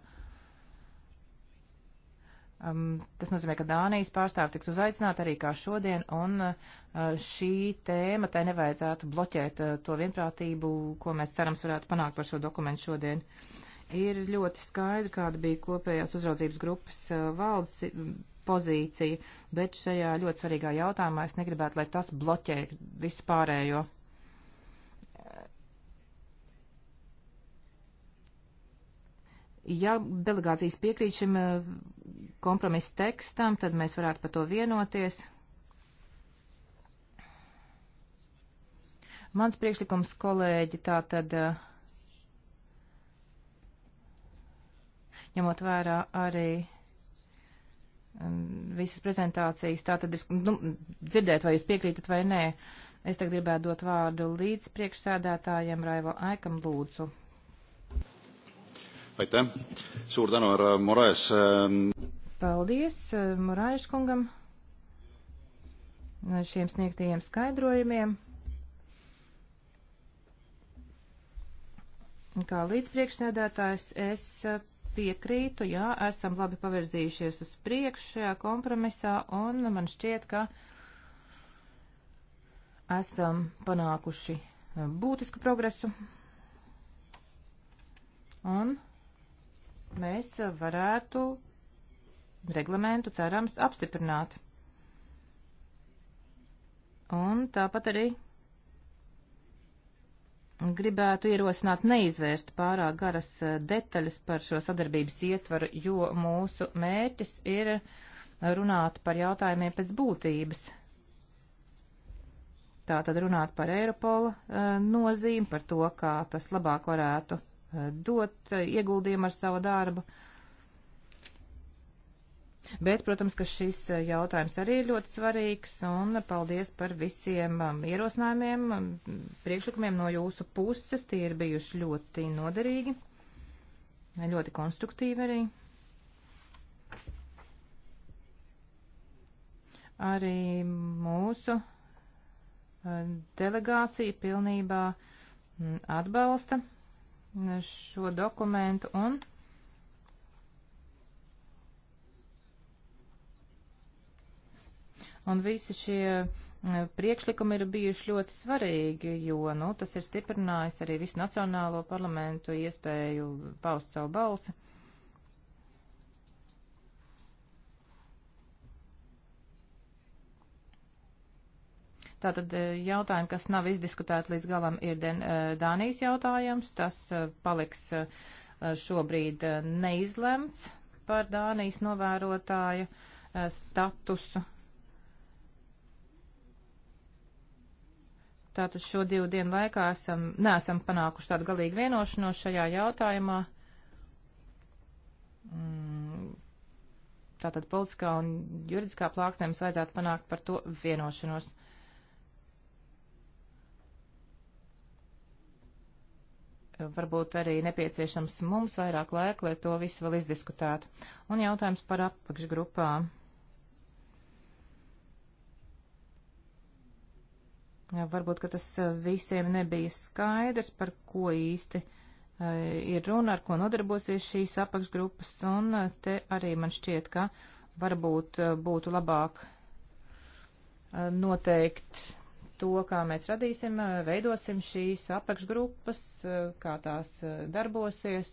Um, tas nozīmē, ka Dānijas pārstāvi tiks uzaicināti arī kā šodien, un uh, šī tēma tai nevajadzētu bloķēt uh, to vienprātību, ko mēs cerams varētu panākt par šo dokumentu šodien. Uh, ir ļoti skaidri, kāda bija kopējās uzraudzības grupas uh, valdes uh, pozīcija, bet šajā ļoti svarīgā jautājumā es negribētu, lai tas bloķē vispārējo. Ja delegācijas piekrīt šim uh, kompromisu tekstam, tad mēs varētu par to vienoties. Mans priekšlikums kolēģi tā tad uh, ņemot vērā arī um, visas prezentācijas. Tātad es nu, dzirdēt, vai jūs piekrītat vai nē. Es tagad gribētu dot vārdu līdz priekšsēdētājiem Raivo Aikam lūdzu. Aitäh, suur tänu, härra Moraes. Ähm, Paldies äh, Moraes kungam äh, šiem sniegtajiem skaidrojumiem. Kā līdzpriekšsēdētājs es äh, piekrītu, jā, esam labi pavirzījušies uz priekšu šajā kompromisā, un man šķiet, ka esam panākuši eh, būtisku progresu, un mēs varētu reglamentu, cerams, apstiprināt. Un tāpat arī gribētu ierosināt neizvērst pārāk garas eh, detaļas par šo sadarbības ietvaru, jo mūsu mērķis ir runāt par jautājumiem pēc būtības. Tātad runāt par Eiropola eh, nozīmi, par to, kā tas labāk varētu eh, dot ieguldījumu ar savu darbu. Bet, protams, ka šis eh, jautājums arī ir ļoti svarīgs, un paldies par visiem um, ierosinājumiem, um, priekšlikumiem no jūsu puses. Tie ir bijuši ļoti noderīgi, ļoti konstruktīvi arī. Arī mūsu eh, delegācija pilnībā mm, atbalsta mm, šo dokumentu un Un visi šie e, priekšlikumi ir bijuši ļoti svarīgi, jo nu, tas ir stiprinājis arī visu nacionālo parlamentu iespēju paust savu balsi. Tātad e, jautājumi, kas nav izdiskutēti līdz galam, ir e, Dānijas jautājums. Tas paliks šobrīd neizlemts par Dānijas novērotāja statusu. Tātad šo divu dienu laikā esam, neesam panākuši tādu galīgu vienošanos šajā jautājumā. Mm. Tātad politiskā un juridiskā plāksnē mums vajadzētu panākt par to vienošanos. Varbūt arī nepieciešams mums vairāk laika, lai to visu vēl izdiskutētu. Un jautājums par apakšgrupām. Varbūt, ka tas eh, visiem nebija skaidrs, par ko īsti eh, ir runa, ar ko nodarbosies šīs apakšgrupas, un eh, te arī man šķiet, ka varbūt būtu labāk noteikt to, kā mēs radīsim, veidosim šīs apakšgrupas, kā tās darbosies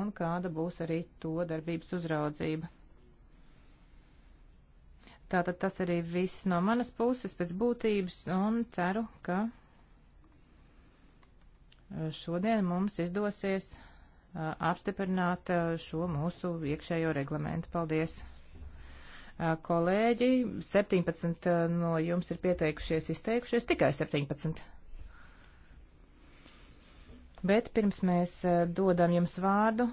un kāda būs arī to darbības uzraudzība. Tātad tas arī viss no manas puses pēc būtības un ceru, ka e, šodien mums izdosies uh, apstiprināt uh, šo mūsu iekšējo reglamentu. Paldies! Uh, kolēģi, 17 no jums ir pieteikušies, izteikušies tikai 17. Bet pirms mēs dodam jums vārdu,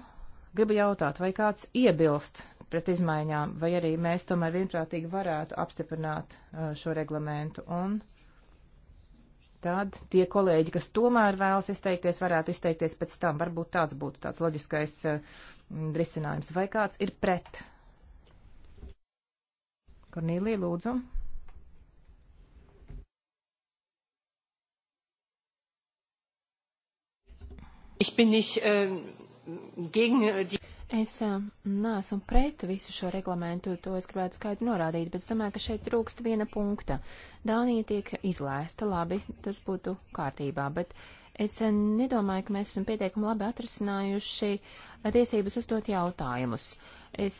gribu jautāt, vai kāds iebilst pret izmaiņām, vai arī mēs tomēr vienprātīgi varētu apstiprināt uh, šo reglamentu. Un tad tie kolēģi, kas tomēr vēlas izteikties, varētu izteikties pēc tam. Varbūt tāds būtu tāds loģiskais uh, risinājums. Vai kāds ir pret? Kornīlī, lūdzu. Ich bin nicht ähm, gegen die. Es neesmu pret visu šo reglamentu, to es gribētu skaidri norādīt, bet es domāju, ka šeit trūkst viena punkta. Dānija tiek izlēsta, labi, tas būtu kārtībā, bet es nedomāju, ka mēs esam pietiekami labi atrisinājuši tiesības uzdot jautājumus. Es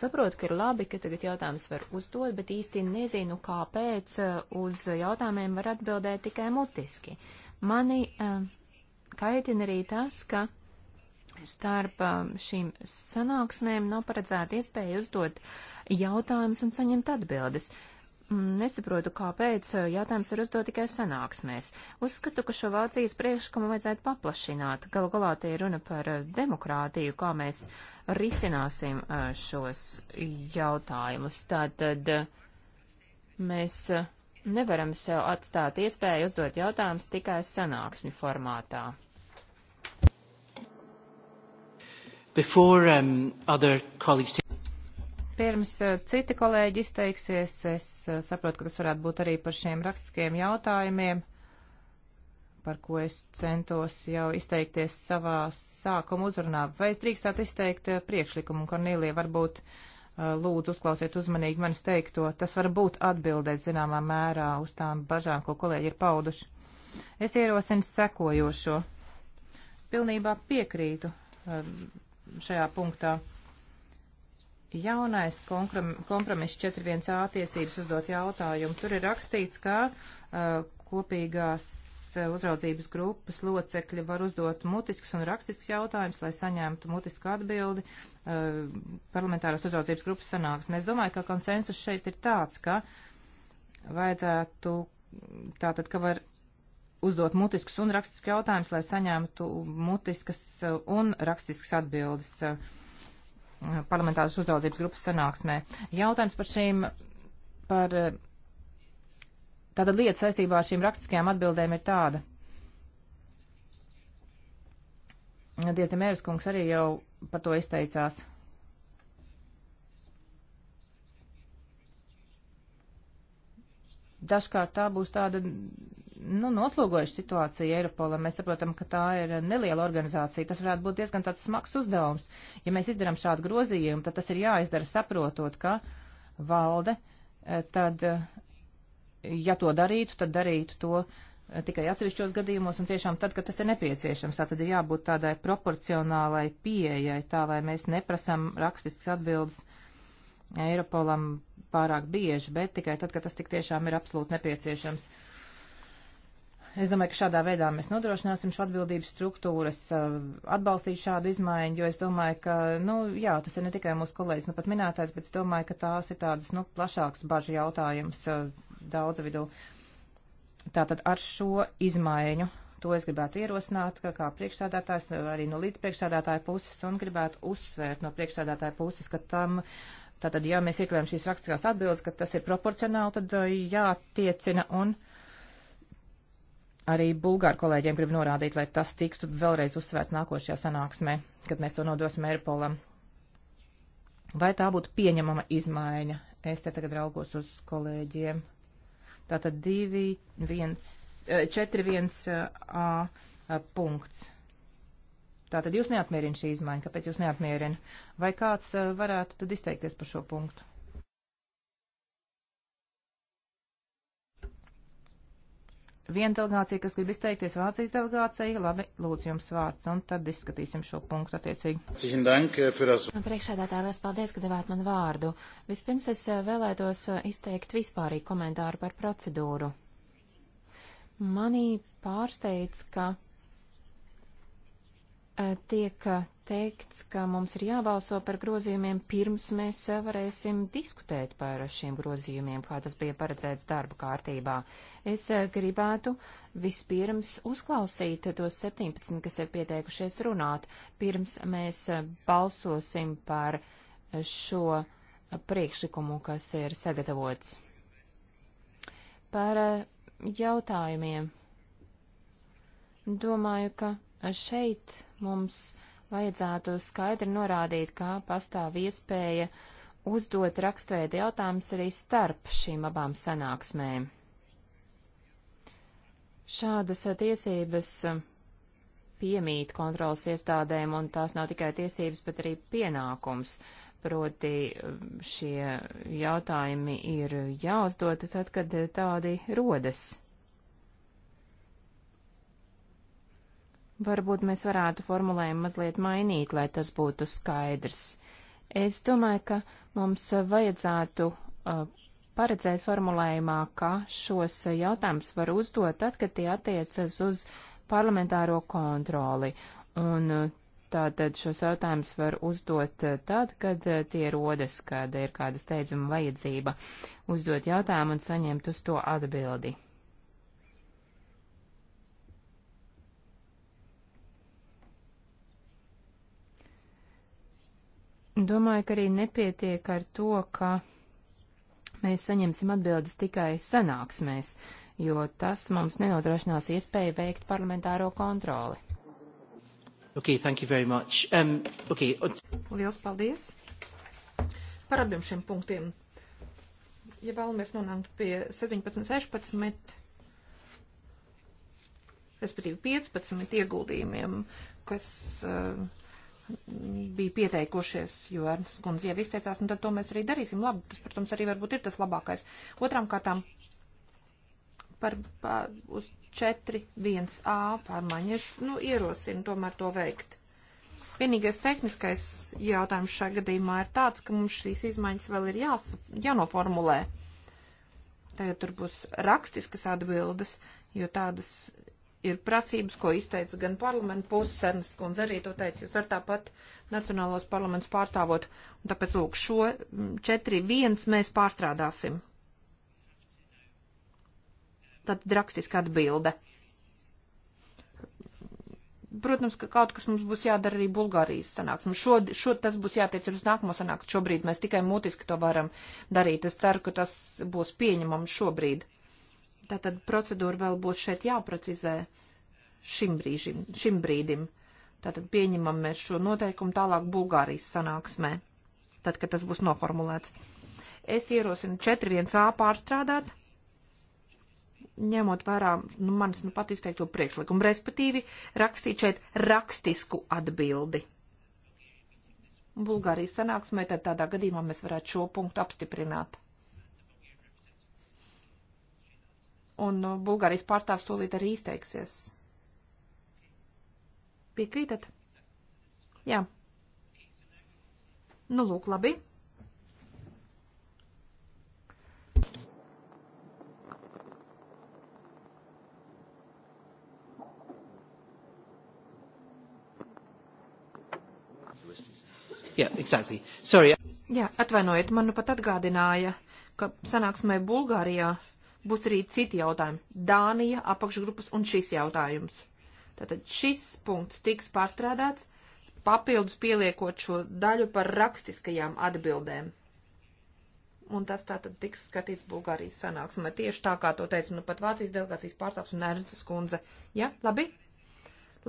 saprotu, ka ir labi, ka tagad jautājums var uzdot, bet īsti nezinu, kāpēc uz jautājumiem var atbildēt tikai mutiski. Mani kaitina arī tas, ka starp um, šīm sanāksmēm nav paredzēta iespēja uzdot jautājumus un saņemt atbildes. Mm, nesaprotu, kāpēc uh, jautājums ir uzdot tikai sanāksmēs. Uzskatu, ka šo Vācijas priekšlikumu vajadzētu paplašināt. Galu galā tie runa par uh, demokrātiju, kā mēs risināsim uh, šos jautājumus. Tātad mēs nevaram sev atstāt iespēju uzdot jautājumus tikai sanāksmi formātā. Before, um, other colleagues... Pirms uh, citi kolēģi izteiksies, es uh, saprotu, ka tas varētu būt arī par šiem rakstiskiem jautājumiem, par ko es centos jau izteikties savā sākuma uzrunā. Vai es drīkstētu izteikt uh, priekšlikumu, Kornīlija, varbūt lūdzu uzklausiet uzmanīgi manis teikto, tas var būt atbildēs zināmā mērā uz tām bažām, ko kolēģi ir pauduši. Es ierosinu sekojošo. Pilnībā piekrītu um, šajā punktā. Jaunais kompromiss 41a tiesības uzdot jautājumu. Tur ir rakstīts, ka uh, kopīgās uh, uzraudzības grupas locekļi var uzdot mutisks un rakstisks jautājums, lai saņemtu mutisku atbildi uh, parlamentārās uzraudzības grupas sanāksmē. Es domāju, ka konsensus šeit ir tāds, ka vajadzētu tātad, ka var uzdot mutiskus un rakstiskus jautājumus, lai saņemtu mutiskas uh, un rakstiskas atbildes uh, parlamentāras uzraudzības grupas sanāksmē. Jautājums par šīm, par uh, tāda lieta saistībā ar šīm rakstiskajām atbildēm ir tāda. Diezde Mērs kungs arī jau par to izteicās. Dažkārt tā būs tāda nu, noslogojuši situāciju Eiropolam. Mēs saprotam, ka tā ir neliela organizācija. Tas varētu būt diezgan tāds smags uzdevums. Ja mēs izdarām šādu grozījumu, tad tas ir jāizdara saprotot, ka valde, eh, tad, eh, ja to darītu, tad darītu to eh, tikai atsevišķos gadījumos un tiešām tad, kad tas ir nepieciešams. Tā tad ir jābūt tādai proporcionālai pieejai, tā lai mēs neprasam rakstisks atbildes Eiropolam pārāk bieži, bet tikai tad, kad tas tik tiešām ir absolūti nepieciešams. Uh, Es domāju, ka šādā veidā mēs nodrošināsim šo atbildības struktūru. Es uh, atbalstīju šādu izmaiņu, jo es domāju, ka, nu, jā, tas ir ne tikai mūsu kolēģis, nu, pat minētais, bet es domāju, ka tās ir tādas, nu, plašāks bažu jautājums uh, eh, daudz vidū. Tātad ar šo izmaiņu to es gribētu ierosināt, ka kā priekšsādātājs, eh, arī no līdzpriekšsādātāja puses, un gribētu uzsvērt no priekšsādātāja puses, ka tam uh, Tātad, ja mēs iekļaujam šīs rakstiskās atbildes, ka tas ir proporcionāli, tad eh, jātiecina un uh, arī bulgāru kolēģiem gribu norādīt, lai tas tiktu vēlreiz uzsvērts nākošajā sanāksmē, kad mēs to nodosim Eiropolam. Vai tā būtu pieņemama izmaiņa? Es te tagad raugos uz kolēģiem. Tātad 2, 1, 4, 1, A eh, punkts. Tātad jūs neapmierina šī izmaiņa, kāpēc jūs neapmierina? Vai kāds eh, varētu tad izteikties par šo punktu? viena delegācija, kas grib izteikties Vācijas delegācija. Labi, lūdzu jums vārds, un tad izskatīsim šo punktu attiecīgi. Eh, Priekšādātāji, liels paldies, ka devāt man vārdu. Vispirms es eh, vēlētos eh, izteikt vispārīgu komentāru par procedūru. Manī pārsteidz, ka Eh, tiek eh, teikts, ka mums ir jābalso par grozījumiem pirms mēs eh, varēsim diskutēt par šiem grozījumiem, kā tas bija paredzēts darba kārtībā. Es gribētu vispirms uzklausīt tos 17, kas ir pieteikušies runāt, pirms mēs balsosim par šo priekšlikumu, kas ir sagatavots. Par jautājumiem. Domāju, ka Šeit mums vajadzētu skaidri norādīt, kā pastāv iespēja uzdot rakstveidu jautājumus arī starp šīm abām sanāksmēm. Šādas tiesības piemīt kontrolas iestādēm, un tās nav tikai tiesības, bet arī pienākums. Proti šie jautājumi ir jāuzdod tad, kad tādi rodas. Varbūt mēs varētu formulējumu mazliet mainīt, lai tas būtu skaidrs. Es domāju, ka mums vajadzētu uh, paredzēt formulējumā, ka šos jautājumus var uzdot tad, kad tie attiecas uz parlamentāro kontroli. Un uh, tātad šos jautājumus var uzdot uh, tad, kad uh, tie rodas, kad ir kāda steidzama vajadzība uzdot jautājumu un saņemt uz to atbildi. Domāju, ka arī nepietiek ar to, ka mēs saņemsim atbildes tikai sanāksmēs, jo tas mums nenodrošinās iespēju veikt parlamentāro kontroli. Okay, thank you very much. Um, okay. Liels paldies par abiem šiem punktiem. Ja vēlamies nonākt pie 17, 16, respektīvi 15 ieguldījumiem, kas uh, bija pieteikušies, jo Ernsts kundze jau izteicās, un tad to mēs arī darīsim. Labi, tas, protams, arī varbūt ir tas labākais. Otram kārtām par, par uz 4.1a pārmaiņas, nu, ierosinu tomēr to veikt. Vienīgais tehniskais jautājums šajā gadījumā ir tāds, ka mums šīs izmaiņas vēl ir jās, jānoformulē. Tagad tur būs rakstiskas atbildes, jo tādas ir prasības, ko izteica gan parlamenta puses, Sernas kundze arī to teica, jūs ar tāpat nacionālos parlamentus pārstāvot, un tāpēc, lūk, šo 4.1 mēs pārstrādāsim. Tad rakstiska atbilde. Protams, ka kaut kas mums būs jādara arī Bulgārijas sanāksmē. Šo, šo tas būs jātiec uz nākamo sanāksmu. Šobrīd mēs tikai mutiski to varam darīt. Es ceru, ka tas būs pieņemams šobrīd. Tātad procedūra vēl būs šeit jāprecizē šim, brīžim, šim brīdim. Tātad pieņemam mēs šo noteikumu tālāk Bulgārijas sanāksmē, tad, kad tas būs noformulēts. Es ierosinu 4.1a pārstrādāt, ņemot vērā nu, manis nu pat izteikto priekšlikumu, respektīvi rakstīt šeit rakstisku atbildi. Bulgārijas sanāksmē tad tādā gadījumā mēs varētu šo punktu apstiprināt. Un nu, Bulgārijas pārstāvs tūlīt arī izteiksies. Piekrītat? Jā. Nu, lūk, labi. Yeah, exactly. Sorry. Jā, atvainojiet, man nu pat atgādināja, ka sanāksmē Bulgārijā Būs arī citi jautājumi. Dānija, apakšgrupas un šis jautājums. Tātad šis punkts tiks pārstrādāts, papildus pieliekot šo daļu par rakstiskajām atbildēm. Un tas tātad tiks skatīts Bulgārijas sanāksmē. Tieši tā, kā to teica, nu pat Vācijas delegācijas pārstāvs un Ernsts Kunze. Ja? Labi?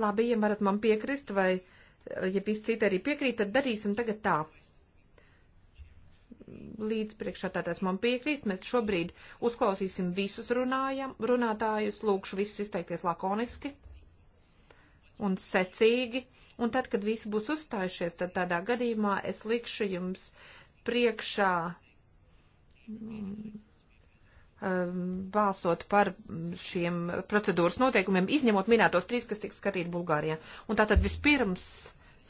Labi, ja varat man piekrist vai ja visi citi arī piekrīt, tad darīsim tagad tā līdz priekšātātājs man piekrīst. Mēs šobrīd uzklausīsim visus runājam, runātājus, lūkšu visus izteikties lakoniski un secīgi. Un tad, kad visi būs uzstājušies, tad tādā gadījumā es likšu jums priekšā mm, um, balsot par šiem procedūras noteikumiem, izņemot minētos trīs, kas tiks skatīti Bulgārijā. Un tātad vispirms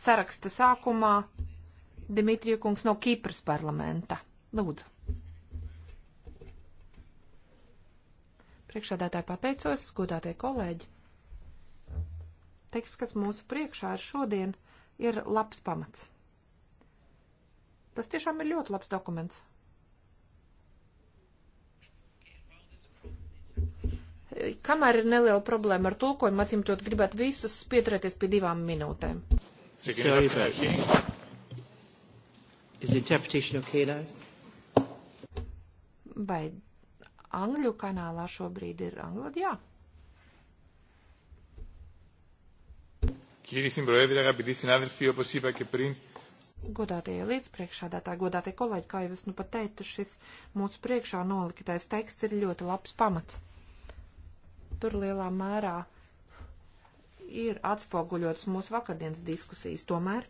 saraksta sākumā Dimitrija kungs no Kīpras parlamenta. Lūdzu. Priekšādātāji pateicos, godātie kolēģi. Teksts, kas mūsu priekšā ir šodien, ir labs pamats. Tas tiešām ir ļoti labs dokuments. Kamēr ir neliela problēma ar tulkojumu, acīm tot gribētu visus pieturēties pie divām minūtēm. Cik ir Is the interpretation okay now? Vai angļu kanālā šobrīd ir angļu? Jā. Κύριε Συμπροέδρε, αγαπητοί συνάδελφοι, όπως είπα και πριν, Godātie līdzpriekšādātāji, godātie kolēģi, kā jau es nu pat teicu, šis mūsu priekšā noliktais teksts ir ļoti labs pamats. Tur lielā mērā ir atspoguļots mūsu vakardienas diskusijas. Tomēr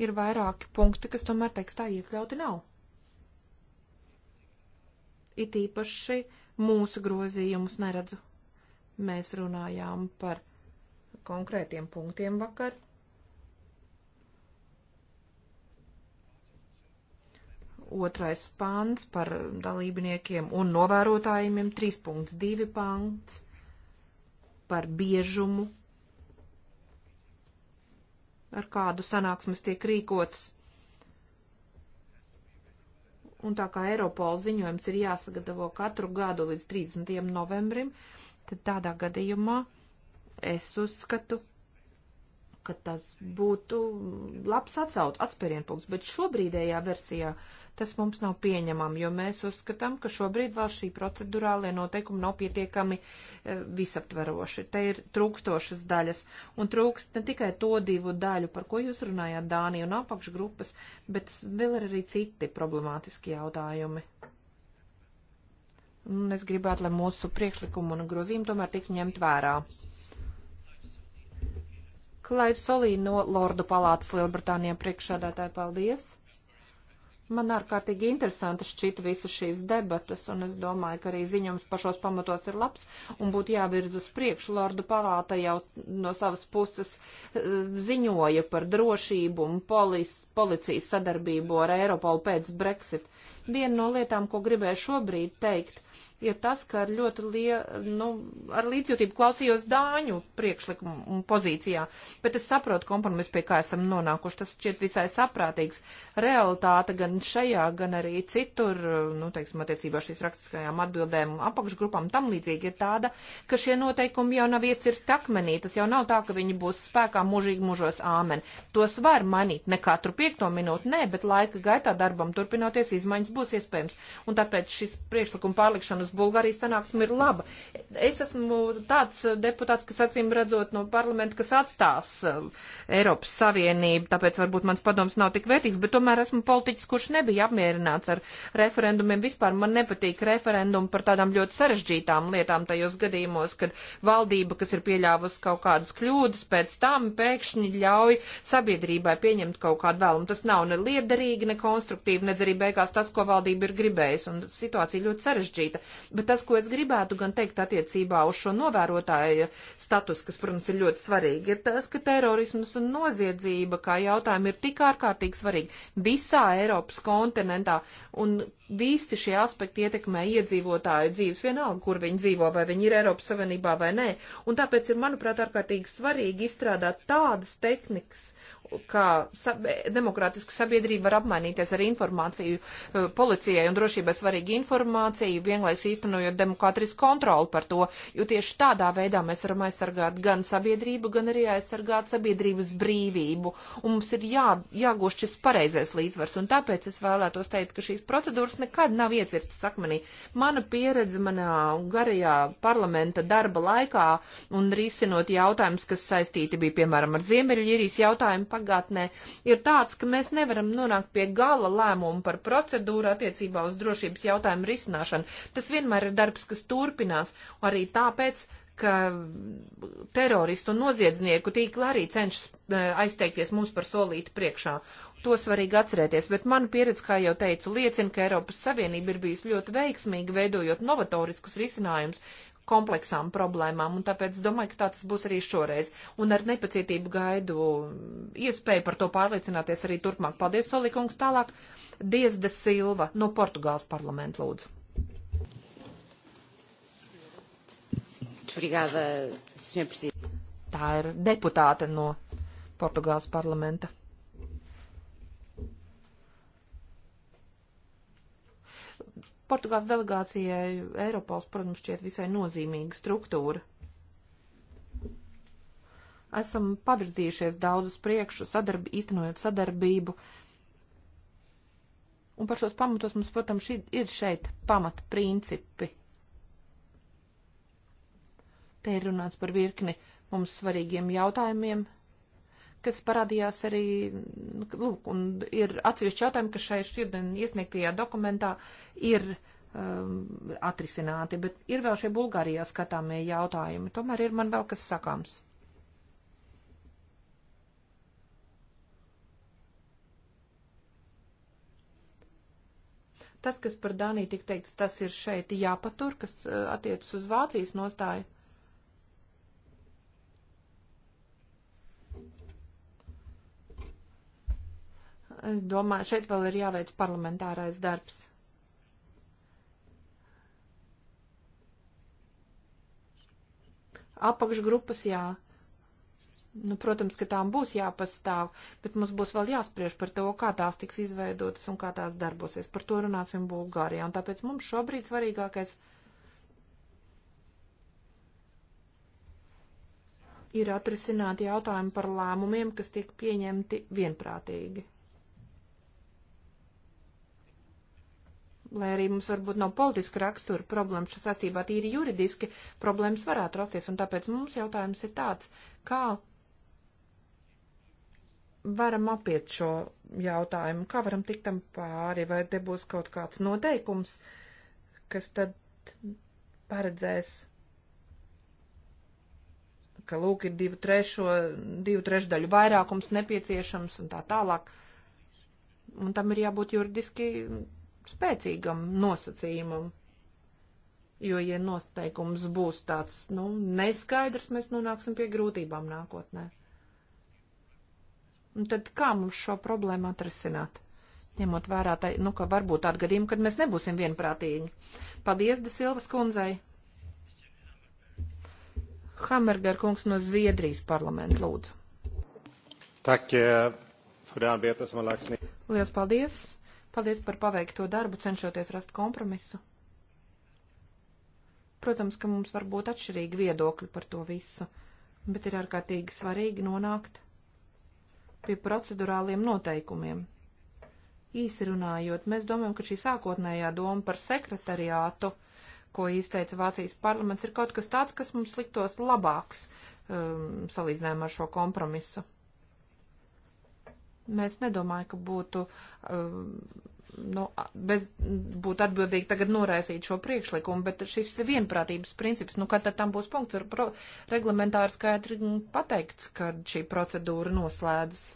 ir vairāki punkti, kas tomēr tekstā iekļauti nav. It īpaši mūsu grozījumus neredzu. Mēs runājām par konkrētiem punktiem vakar. Otrais pāns par dalībniekiem un novērotājiem, 3.2 pāns par biežumu ar kādu sanāksmes tiek rīkotas. Un tā kā Eiropola ziņojums ir jāsagatavo katru gadu līdz 30. novembrim, tad tādā gadījumā es uzskatu, ka tas būtu labs atsauc, atspērienpunkts, bet šobrīdējā versijā tas mums nav pieņemam, jo mēs uzskatām, ka šobrīd vēl šī procedurālie noteikumi nav pietiekami e, visaptveroši. Te ir trūkstošas daļas, un trūkst ne tikai to divu daļu, par ko jūs runājāt, Dānija un apakšgrupas, bet vēl ir arī citi problemātiski jautājumi. Un es gribētu, lai mūsu priekšlikumu un grozījumu tomēr tik ņemt vērā. Klaids Solī no Lordu palātas Lielbritānijā priekšādātāji, paldies! Man ārkārtīgi interesanti šķita visas šīs debatas, un es domāju, ka arī ziņojums pašos pamatos ir labs un būtu jāvirz uz priekšu. Lordu palāta jau no savas puses eh, ziņoja par drošību un polis, policijas sadarbību ar Eiropolu pēc Brexit. Viena no lietām, ko gribēju šobrīd teikt, ir tas, ka ar ļoti lielu, nu, ar līdzjūtību klausījos Dāņu priekšlikumu pozīcijā, bet es saprotu kompromisu, pie kā esam nonākuši. Tas šķiet visai saprātīgs. Realitāte gan šajā, gan arī citur, nu, teiksim, attiecībā šīs rakstiskajām atbildēm apakšgrupām tam līdzīgi ir tāda, ka šie noteikumi jau nav iecirsti akmenī. Tas jau nav tā, ka viņi būs spēkā mūžīgi mūžos āmen. Tos var mainīt ne katru piekto minūti, nē, bet laika gaitā darbam turpinoties izmaiņas būs iespējams. Un tāpēc šis priekšlikuma pārlikšana uz protams, Bulgārijas sanāksme ir laba. Es esmu tāds deputāts, kas acīm redzot no parlamenta, kas atstās eh, Eiropas Savienību, tāpēc varbūt mans padoms nav tik vērtīgs, bet tomēr esmu politiķis, kurš nebija apmierināts ar referendumiem. Vispār man nepatīk referendumi par tādām ļoti sarežģītām lietām tajos gadījumos, kad valdība, kas ir pieļāvusi kaut kādas kļūdas, pēc tam pēkšņi ļauj sabiedrībai pieņemt kaut kādu vēlumu. Tas nav ne liederīgi, ne konstruktīvi, nedz arī beigās tas, ko valdība ir gribējusi. Un situācija ļoti sarežģīta. Bet tas, ko es gribētu gan teikt attiecībā uz šo novērotāju status, kas, protams, ir ļoti svarīgi, ir tas, ka terorisms un noziedzība kā jautājumi ir tik ārkārtīgi svarīgi visā Eiropas kontinentā. Un visi šie aspekti ietekmē iedzīvotāju dzīves vienalga, kur viņi dzīvo, vai viņi ir Eiropas Savienībā vai nē. Un tāpēc ir, manuprāt, ārkārtīgi svarīgi izstrādāt tādas tehnikas, kā sab demokrātiska sabiedrība var apmainīties ar informāciju e, policijai un drošībai svarīgu informāciju, vienlaiks īstenojot demokrātisku kontroli par to, jo tieši tādā veidā mēs varam aizsargāt gan sabiedrību, gan arī aizsargāt sabiedrības brīvību. Un mums ir jā, jāgūst šis pareizais līdzsvars, un tāpēc es vēlētos teikt, ka šīs procedūras nekad nav iecirstas akmenī. Mana pieredze manā garajā parlamenta darba laikā un risinot jautājumus, kas saistīti bija, piemēram, ar Ziemeļīrijas jautājumu, pagātnē, ir tāds, ka mēs nevaram nonākt pie gala lēmumu par procedūru attiecībā uz drošības jautājumu risināšanu. Tas vienmēr ir darbs, kas turpinās, arī tāpēc, ka teroristu un noziedznieku tīkli arī cenšas e, aizteikties mums par solīti priekšā. To svarīgi atcerēties, bet mana pieredze, kā jau teicu, liecina, ka Eiropas Savienība ir bijusi ļoti veiksmīga veidojot novatoriskus risinājumus, kompleksām problēmām, un tāpēc domāju, ka tāds būs arī šoreiz. Un ar nepacietību gaidu iespēju par to pārliecināties arī turpmāk. Paldies, Solikungs, tālāk. Diez de Silva no Portugāles parlamenta lūdzu. Tā ir deputāte no Portugāles parlamenta. Portugāls delegācijai Eiropols, protams, šķiet visai nozīmīga struktūra. Esam pavirzījušies daudz uz priekšu, sadarbi, īstenojot sadarbību. Un par šos pamatos mums, protams, šī, ir šeit pamata principi. Te ir runāts par virkni mums svarīgiem jautājumiem, kas parādījās arī, nu, lūk, un ir atsevišķi jautājumi, kas šai šodien iesniegtajā dokumentā ir um, atrisināti, bet ir vēl šie Bulgārijā skatāmie jautājumi. Tomēr ir man vēl kas sakāms. Tas, kas par Dāniju tik teikts, tas ir šeit jāpatur, kas uh, attiecas uz Vācijas nostāju. es domāju, šeit vēl ir jāveic parlamentārais darbs. Apakšgrupas, jā. Nu, protams, ka tām būs jāpastāv, bet mums būs vēl jāspriež par to, kā tās tiks izveidotas un kā tās darbosies. Par to runāsim Bulgārijā. Un tāpēc mums šobrīd svarīgākais ir atrisināt jautājumu par lēmumiem, kas tiek pieņemti vienprātīgi. lai arī mums varbūt nav politiska rakstura problēma šajā sastībā, tīri juridiski problēmas varētu rasties, un tāpēc mums jautājums ir tāds, kā varam apiet šo jautājumu, kā varam tikt tam pāri, vai te būs kaut kāds noteikums, kas tad paredzēs ka lūk ir divu, trešo, divu trešdaļu vairākums nepieciešams un tā tālāk. Un tam ir jābūt juridiski spēcīgam nosacījumam. Jo, ja noteikums būs tāds, nu, neskaidrs, mēs nonāksim pie grūtībām nākotnē. Un tad kā mums šo problēmu atrisināt? Ņemot vērā, tai, nu, ka varbūt tāda gadījuma, kad mēs nebūsim vienprātīgi. Paldies, Desilvas kundzei! Hammerger kungs no Zviedrijas parlamenta lūdzu. Tak, uh, Liels paldies! Paldies par paveikto darbu, cenšoties rast kompromisu. Protams, ka mums var būt atšķirīgi viedokļi par to visu, bet ir ārkārtīgi svarīgi nonākt pie procedurāliem noteikumiem. Īsi runājot, mēs domājam, ka šī sākotnējā doma par sekretariātu, ko izteica Vācijas parlaments, ir kaut kas tāds, kas mums liktos labāks um, salīdzinājumā ar šo kompromisu. Mēs nedomāju, ka būtu, um, nu, bez, būtu atbildīgi tagad noraisīt šo priekšlikumu, bet šis vienprātības princips, nu, kad tad tam būs punkts, ir pro, reglamentāri skaidri pateikts, kad šī procedūra noslēdzas.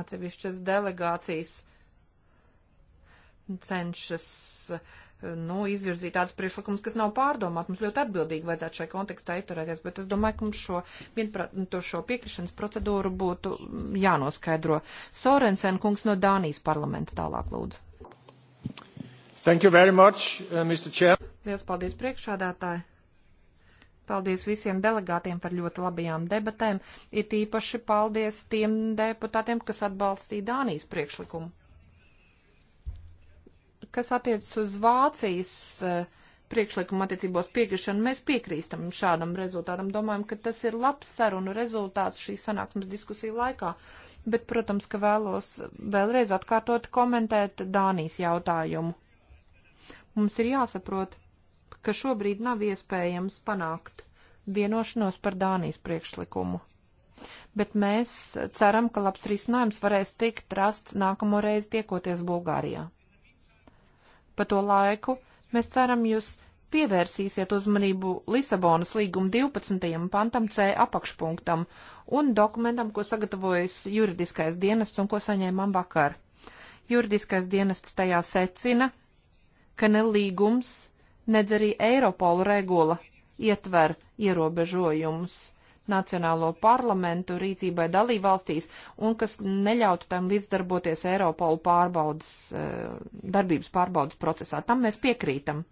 Atsevišķas delegācijas cenšas uh, nu, izvirzīt tādus priekšlikumus, kas nav pārdomāti. Mums ļoti atbildīgi vajadzētu šai kontekstā ieturēties, bet es domāju, ka mums šo, vienprat, nu, šo piekrišanas procedūru būtu jānoskaidro. Sorensen kungs no Dānijas parlamenta tālāk lūdzu. Thank you very much, uh, Mr. Chair. Liels paldies priekšādātāji. Paldies visiem delegātiem par ļoti labajām debatēm. Ir īpaši paldies tiem deputātiem, kas atbalstīja Dānijas priekšlikumu kas attiecas uz Vācijas eh, priekšlikumu attiecībos piekrišanu, mēs piekrīstam šādam rezultātam. Domājam, ka tas ir labs sarunu rezultāts šīs sanāksmes diskusiju laikā. Bet, protams, ka vēlos vēlreiz atkārtot komentēt Dānijas jautājumu. Mums ir jāsaprot, ka šobrīd nav iespējams panākt vienošanos par Dānijas priekšlikumu. Bet mēs ceram, ka labs risinājums varēs tikt rasts nākamo reizi tiekoties Bulgārijā. Pa to laiku mēs ceram jūs pievērsīsiet uzmanību Lisabonas līguma 12. pantam C apakšpunktam un dokumentam, ko sagatavojas juridiskais dienests un ko saņēmām vakar. Juridiskais dienests tajā secina, ka ne līgums, nedz arī Eiropola regula ietver ierobežojumus Nacionālo parlamentu rīcībai dalībvalstīs un kas neļautu tam līdzdarboties Eiropolu pārbaudas, eh, darbības pārbaudas procesā. Tam mēs piekrītam.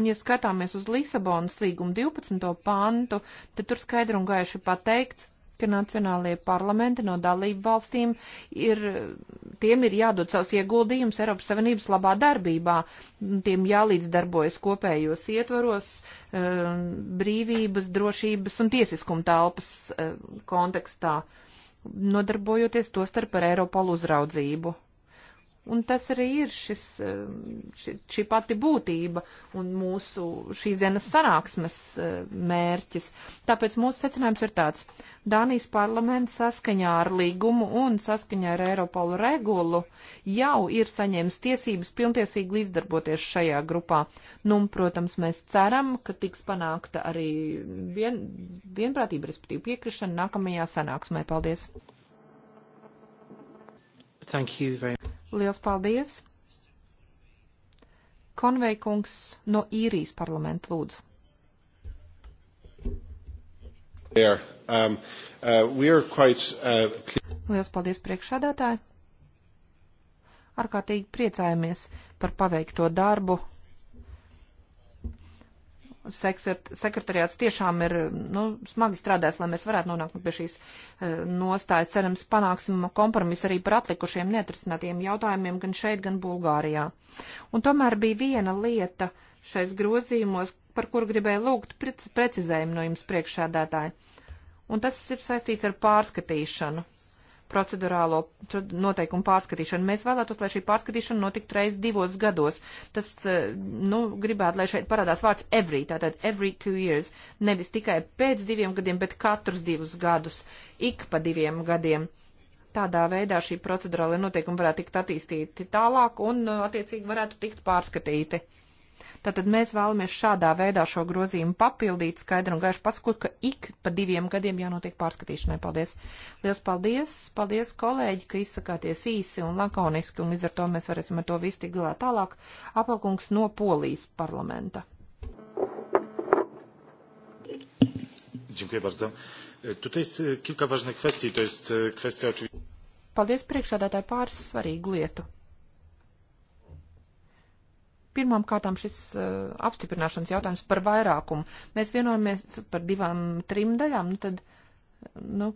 Un, ja skatāmies uz Lisabonas līgumu 12. pantu, tad tur skaidri un gaiši pateikts, ka nacionālajie parlamenti no dalību valstīm ir, tiem ir jādod savus ieguldījumus Eiropas Savienības labā darbībā, tiem jālīdzdarbojas kopējos ietvaros um, brīvības, drošības un tiesiskuma telpas um, kontekstā, nodarbojoties to starp ar Eiropolu uzraudzību. Un tas arī ir šis, um, ši, šī pati būtība un mūsu šīs dienas sanāksmes uh, mērķis. Tāpēc mūsu secinājums ir tāds. Dānijas parlaments saskaņā ar līgumu un saskaņā ar Eiropolu regulu jau ir saņēmis tiesības pilntiesīgi līdzdarboties šajā grupā. Nu, un, protams, mēs ceram, ka tiks panākta arī vien, vienprātība, respektīvi piekrišana nākamajā sanāksmē. Paldies! Thank you very much. Liels paldies. Konvei kungs no īrijas parlamenta lūdzu. There. Um, uh, we are quite, uh, Liels paldies priekšādātāji. Ārkārtīgi priecājamies par paveikto darbu sekretariāts tiešām ir nu, smagi strādājis, lai mēs varētu nonākt pie šīs e, nostājas. Cerams, panāksim kompromisu arī par atlikušiem netrisinātiem jautājumiem gan šeit, gan Bulgārijā. Un tomēr bija viena lieta šais grozījumos, par kur gribēju lūgt precizējumu no jums priekšsēdētāji. Un tas ir saistīts ar pārskatīšanu procedurālo noteikumu pārskatīšanu. Mēs vēlētos, lai šī pārskatīšana notiktu reiz divos gados. Tas, eh, nu, gribētu, lai šeit parādās vārds every, tātad every two years, nevis tikai pēc diviem gadiem, bet katrus divus gadus, ik pa diviem gadiem. Tādā veidā šī procedurāla noteikuma varētu tikt attīstīti tālāk un, eh, attiecīgi, varētu tikt pārskatīti. Tātad mēs vēlamies šādā veidā šo grozījumu papildīt, skaidru un gaišu pasakot, ka ik pa diviem gadiem jānotiek pārskatīšanai. Paldies! Liels paldies! Paldies, kolēģi, ka izsakāties īsi un lakoniski, un līdz ar to mēs varēsim ar to visu tik galā tālāk. Apalkungs no Polijas parlamenta. Dziękuję bardzo. E, tutaj jest e, kilka ważnych kwestii. To jest e, kwestia oczywiście. Paldies priekšādātāji pāris svarīgu lietu. Pirmām kārtām šis uh, apstiprināšanas jautājums par vairākumu. Mēs vienojamies par divām, trim daļām, nu tad, nu,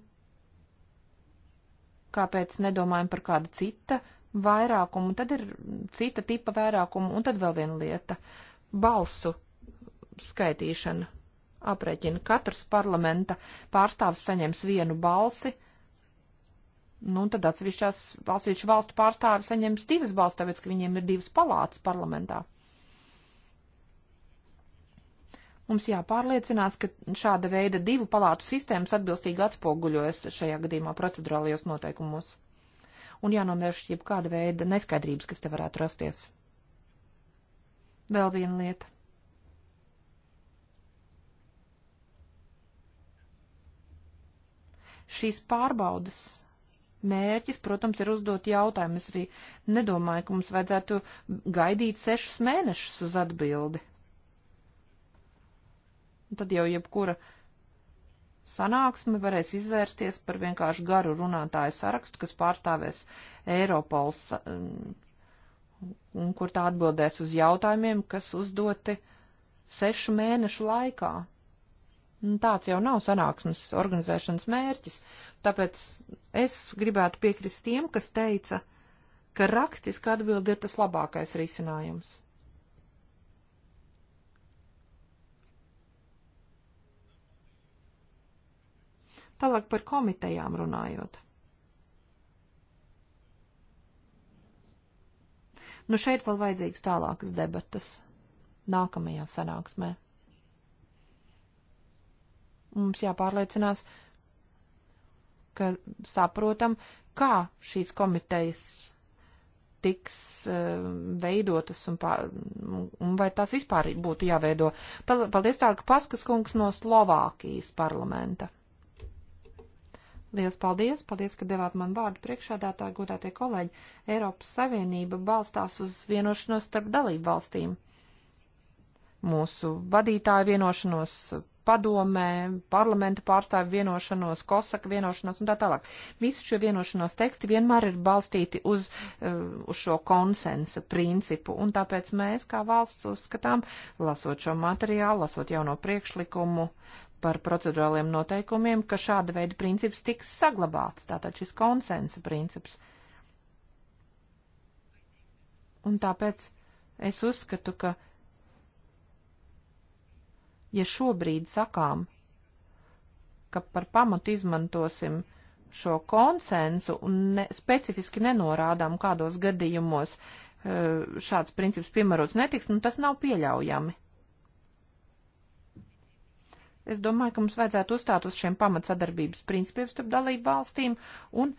kāpēc nedomājam par kādu cita vairākumu, tad ir cita tipa vairākumu, un tad vēl viena lieta - balsu skaitīšana, aprēķina. Katrs parlamenta pārstāvs saņems vienu balsi, uh, Nu, tad atsevišķās valstīšu valstu pārstāvi saņems divas balsts, tāpēc, ka viņiem ir divas palātas parlamentā. Mums jāpārliecinās, ka šāda veida divu palātu sistēmas atbilstīgi atspoguļojas šajā gadījumā procedurālajos noteikumos. Un jānovērš jebkāda veida neskaidrības, kas te varētu rasties. Vēl viena lieta. Šīs pārbaudas mērķis, protams, ir uzdot jautājumu. Es arī nedomāju, ka mums vajadzētu gaidīt sešus mēnešus uz atbildi. Un tad jau jebkura sanāksme varēs izvērsties par vienkārši garu runātāju sarakstu, kas pārstāvēs Eiropols, un kur tā atbildēs uz jautājumiem, kas uzdoti sešu mēnešu laikā. Tāds jau nav sanāksmes organizēšanas mērķis. Tāpēc es gribētu piekrist tiem, kas teica, ka rakstiska atbilde ir tas labākais risinājums. Tālāk par komitejām runājot. Nu šeit vēl vajadzīgs tālākas debatas nākamajā sanāksmē. Mums jāpārliecinās, ka saprotam, kā šīs komitejas tiks uh, veidotas un, pār, un vai tās vispār būtu jāveido. Paldies tālāk Paskas kungs no Slovākijas parlamenta. Liels paldies, paldies, ka devāt man vārdu priekšādātāju, godātie kolēģi. Eiropas Savienība balstās uz vienošanos starp dalību valstīm. Mūsu vadītāju vienošanos padomē, parlamenta pārstāvju vienošanos, kosaka vienošanos un tā tālāk. Visi šo vienošanos teksti vienmēr ir balstīti uz, eh, uz šo konsensa principu, un tāpēc mēs kā valsts uzskatām, lasot šo materiālu, lasot jauno priekšlikumu, par procedurāliem noteikumiem, ka šāda veida princips tiks saglabāts, tātad šis konsensa princips. Un tāpēc es uzskatu, ka ja šobrīd sakām, ka par pamatu izmantosim šo konsensu un ne, specifiski nenorādām, kādos gadījumos e, šāds princips piemērots netiks, nu tas nav pieļaujami. Es domāju, ka mums vajadzētu uzstāt uz šiem pamatsadarbības principiem starp dalību valstīm un,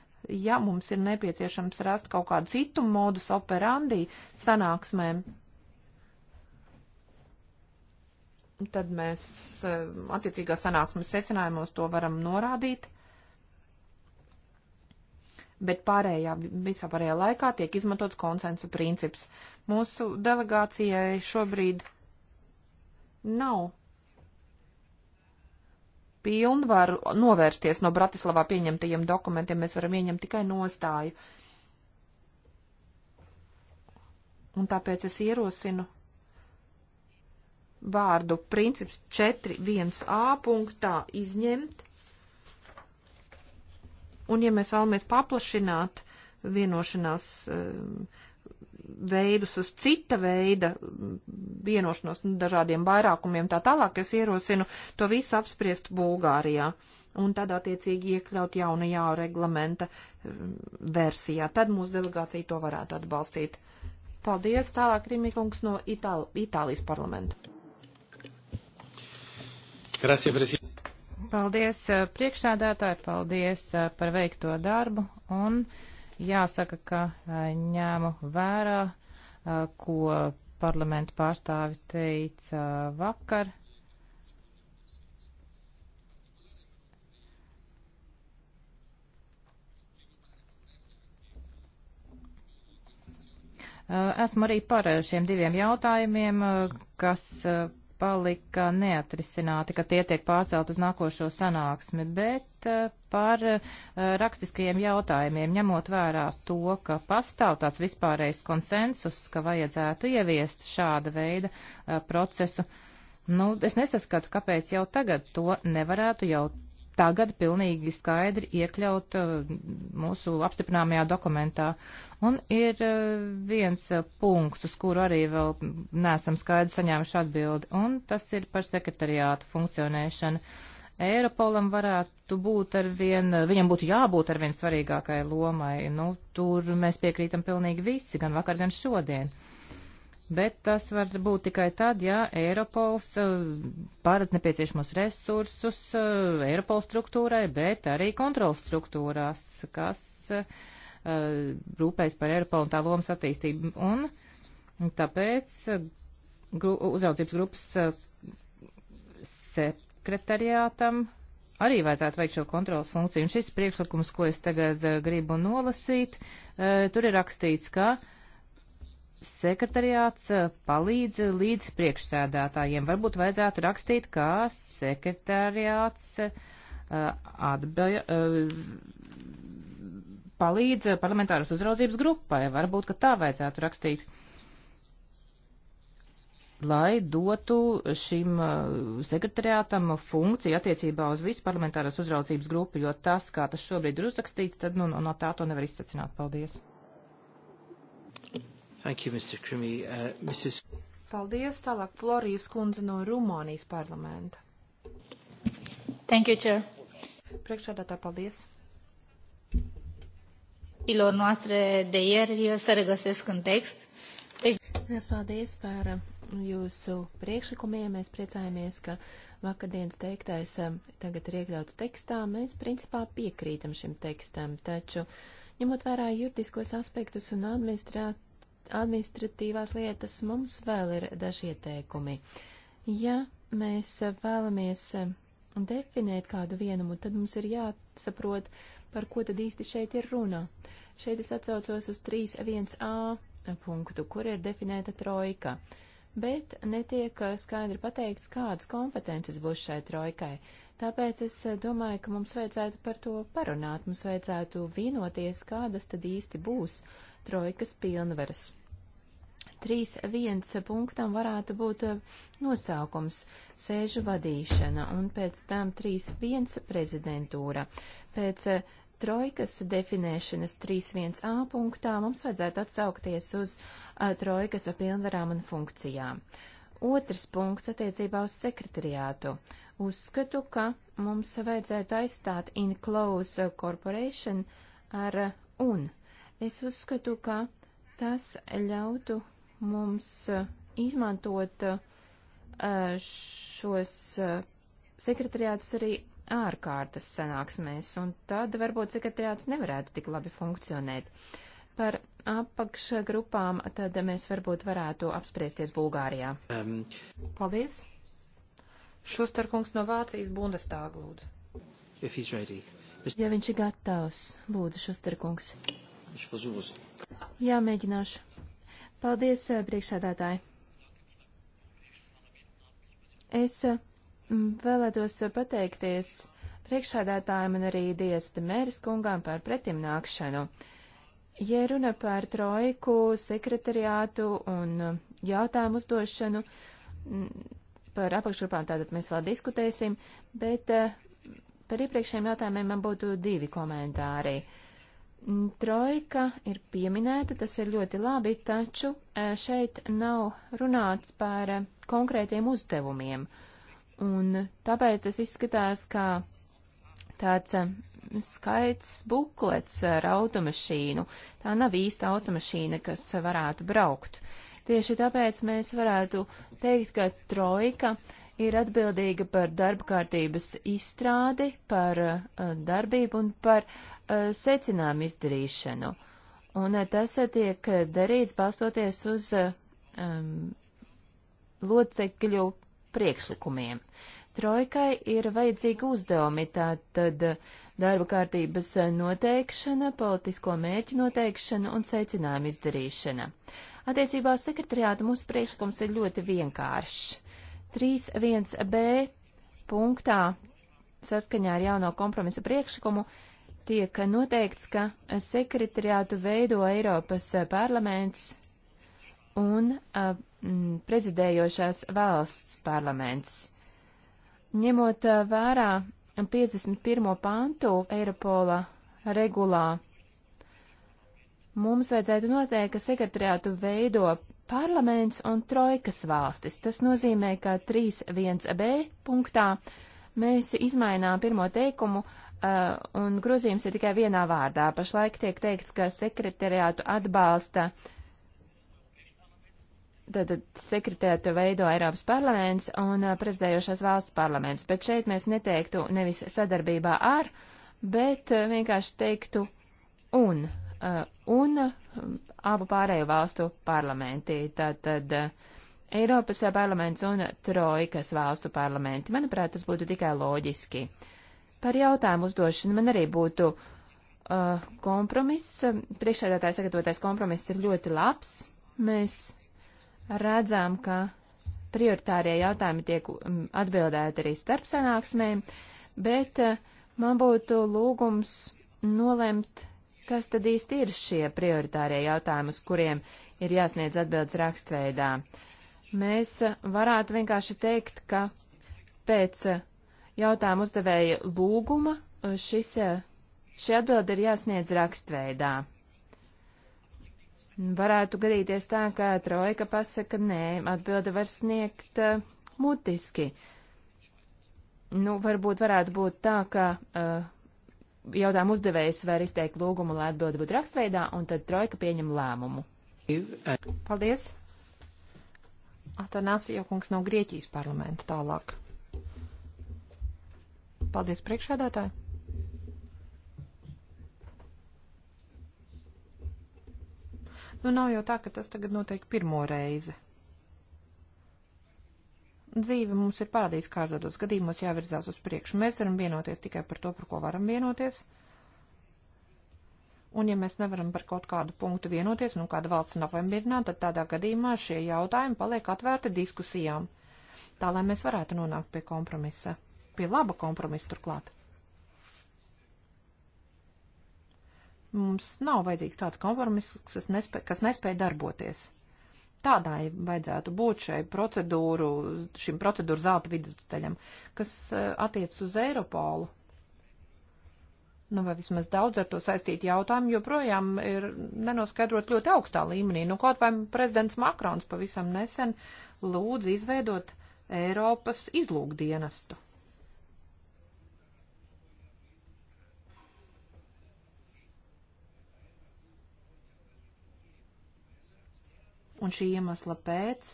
ja mums ir nepieciešams rast kaut kādu citu modus operandi sanāksmēm, tad mēs e, attiecīgā sanāksmes secinājumos to varam norādīt. Bet pārējā, visā pārējā laikā tiek izmantots konsensa princips. Mūsu delegācijai šobrīd nav pilnvaru novērsties no Bratislavā pieņemtajiem dokumentiem. Mēs varam ieņemt tikai nostāju. Un tāpēc es ierosinu vārdu princips 4.1a punktā izņemt. Un ja mēs vēlamies paplašināt vienošanās um, veidus uz cita veida um, vienošanos, nu, dažādiem vairākumiem tā tālāk, es ierosinu to visu apspriest Bulgārijā un tad attiecīgi iekļaut jaunajā reglamenta um, versijā. Tad mūsu delegācija to varētu atbalstīt. Paldies, tālāk Rimikungs no Itāl Itālijas parlamenta. Grazie, prezident. Paldies eh, priekšsādātāji, paldies eh, par veikto darbu un jāsaka, ka eh, ņēmu vērā, ko parlamentu pārstāvi teica vakar. Esmu arī par šiem diviem jautājumiem, kas palika neatrisināti, ka tie tiek pārcelt uz nākošo sanāksmi, bet eh, par eh, rakstiskajiem jautājumiem, ņemot vērā to, ka pastāv tāds vispārējs konsensus, ka vajadzētu ieviest šāda veida eh, procesu. Nu, es nesaskatu, kāpēc jau tagad to nevarētu jau tagad pilnīgi skaidri iekļaut uh, mūsu apstiprināmajā dokumentā. Un ir uh, viens uh, punkts, uz kuru arī vēl nesam skaidri saņēmuši atbildi, un tas ir par sekretariātu funkcionēšanu. Eiropolam varētu būt ar vien, viņam būtu jābūt ar vien svarīgākai lomai. Nu, tur mēs piekrītam pilnīgi visi, gan vakar, gan šodien. Uh, bet tas var būt tikai tad, ja Eiropols eh, pārēc nepieciešamos resursus eh, Eiropols struktūrai, bet arī kontrols struktūrās, kas eh, rūpējas par Eiropolu un tā lomas attīstību. Un tāpēc gru, uzraudzības grupas sekretariātam arī vajadzētu veikt šo kontrolas funkciju. Un šis priekšlikums, ko es tagad gribu nolasīt, tur ir rakstīts, ka uh, sekretariāts eh, palīdz līdz priekšsēdētājiem. Varbūt vajadzētu rakstīt, kā sekretariāts eh, atbēja, eh, palīdz parlamentāras uzraudzības grupai. Varbūt, ka tā vajadzētu rakstīt, lai dotu šim sekretariātam funkciju attiecībā uz visu parlamentāras uzraudzības grupu, jo tas, kā tas šobrīd ir uzrakstīts, tad nu, no tā to nevar izsacināt. Paldies! Thank you, Mr. Krimi. Uh, Mrs. Paldies, tālāk Florijas kundze no Rumānijas parlamenta. Thank you, Chair. Priekšādātā, paldies. Ilor noastre de ieri se regăsesc în text. Deci... Paldies par uh, jūsu priekšlikumiem. Mēs priecājamies, ka vakardienas teiktais um, tagad ir iekļauts tekstā. Mēs principā piekrītam šim tekstam, taču ņemot vērā juridiskos aspektus un administrāt administratīvās lietas mums vēl ir daži ieteikumi. Ja mēs vēlamies eh, definēt kādu vienumu, tad mums ir jāsaprot, par ko tad īsti šeit ir runa. Šeit es atcaucos uz 3.1a punktu, kur ir definēta trojka, bet netiek eh, skaidri pateikts, kādas kompetences būs šai trojkai. Tāpēc es eh, domāju, ka mums vajadzētu par to parunāt, mums vajadzētu vienoties, kādas tad īsti būs trojkas pilnvaras. 3.1 punktam varētu būt eh, nosaukums - sēžu vadīšana un pēc tam 3.1 prezidentūra. Pēc eh, trojkas definēšanas 3.1a punktā mums vajadzētu atsaukties uz a, eh, trojkas pilnvarām un funkcijām. Otrs punkts attiecībā uz sekretariātu. Uzskatu, ka mums vajadzētu aizstāt in close corporation ar un Es uzskatu, ka tas ļautu mums uh, izmantot uh, šos uh, sekretariātus arī ārkārtas sanāksmēs, un tad varbūt sekretariāts nevarētu tik labi funkcionēt. Par apakšgrupām tad mēs varbūt varētu apspriesties Bulgārijā. Um. Paldies! Šusterkungs no Vācijas Bundestāga lūdzu. Ja viņš ir gatavs, lūdzu, Šusterkungs. kungs. Ich versuche es. Jā, mēģināšu. Paldies, eh, priekšsādātāji. Es eh, vēlētos eh, pateikties priekšsādātājiem un arī diesta mērs kungām par pretimnākšanu. Ja runa par trojku, sekretariātu un jautājumu uzdošanu, par apakšrupām tātad mēs vēl diskutēsim, bet par iepriekšējiem jautājumiem man būtu divi komentāri. Uh, Mm, trojka ir pieminēta, tas ir ļoti labi, taču e, šeit nav runāts par e, konkrētiem uzdevumiem. Un tāpēc tas izskatās kā tāds e, skaits buklets ar automašīnu. Tā nav īsta automašīna, kas varētu braukt. Tieši tāpēc mēs varētu teikt, ka trojka ir atbildīga par darba kārtības izstrādi, par uh, darbību un par uh, secinām izdarīšanu. Un uh, tas uh, tiek darīts balstoties uz uh, um, locekļu priekšlikumiem. Trojkai ir vajadzīgi uzdevumi, tātad uh, darba kārtības noteikšana, politisko mērķu noteikšana un secinājumu izdarīšana. Attiecībā uz sekretariātu mūsu priekšlikums ir ļoti vienkāršs 3.1b punktā saskaņā ar jauno kompromisu priekšlikumu tiek noteikts, ka sekretariātu veido Eiropas eh, parlaments un a, eh, m, prezidējošās valsts parlaments. Ņemot eh, vērā 51. pantu Eiropola regulā, mums vajadzētu noteikt, ka sekretariātu veido parlaments un trojkas valstis. Tas nozīmē, ka 3.1b punktā mēs izmainām pirmo teikumu uh, un grozījums ir tikai vienā vārdā. Pašlaik tiek teikts, ka sekretariātu atbalsta. Tātad sekretētu veido Eiropas parlaments un uh, prezidējošās valsts parlaments, bet šeit mēs neteiktu nevis sadarbībā ar, bet uh, vienkārši teiktu un. Uh, un abu pārējo valstu parlamentī. Tātad eh, Eiropas parlaments un Trojkas valstu parlamenti. Manuprāt, tas būtu tikai loģiski. Par jautājumu uzdošanu man arī būtu uh, kompromiss. Priekšsēdētājs sagatavotais kompromiss ir ļoti labs. Mēs redzam, ka prioritārie jautājumi tiek mm, atbildēti arī starp sanāksmēm, bet eh, man būtu lūgums nolemt Kas tad īsti ir šie prioritārie jautājumi, uz kuriem ir jāsniedz atbildes rakstveidā? Mēs eh, varētu vienkārši teikt, ka pēc eh, jautājumu uzdevēja lūguma eh, šis, šī atbilde ir jāsniedz rakstveidā. Varētu gadīties tā, ka trojka pasaka, nē, atbilde var sniegt uh, mutiski. Nu, varbūt varētu būt tā, ka uh, jautājumu uzdevējs var izteikt lūgumu, lai atbildi būtu rakstveidā, un tad trojka pieņem lēmumu. Paldies! Atanāsija kungs no Grieķijas parlamenta tālāk. Paldies priekšādātāji! Nu, nav jau tā, ka tas tagad notiek pirmo reizi dzīve mums ir parādījusi, kā dažādos gadījumos jāvirzās uz priekšu. Mēs varam vienoties tikai par to, par ko varam vienoties. Un ja mēs nevaram par kaut kādu punktu vienoties, nu kāda valsts nav apmierināta, tad tādā gadījumā šie jautājumi paliek atvērti diskusijām. Tā lai mēs varētu nonākt pie kompromisa, pie laba kompromisa turklāt. Mums nav vajadzīgs tāds kompromiss, kas, nespē, kas nespēja darboties tādai vajadzētu būt šai procedūru, šim procedūru zelta vidusceļam, kas eh, attiec uz Eiropolu. Nu, vai vismaz daudz ar to saistīti jautājumi joprojām ir nenoskaidrot ļoti augstā līmenī. Nu, kaut vai prezidents Makrons pavisam nesen lūdz izveidot Eiropas izlūkdienestu. un šī iemesla pēc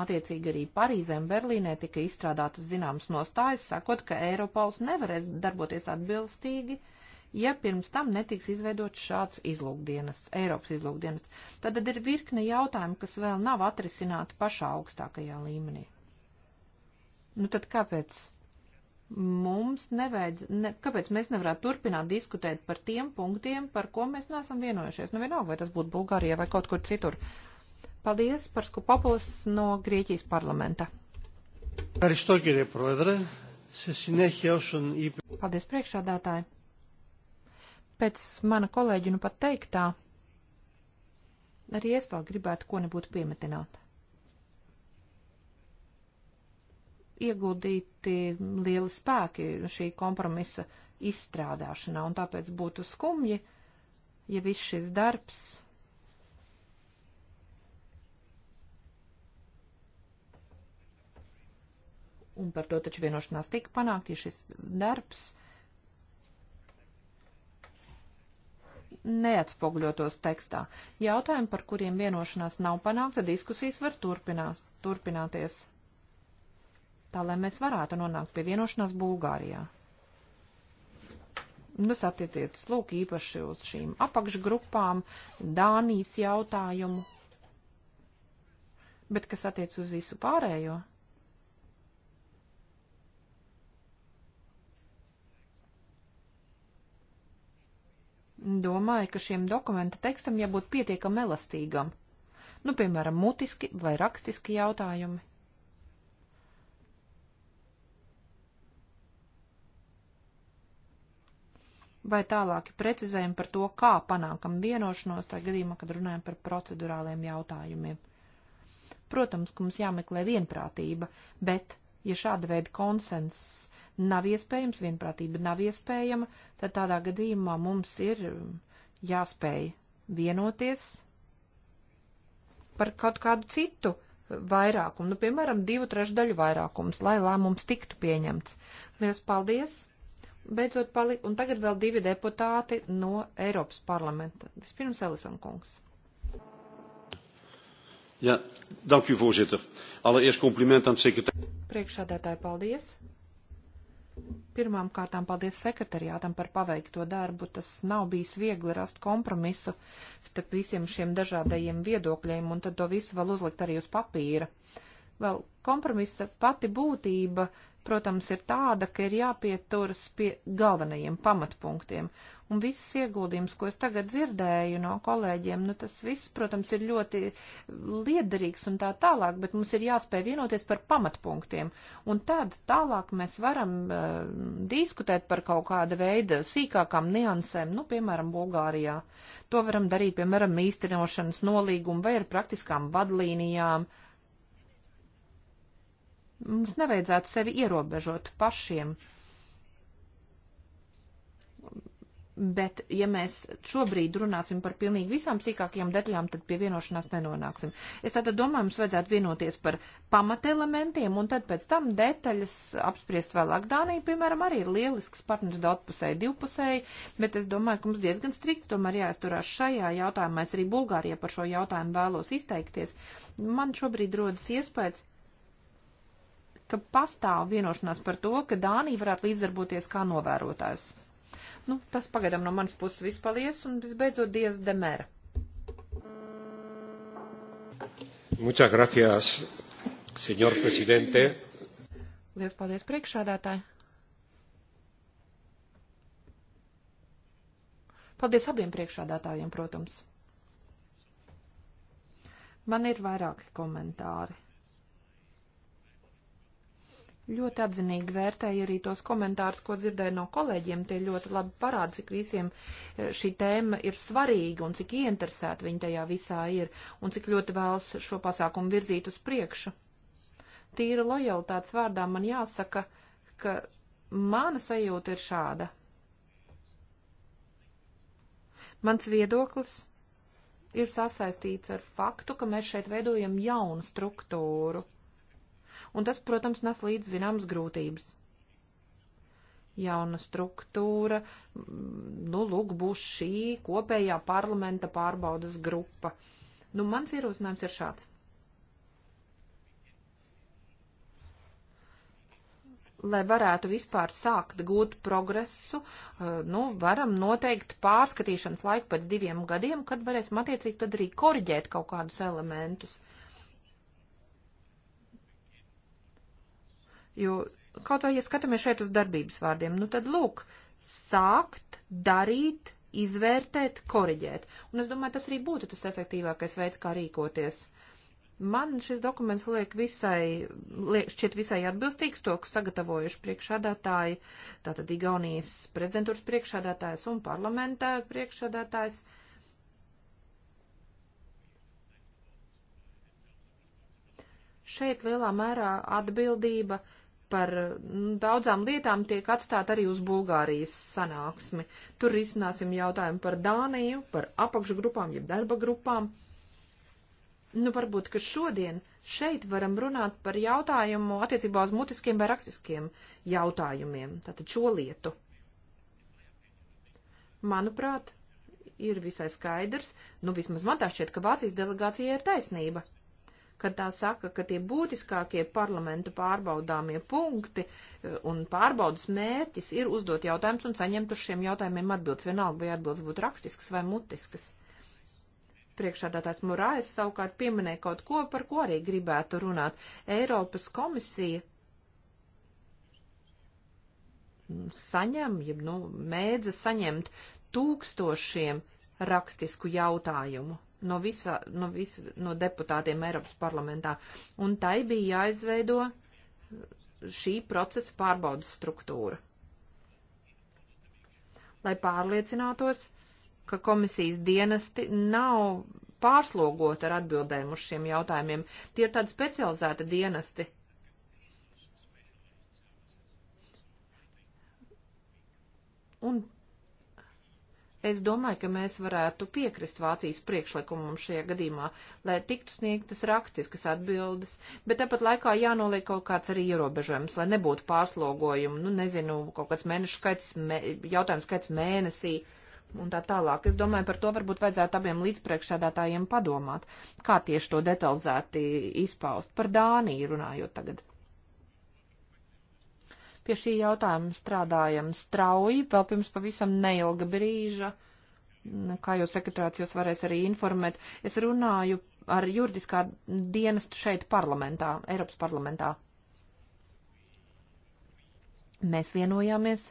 Attiecīgi arī Parīzē un Berlīnē tika izstrādātas zināmas nostājas, sakot, ka Eiropols nevarēs darboties atbilstīgi, ja pirms tam netiks izveidots šāds izlūkdienas, Eiropas izlūkdienas. Tad, tad ir virkne jautājumu, kas vēl nav atrisināti pašā augstākajā līmenī. Nu tad kāpēc mums nevajadz, ne, kāpēc mēs nevarētu turpināt diskutēt par tiem punktiem, par ko mēs neesam vienojušies? Nu vienalga, vai tas būtu Bulgārijā vai kaut kur citur. Uh, Paldies par Skupopulis no Grieķijas parlamenta. Paldies priekšādātāji. Pēc mana kolēģi nu pat teiktā, arī es vēl gribētu ko nebūtu piemetināt. Ieguldīti lieli spēki šī kompromisa izstrādāšanā, un tāpēc būtu skumji, ja viss šis darbs un par to taču vienošanās tika panākt, ja šis darbs neatspoguļotos tekstā. Jautājumi, par kuriem vienošanās nav panākta, diskusijas var turpinās, turpināties. Tā, lai mēs varētu nonākt pie vienošanās Bulgārijā. Nu, satiecieties, lūk, īpaši uz šīm apakšgrupām, Dānijas jautājumu, bet kas attiec uz visu pārējo. Domāju, ka šiem dokumenta tekstam jābūt pietiekam elastīgam. Nu, piemēram, mutiski vai rakstiski jautājumi. Vai tālāki precizējumi par to, kā panākam vienošanos, tā gadījumā, kad runājam par procedurāliem jautājumiem. Protams, ka mums jāmeklē vienprātība, bet, ja šāda veida konsenss nav iespējams, vienprātība nav iespējama, tad tādā gadījumā mums ir um, jāspēj vienoties par kaut kādu citu uh, vairākumu, nu, piemēram, divu trešdaļu vairākums, lai lēmums tiktu pieņemts. Lielas paldies! Beidzot, pali... un tagad vēl divi deputāti no Eiropas parlamenta. Vispirms Elisan kungs. Ja, dank u voorzitter. Allereerst compliment aan het secretaris. Priekšādātāji, paldies. Pirmām kārtām paldies sekretariātam par paveikto darbu. Tas nav bijis viegli rast kompromisu starp visiem šiem dažādajiem viedokļiem, un tad to visu vēl uzlikt arī uz papīra. Vēl kompromisa pati būtība, protams, ir tāda, ka ir jāpieturas pie galvenajiem pamatpunktiem, Un viss ieguldījums, ko es tagad dzirdēju no kolēģiem, nu tas viss, protams, ir ļoti liederīgs un tā tālāk, bet mums ir jāspēj vienoties par pamatpunktiem. Un tad tālāk mēs varam uh, diskutēt par kaut kāda veida sīkākām niansēm, nu, piemēram, Bulgārijā. To varam darīt, piemēram, īstenošanas nolīgumu vai ar praktiskām vadlīnijām. Mums nevajadzētu sevi ierobežot pašiem. Uh, Bet, ja mēs šobrīd runāsim par pilnīgi visām sīkākajām detaļām, tad pie vienošanās nenonāksim. Es tātad domāju, mums vajadzētu vienoties par pamatelementiem, un tad pēc tam detaļas apspriest vēlāk. Dānija, piemēram, arī ir lielisks partners daudzpusēji, divpusēji, bet es domāju, ka mums diezgan strikti tomēr jāizturās šajā jautājumā. Es arī Bulgārija par šo jautājumu vēlos izteikties. Man šobrīd rodas iespējas, ka pastāv vienošanās par to, ka Dānija varētu līdzdarboties kā novērotājs. Nu, tas pagaidām no manas puses vispalies un visbeidzot Dievs Demēra. Muchas gracias, señor presidente. Lielas paldies priekšādātāji. Paldies abiem priekšādātājiem, protams. Man ir vairāki komentāri. Ļoti atzinīgi vērtēju arī tos komentārus, ko dzirdēju no kolēģiem. Tie ļoti labi parāda, cik visiem e, šī tēma ir svarīga un cik ieinteresēti viņi tajā visā ir un cik ļoti vēlas šo pasākumu virzīt uz priekšu. Tīra lojalitātes vārdā man jāsaka, ka mana sajūta ir šāda. Mans viedoklis ir sasaistīts ar faktu, ka mēs šeit veidojam jaunu struktūru un tas, protams, nes līdz zināmas grūtības. Jauna struktūra, mm, nu, lūk, būs šī kopējā parlamenta pārbaudas grupa. Nu, mans ierosinājums ir šāds. lai varētu vispār sākt gūt progresu, eh, nu, varam noteikt pārskatīšanas laiku pēc diviem gadiem, kad varēsim attiecīgi tad arī koriģēt kaut kādus elementus. Jo kaut vai, ja skatāmies šeit uz darbības vārdiem, nu tad lūk, sākt, darīt, izvērtēt, koriģēt. Un es domāju, tas arī būtu tas efektīvākais veids, kā rīkoties. Man šis dokuments liek visai, liek, šķiet visai atbilstīgs to, kas sagatavojuši priekšādātāji, tātad Igaunijas prezidentūras priekšādātājs un parlamenta priekšādātājs. Šeit lielā mērā atbildība uh, par nu, daudzām lietām tiek atstāta arī uz Bulgārijas sanāksmi. Tur risināsim jautājumu par Dāniju, par apakšgrupām, jeb darba grupām. Nu, varbūt, ka šodien šeit varam runāt par jautājumu attiecībā uz mutiskiem vai rakstiskiem jautājumiem, tātad šo lietu. Manuprāt, ir visai skaidrs, nu vismaz man tā šķiet, ka Vācijas delegācija ir taisnība kad tā saka, ka tie būtiskākie parlamentu pārbaudāmie punkti e, un pārbaudas mērķis ir uzdot jautājumus un saņemt uz šiem jautājumiem atbildes, vienalga vai atbildes būtu rakstiskas vai mutiskas. Priekšādātājs Morājas savukārt pieminēja kaut ko, par ko arī gribētu runāt. Eiropas komisija saņem, ja nu, mēdza saņemt tūkstošiem rakstisku jautājumu no, visā, no, vis, no deputātiem Eiropas parlamentā. Un tai bija jāizveido šī procesa pārbaudas struktūra. Lai pārliecinātos, ka komisijas dienesti nav pārslogoti ar atbildēm uz šiem jautājumiem. Tie ir tādi specializēti dienesti. Un Es domāju, ka mēs varētu piekrist Vācijas priekšlikumam šajā gadījumā, lai tiktu sniegtas rakstiskas atbildes, bet tāpat laikā jānoliek kaut kāds arī ierobežojums, lai nebūtu pārslogojumu, nu nezinu, kaut kāds mēnešu skaits, mē, jautājums skaits mēnesī. Un tā tālāk. Es domāju, par to varbūt vajadzētu abiem līdzpriekšsēdētājiem padomāt, kā tieši to detalizēti izpaust. Par Dāniju runājot tagad. Pie šī jautājuma strādājam strauji, vēl pirms pavisam neilga brīža, nu, kā jūs sekretārs jūs varēs arī informēt. Es runāju ar juridiskā dienestu šeit parlamentā, Eiropas parlamentā. Mēs vienojāmies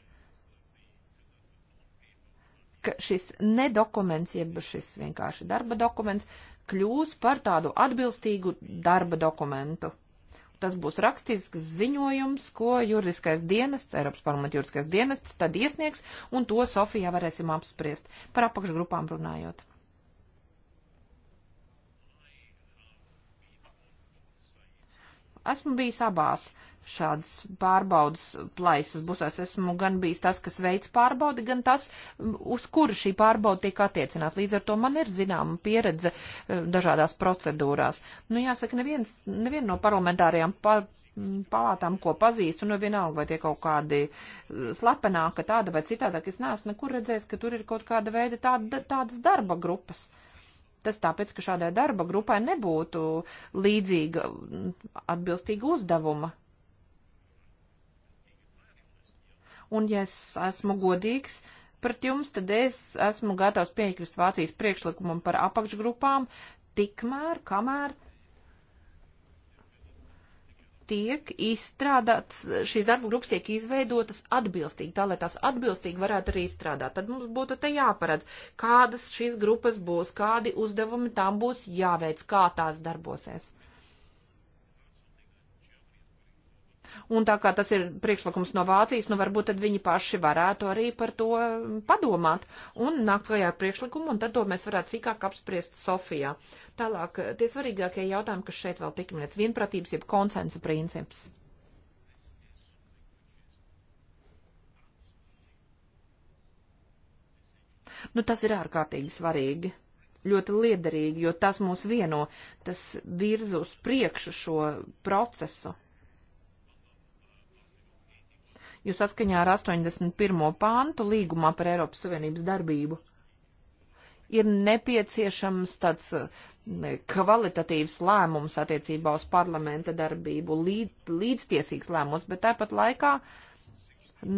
ka šis nedokuments, jeb šis vienkārši darba dokuments, kļūs par tādu atbilstīgu darba dokumentu tas būs rakstisks ziņojums, ko juridiskais dienests, Eiropas parlamenta juridiskais dienests tad iesniegs, un to Sofijā varēsim apspriest. Par apakšgrupām runājot. Esmu bijis abās šādas pārbaudas plaisas busēs. Esmu gan bijis tas, kas veids pārbaudi, gan tas, uz kuru šī pārbauda tiek attiecināt. Līdz ar to man ir zināma pieredze eh, dažādās procedūrās. Nu, jāsaka, neviens, nevien no parlamentārajām pār, palātām, ko pazīstu, nu vienalga, vai tie kaut kādi eh, slepenāka tāda vai citādāk, es neesmu nekur redzējis, ka tur ir kaut kāda veida tāda, tādas darba grupas. Uh, Tas tāpēc, ka šādai darba grupai nebūtu līdzīga mm, atbilstīga uzdevuma. Un, ja es esmu godīgs pret jums, tad es esmu gatavs piekrist Vācijas priekšlikumam par apakšgrupām, tikmēr, kamēr uh, tiek izstrādāts, šīs darba grupas tiek izveidotas atbilstīgi, tā lai tās atbilstīgi varētu arī strādāt. Tad mums būtu te jāparedz, kādas šīs grupas būs, kādi uzdevumi tām būs jāveic, kā tās darbosies. un tā kā tas ir priekšlikums no Vācijas, nu varbūt tad viņi paši varētu arī par to padomāt un nākt klajā ar priekšlikumu, un tad to mēs varētu sīkāk apspriest Sofijā. Tālāk, tie svarīgākie jautājumi, kas šeit vēl tika minēts, vienpratības jeb konsensa princips. Nu, tas ir ārkārtīgi svarīgi ļoti liederīgi, jo tas mūs vieno, tas virza uz priekšu šo procesu jo saskaņā ar 81. pāntu līgumā par Eiropas Savienības darbību ir nepieciešams tāds kvalitatīvs lēmums attiecībā uz parlamenta darbību, līd, līdztiesīgs lēmums, bet tāpat laikā,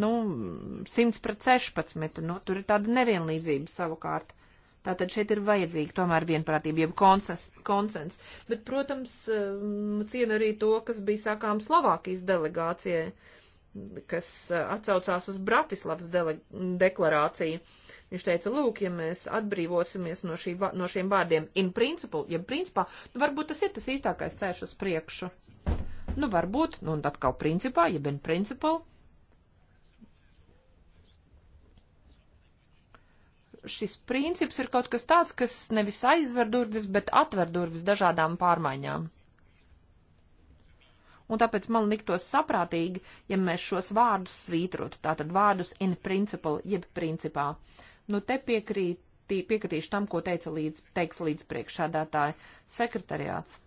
nu, 100 pret 16, nu, tur ir tāda nevienlīdzība savukārt. Tātad šeit ir vajadzīga tomēr vienprātība, jeb konsens, konsens. Bet, protams, um, cienu arī to, kas bija sākām Slovākijas delegācijai kas atcaucās uz Bratislavas dele, deklarāciju. Viņš teica, lūk, ja mēs atbrīvosimies no, šī, no šiem vārdiem in principle, ja principā, nu varbūt tas ir tas īstākais ceļš uz priekšu. Nu varbūt, nu un atkal principā, ja in principle. Šis princips ir kaut kas tāds, kas nevis aizver durvis, bet atver durvis dažādām pārmaiņām un tāpēc man liktos saprātīgi, ja mēs šos vārdus svītrotu, tātad vārdus in principle, jeb principā. Nu, te piekrīt, piekrītīšu tam, ko teica līdz, teiks līdz priekšādātāja sekretariāts.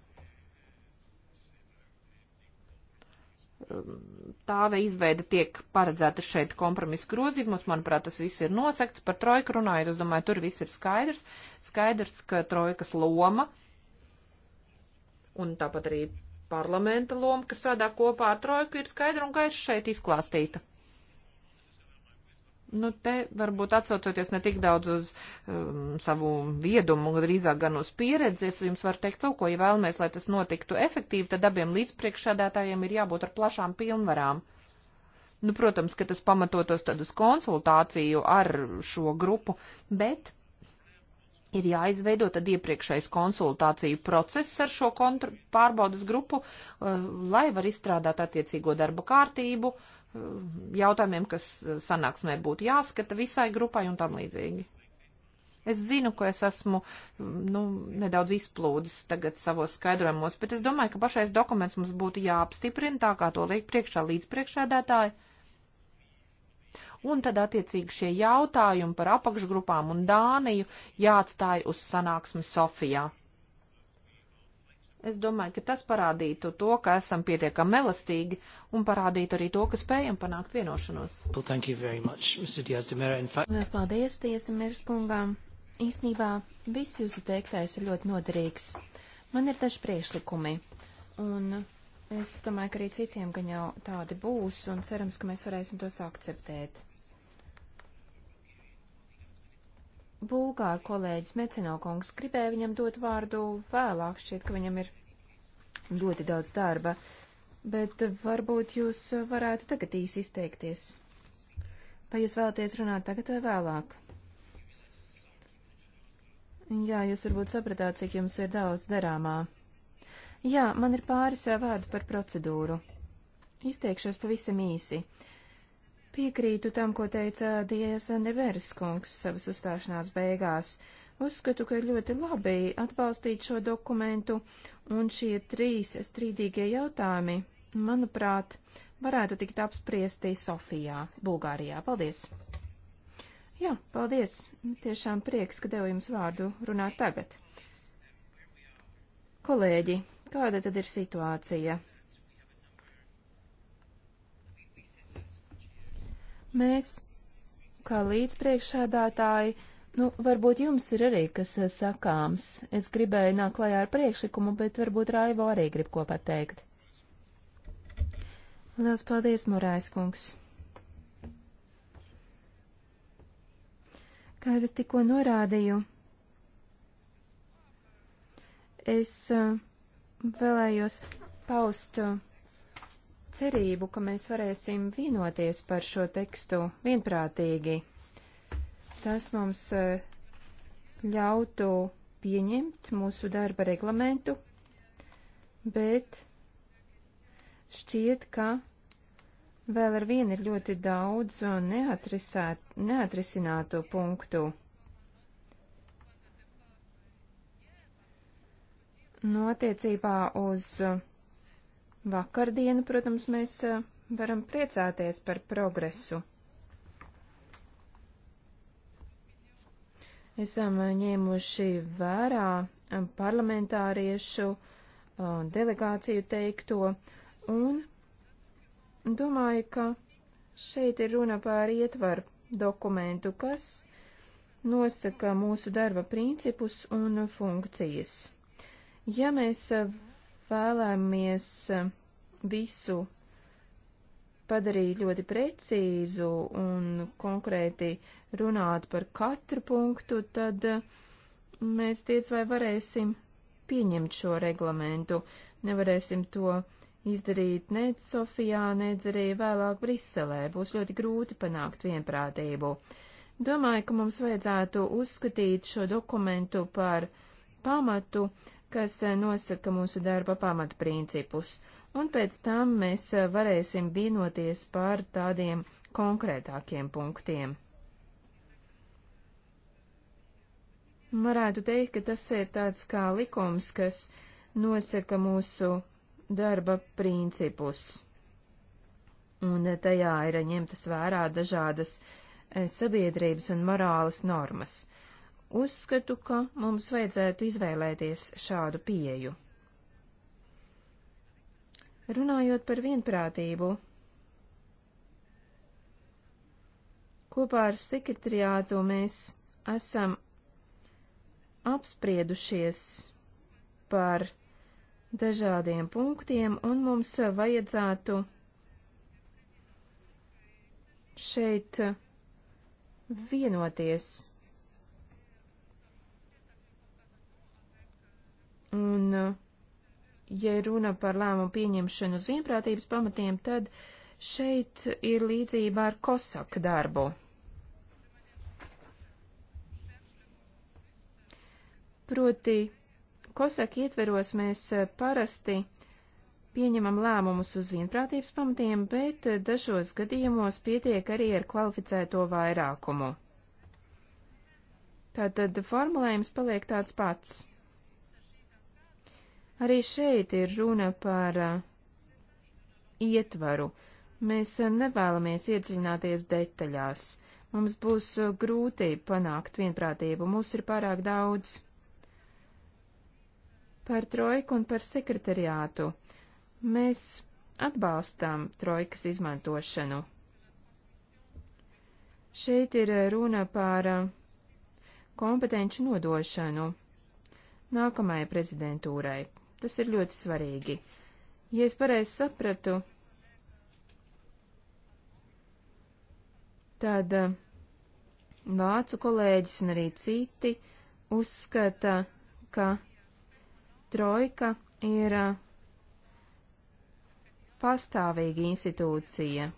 Tā vai izveida tiek paredzēta šeit kompromisa grozījumos, manuprāt, tas viss ir nosakts. Par trojku runājot, es domāju, tur viss ir skaidrs. Skaidrs, ka trojkas loma un tāpat arī parlamenta loma, kas strādā kopā ar trojku, ir skaidra un gaiša šeit izklāstīta. Nu, te varbūt atsaucoties ne tik daudz uz um, savu viedumu, drīzāk gan uz pieredzi, es jums varu teikt to, ko, ja vēlamies, lai tas notiktu efektīvi, tad abiem līdzpriekšsēdētājiem ir jābūt ar plašām pilnvarām. Nu, protams, ka tas pamatotos tad uz konsultāciju ar šo grupu, bet ir jāizveido tad iepriekšējais konsultāciju process ar šo pārbaudas grupu, uh, lai var izstrādāt attiecīgo darba kārtību, uh, jautājumiem, kas uh, sanāksmē būtu jāskata visai grupai un tam līdzīgi. Es zinu, ka es esmu mm, nu, nedaudz izplūdis tagad savos skaidrojumos, bet es domāju, ka pašais dokuments mums būtu jāapstiprina tā, kā to liek priekšā līdz priekšēdētāji un tad attiecīgi šie jautājumi par apakšgrupām un Dāniju jāatstāja uz sanāksmi Sofijā. Es domāju, ka tas parādītu to, ka esam pietiekami elastīgi un parādītu arī to, ka spējam panākt vienošanos. Well, fact... Mēs paldies, Tiesa Mirskungām. Īsnībā viss jūsu teiktais ir ļoti noderīgs. Man ir daži priešlikumi, un es domāju, ka arī citiem gan jau tādi būs, un cerams, ka mēs varēsim tos akceptēt. Bulgāru kolēģis Mecenokungs gribēja viņam dot vārdu vēlāk, šķiet, ka viņam ir ļoti daudz darba, bet varbūt jūs varētu tagad īsi izteikties. Vai jūs vēlaties runāt tagad vai vēlāk? Jā, jūs varbūt sapratāt, cik jums ir daudz darāmā. Jā, man ir pāris vārdu par procedūru. Izteikšos pavisam īsi. Uh, Piekrītu tam, ko teica Dievs Neveris kungs savas uzstāšanās beigās. Uzskatu, ka ir ļoti labi atbalstīt šo dokumentu, un šie trīs strīdīgie jautājumi, manuprāt, varētu tikt apspriesti Sofijā, Bulgārijā. Paldies! Jā, paldies! Tiešām prieks, ka devu jums vārdu runāt tagad. Kolēģi, kāda tad ir situācija? Mēs, kā līdzpriekšādātāji, nu, varbūt jums ir arī kas eh, sakāms. Es gribēju nāk klajā ar priekšlikumu, bet varbūt Raivo arī grib ko pateikt. Liels paldies, Morais kungs! Kā jau es tikko norādīju, es eh, vēlējos paust eh, cerību, ka mēs varēsim vienoties par šo tekstu vienprātīgi. Tas mums eh, ļautu pieņemt mūsu darba reglamentu, bet šķiet, ka vēl ar vienu ir ļoti daudz neatrisināto punktu. No nu, attiecībā uz uh, Vakardienu, protams, mēs eh, varam priecāties par progresu. Esam eh, ņēmuši vērā eh, parlamentāriešu delegāciju teikto un domāju, ka šeit ir runa par ietvaru dokumentu, kas nosaka mūsu darba principus un funkcijas. Ja mēs vēlamies eh, visu padarīt ļoti precīzu un konkrēti runāt par katru punktu, tad eh, mēs diez vai varēsim pieņemt šo reglamentu. Nevarēsim to izdarīt nec Sofijā, nec arī vēlāk Briselē. Būs ļoti grūti panākt vienprātību. Domāju, ka mums vajadzētu uzskatīt šo dokumentu par pamatu, uh, kas eh, nosaka mūsu darba pamatprincipus, un pēc tam mēs eh, varēsim vienoties par tādiem konkrētākiem punktiem. Varētu teikt, ka tas ir tāds kā likums, kas nosaka mūsu darba principus. Un eh, tajā ir ņemtas vērā dažādas sabiedrības un morālas normas. Uzskatu, ka mums vajadzētu izvēlēties šādu pieju. Runājot par vienprātību, kopā ar sekretariātu mēs esam apspriedušies par dažādiem punktiem, un mums vajadzētu šeit vienoties Un, eh, ja runa par lēmumu pieņemšanu uz vienprātības pamatiem, tad šeit ir līdzība ar kosaka darbu. Proti, kosaka ietveros mēs eh, parasti pieņemam lēmumus uz vienprātības pamatiem, bet eh, dažos gadījumos pietiek arī ar kvalificēto vairākumu. Tātad formulējums paliek tāds pats. Arī šeit ir runa par uh, ietvaru. Mēs uh, nevēlamies iedziļināties detaļās. Mums būs uh, grūti panākt vienprātību, mūs ir pārāk daudz. Par trojku un par sekretariātu. Mēs atbalstām trojkas izmantošanu. Šeit ir uh, runa par uh, kompetenci nodošanu nākamajai prezidentūrai, tas ir ļoti svarīgi. Ja es pareizi sapratu, tad eh, vācu kolēģis un arī citi uzskata, ka trojka ir eh, pastāvīga institūcija.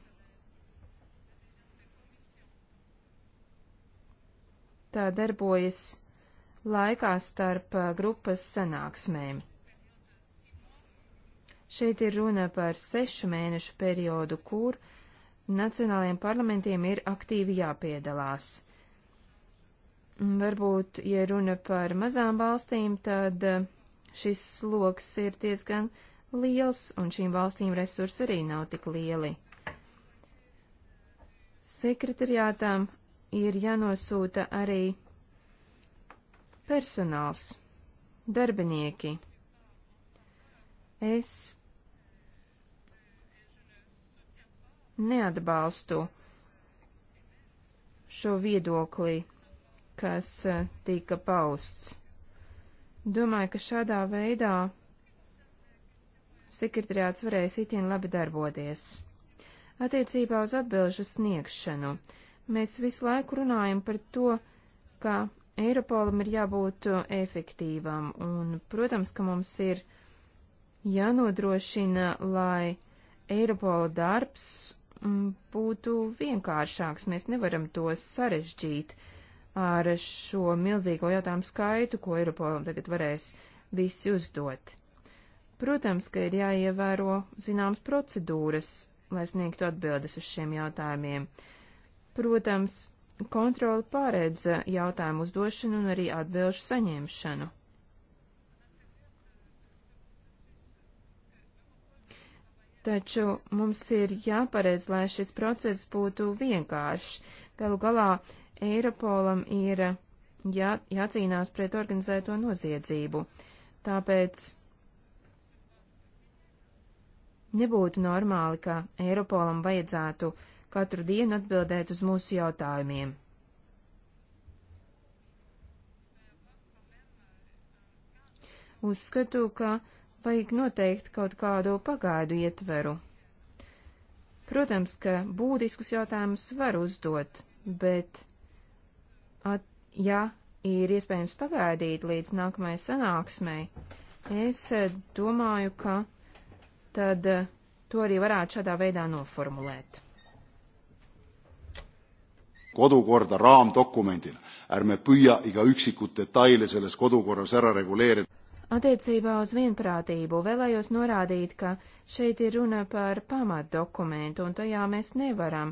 Tā darbojas laikā starp eh, grupas sanāksmēm. Šeit ir runa par sešu mēnešu periodu, kur nacionālajiem parlamentiem ir aktīvi jāpiedalās. Varbūt, ja runa par mazām valstīm, tad šis sloks ir diezgan liels, un šīm valstīm resursi arī nav tik lieli. Sekretariātām ir jānosūta arī personāls, darbinieki. Es neatbalstu šo viedokli, kas e, tika pausts. Domāju, ka šādā veidā sekretariāts varēs itin labi darboties. Attiecībā uz atbilžu sniegšanu mēs visu laiku runājam par to, ka Eiropolam ir jābūt e, efektīvam, un, protams, ka mums ir jānodrošina, lai Eiropola darbs Mm, būtu vienkāršāks. Mēs nevaram to sarežģīt ar šo milzīgo jautājumu skaitu, ko Eiropolam tagad varēs visi uzdot. Protams, ka ir jāievēro zināmas procedūras, lai sniegtu atbildes uz šiem jautājumiem. Protams, kontroli pārēdz jautājumu uzdošanu un arī atbilžu saņemšanu. Taču mums ir jāpareiz, lai šis process būtu vienkāršs. Galu galā Eiropolam ir jā, jācīnās pret organizēto noziedzību. Tāpēc nebūtu normāli, ka Eiropolam vajadzētu katru dienu atbildēt uz mūsu jautājumiem. Uzskatu, ka uh, vajag noteikt kaut kādu pagaidu ietveru. Protams, ka būtiskus jautājumus var uzdot, bet, at, ja ir iespējams pagaidīt līdz nākamajai sanāksmei, es eh, domāju, ka tad eh, to arī varētu šādā veidā noformulēt. kodukorda raamdokumendina, ärme püüa iga üksikut detaili selles kodukorras ära reguleerida. Attiecībā uz vienprātību vēlējos norādīt, ka šeit ir runa par pamatdokumentu, un tajā mēs nevaram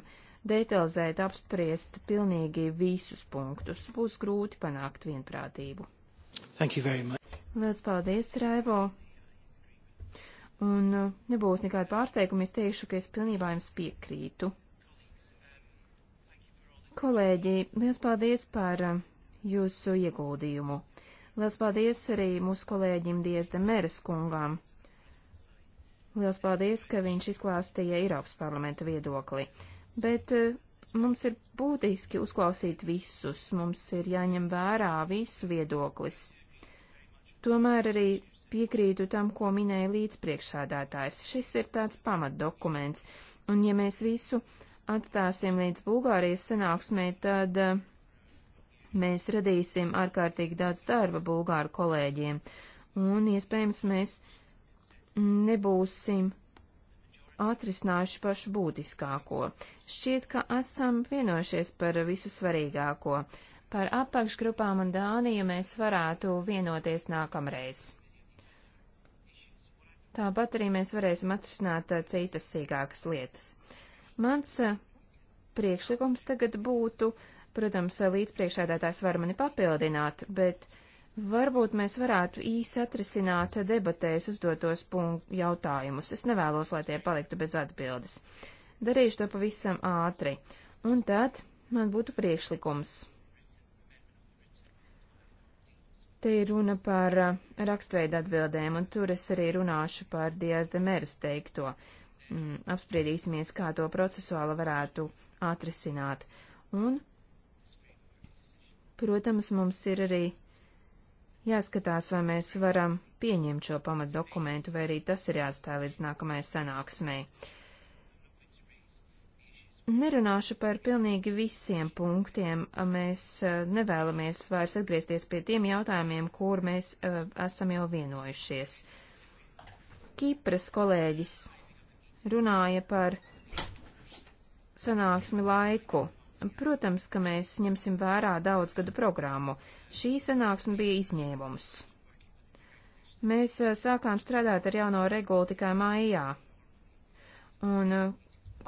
detalizēt apspriest pilnīgi visus punktus. Būs grūti panākt vienprātību. Lielas paldies, Raivo! Un uh, nebūs nekāda pārsteiguma, es teikšu, ka es pilnībā jums piekrītu. Kolēģi, liels paldies par uh, jūsu ieguldījumu! Liels paldies arī mūsu kolēģim Diezde Meres kungām. Liels paldies, ka viņš izklāstīja Eiropas parlamenta viedokli. Bet eh, mums ir būtiski uzklausīt visus, mums ir jāņem vērā visu viedoklis. Tomēr arī piekrītu tam, ko minēja līdzpriekšsādātājs. Šis ir tāds pamatdokuments, un ja mēs visu atstāsim līdz Bulgārijas sanāksmē, tad eh, Mēs radīsim ārkārtīgi daudz darba bulgāru kolēģiem, un iespējams mēs nebūsim atrisinājuši pašu būtiskāko. Šķiet, ka esam vienojušies par visu svarīgāko. Par apakšgrupām un Dāniju mēs varētu vienoties nākamreiz. Tāpat arī mēs varēsim atrisināt citas sīkākas lietas. Mans priekšlikums tagad būtu uh, Protams, līdzpriekšēdētājs var mani papildināt, bet varbūt mēs varētu īsi atrisināt debatēs uzdotos jautājumus. Es nevēlos, lai tie paliktu bez atbildes. Darīšu to pavisam ātri. Un tad man būtu priekšlikums. Te ir runa par uh, rakstveidu atbildēm, un tur es arī runāšu par Dievs Demēras teikto. Mm, apspriedīsimies, kā to procesuāli varētu atrisināt. Un Protams, mums ir arī jāskatās, vai mēs varam pieņemt šo pamatdokumentu, vai arī tas ir jāatstāj līdz nākamajai sanāksmei. Nerunāšu par pilnīgi visiem punktiem. Mēs eh, nevēlamies vairs atgriezties pie tiem jautājumiem, kur mēs uh, esam jau vienojušies. Kipras kolēģis runāja par sanāksmi laiku. Protams, ka mēs ņemsim vērā daudzgadu programmu. Šī sanāksme bija izņēmums. Mēs eh, sākām strādāt ar jauno regulu tikai maijā, un eh,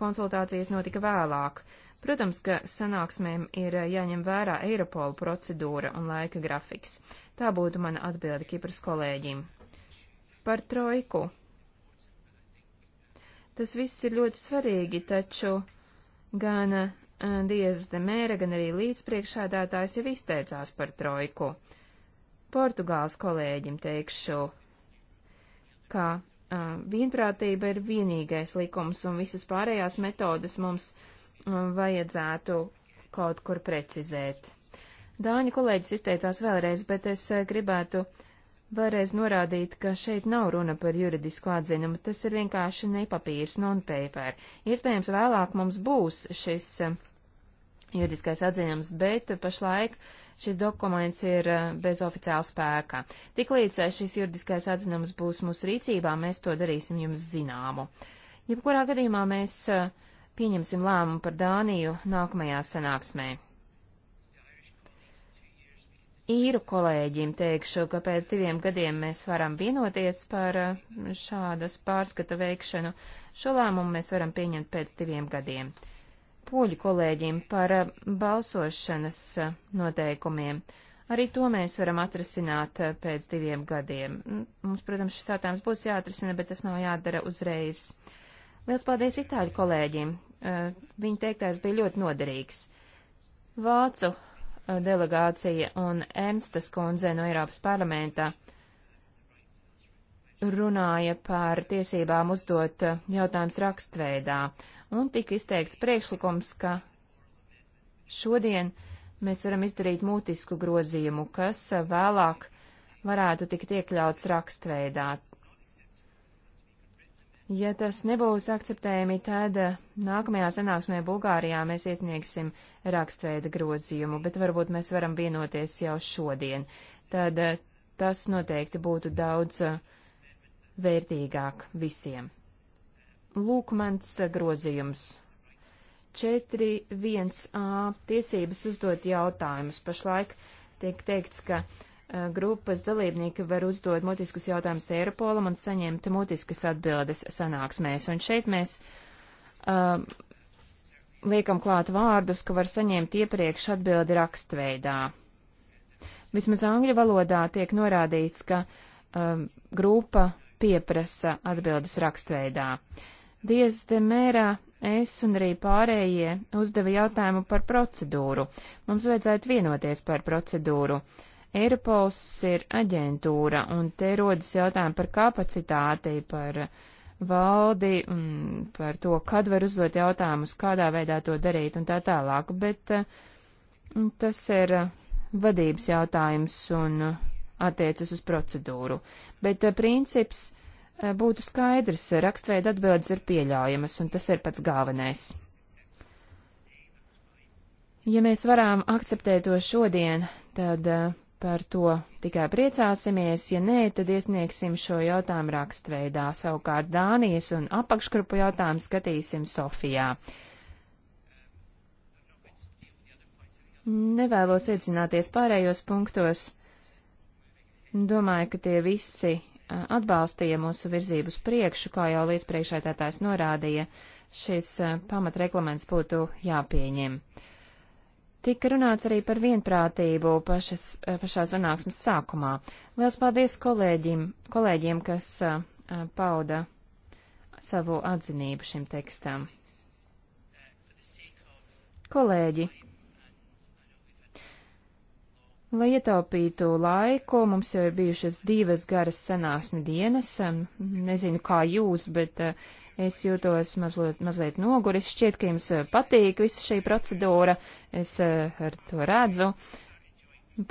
konsultācijas notika vēlāk. Protams, ka sanāksmēm ir eh, jāņem vērā Eiropola procedūra un laika grafiks. Tā būtu mana atbilde Kipras kolēģim. Par trojku. Tas viss ir ļoti svarīgi, taču gan Eh, Diezas de Mēra, gan arī līdzpriekšādātājs jau izteicās par trojku. Portugāls kolēģim teikšu, ka uh, vienprātība ir vienīgais likums un visas pārējās metodas mums um, vajadzētu kaut kur precizēt. Dāņu kolēģis izteicās vēlreiz, bet es uh, gribētu vēlreiz norādīt, ka šeit nav runa par juridisku atzinumu, tas ir vienkārši nepapīrs, non-paper. Iespējams, vēlāk mums būs šis uh, juridiskais atzinums, bet pašlaik šis dokuments ir eh, bez oficiāla spēka. Tiklīdz eh, šis juridiskais atzinums būs mūsu rīcībā, mēs to darīsim jums zināmu. Jebkurā gadījumā mēs eh, pieņemsim lēmumu par Dāniju nākamajā sanāksmē. Īru kolēģim teikšu, ka pēc diviem gadiem mēs varam vienoties par šādas pārskata veikšanu. Šo lēmumu mēs varam pieņemt pēc diviem gadiem poļu kolēģim par eh, balsošanas eh, noteikumiem. Arī to mēs varam atrasināt eh, pēc diviem gadiem. Mums, protams, šis tātājums būs jāatrasina, bet tas nav jādara uzreiz. Liels paldies itāļu kolēģim. Viņa teiktais bija ļoti noderīgs. Vācu delegācija un Ernstas kundze no Eiropas parlamentā runāja par tiesībām uzdot jautājumus rakstveidā, un tika izteikts priekšlikums, ka šodien mēs varam izdarīt mūtisku grozījumu, kas vēlāk varētu tikt iekļauts rakstveidā. Ja tas nebūs akceptējami, tad nākamajā sanāksmē Bulgārijā mēs iesniegsim rakstveida grozījumu, bet varbūt mēs varam vienoties jau šodien. Tad tas noteikti būtu daudz vērtīgāk visiem. Lūk mans eh, grozījums. 4.1a tiesības uzdot jautājumus. Pašlaik tiek teikts, ka uh, grupas dalībnieki var uzdot mutiskus jautājumus Eiropolam un saņemt mutiskas atbildes sanāksmēs. Un šeit mēs um, uh, liekam klāt vārdus, ka var saņemt iepriekš atbildi rakstveidā. Vismaz angļu valodā tiek norādīts, ka um, uh, grupa pieprasa atbildes rakstveidā. Uh, Diez de mērā es un arī pārējie uzdeva jautājumu par procedūru. Mums vajadzētu vienoties par procedūru. Eiropols ir aģentūra, un te rodas jautājumi par kapacitāti, par valdi, un par to, kad var uzdot jautājumus, kādā veidā to darīt un tā tālāk, bet mm, tas ir vadības jautājums un attiecas uz procedūru. Bet eh, princips Eh, būtu skaidrs, eh, rakstveida atbildes ir pieļaujamas, un tas ir pats galvenais. Ja mēs varam akceptēt to šodien, tad eh, par to tikai priecāsimies, ja nē, tad iesniegsim šo jautājumu rakstveidā. Savukārt Dānijas un apakšgrupu jautājumu skatīsim Sofijā. Nevēlos iedzināties pārējos punktos. Domāju, ka tie visi atbalstīja mūsu virzību uz priekšu, kā jau līdzpriekšētētājs norādīja, šis eh, pamatreglaments būtu jāpieņem. Tika runāts arī par vienprātību pašas, eh, pašā sanāksmes sākumā. Liels paldies kolēģim, kolēģiem, kas eh, pauda savu atzinību šim tekstam. Kolēģi, Lai ietaupītu laiku, mums jau ir bijušas divas garas sanāksmi dienas. Nezinu, kā jūs, bet eh, es jūtos mazliet, mazliet noguris. Šķiet, ka jums eh, patīk visa šī procedūra. Es eh, ar to redzu.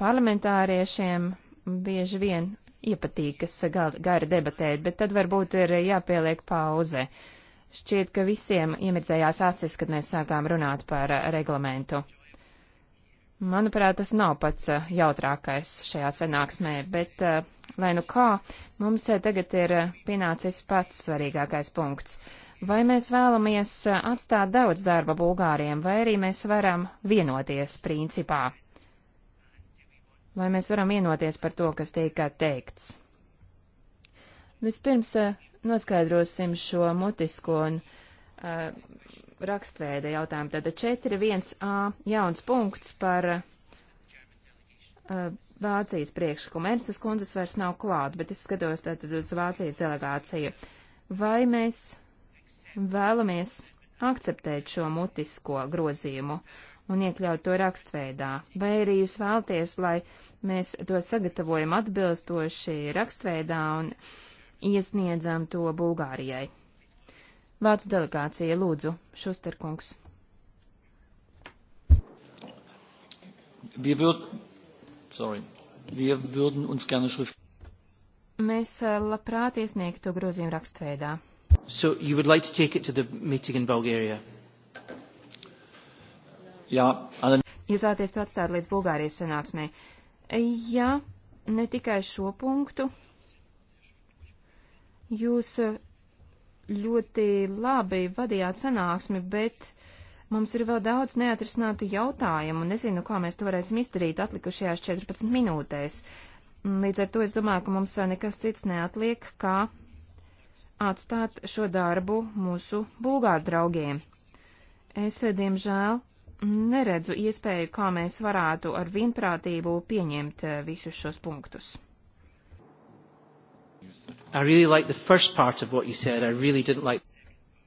Parlamentāriešiem bieži vien iepatīkas gari debatēt, bet tad varbūt ir jāpieliek pauze. Šķiet, ka visiem iemirdzējās acis, kad mēs sākām runāt par reglamentu. Manuprāt, tas nav pats eh, jautrākais šajā sanāksmē, bet, eh, lai nu kā, mums eh, tagad ir pienācis pats svarīgākais punkts. Vai mēs vēlamies atstāt daudz darba Bulgāriem, vai arī mēs varam vienoties principā? Vai mēs varam vienoties par to, kas tiek teikts? Vispirms noskaidrosim šo mutisko un uh, rakstveida jautājumu. Tātad 4.1a jauns punkts par uh, Vācijas priekšlikumu. Ernstas kundzes vairs nav klāt, bet es skatos tātad uz Vācijas delegāciju. Vai mēs vēlamies akceptēt šo mutisko grozījumu un iekļaut to rakstveidā, vai arī jūs vēlties, lai mēs to sagatavojam atbilstoši rakstveidā un iesniedzam to Bulgārijai. Vācu delegācija, lūdzu, Šusterkungs. Wir würden, sorry, wir würden uns gerne schrift. Mēs labprāt iesniegtu grozījumu rakstveidā. So you would like to take it to the meeting in Bulgaria? Jā, Alan. Jūs vēlaties to atstāt līdz Bulgārijas sanāksmē. Jā, ne tikai šo punktu. Jūs ļoti labi vadījāt sanāksmi, bet mums ir vēl daudz neatrisinātu jautājumu, un nezinu, kā mēs to varēsim izdarīt atlikušajās 14 minūtēs. Līdz ar to es domāju, ka mums nekas cits neatliek, kā atstāt šo darbu mūsu bulgāru draugiem. Es, diemžēl, neredzu iespēju, kā mēs varētu ar vienprātību pieņemt eh, visus šos punktus. I really liked the first part of what you said. I really didn't like.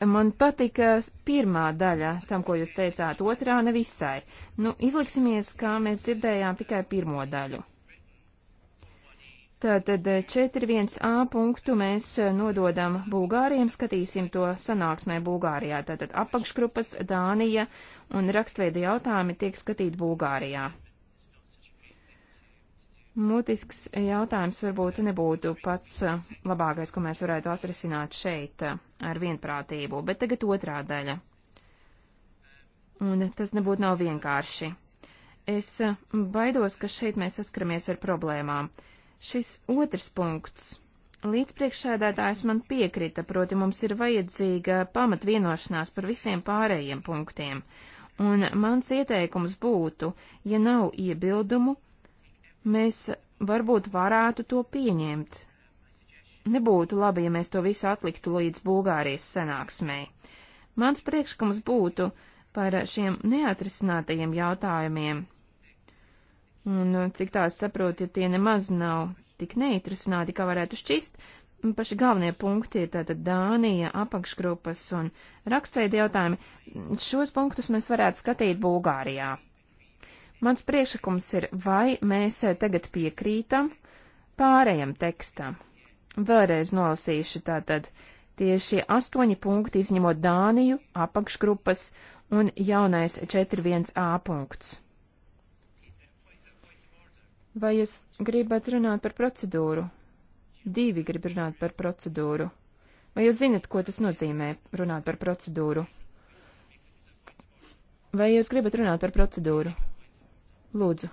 Man patika pirmā daļa tam, ko jūs teicāt, otrā nevisai. Nu, izliksimies, kā mēs dzirdējām tikai pirmo daļu. Tātad 4.1a eh, punktu mēs eh, nododam Bulgārijam, skatīsim to sanāksmē Bulgārijā. Tātad apakšgrupas Dānija un rakstveida jautājumi tiek skatīti Bulgārijā. Mutisks jautājums varbūt nebūtu pats uh, labākais, ko mēs varētu atrisināt šeit uh, ar vienprātību, bet tagad otrā daļa. Un tas nebūtu nav vienkārši. Es uh, baidos, ka šeit mēs saskaramies ar problēmām. Šis otrs punkts. Līdzpriekšsēdētājs man piekrita, proti mums ir vajadzīga pamat vienošanās par visiem pārējiem punktiem. Un mans ieteikums būtu, ja nav iebildumu, mēs varbūt varētu to pieņemt. Nebūtu labi, ja mēs to visu atliktu līdz Bulgārijas sanāksmēji. Mans priekšlikums būtu par šiem neatrisinātajiem jautājumiem. Un, cik tā es saprotu, ja tie nemaz nav tik neatrisināti, kā varētu šķist, paši galvenie punkti ir tātad Dānija, apakšgrupas un rakstveida jautājumi. Šos punktus mēs varētu skatīt Bulgārijā. Mans priekšlikums ir, vai mēs tagad piekrītam pārējam tekstam. Vēlreiz nolasīšu tātad tieši astoņi punkti izņemot Dāniju, apakšgrupas un jaunais 41a punkts. Vai jūs gribat runāt par procedūru? Divi grib runāt par procedūru. Vai jūs zinat, ko tas nozīmē runāt par procedūru? Vai jūs gribat runāt par procedūru? Lūdzu,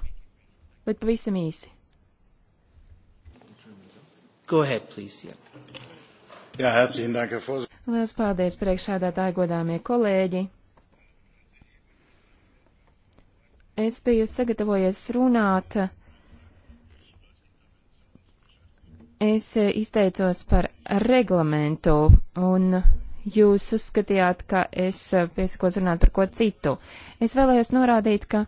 bet pavisam īsi. Go ahead, please, yeah. Jā, herzīgi, dank, Herr Vorsitz. Lielas paldies, priekšādātāji, godāmie kolēģi. Es biju sagatavojies runāt. Es izteicos par reglamentu, un jūs uzskatījāt, ka es piesakos runāt par ko citu. Es vēlējos norādīt, ka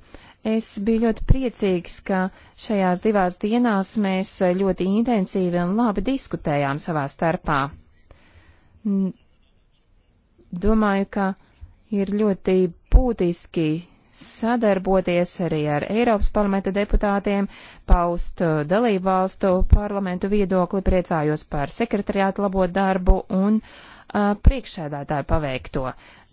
Es biju ļoti priecīgs, ka šajās divās dienās mēs ļoti intensīvi un labi diskutējām savā starpā. Domāju, ka ir ļoti būtiski sadarboties arī ar Eiropas parlamenta deputātiem, paust uh, dalību valstu parlamentu viedokli, priecājos par sekretariātu labot darbu un uh, priekšsēdētāju paveikto.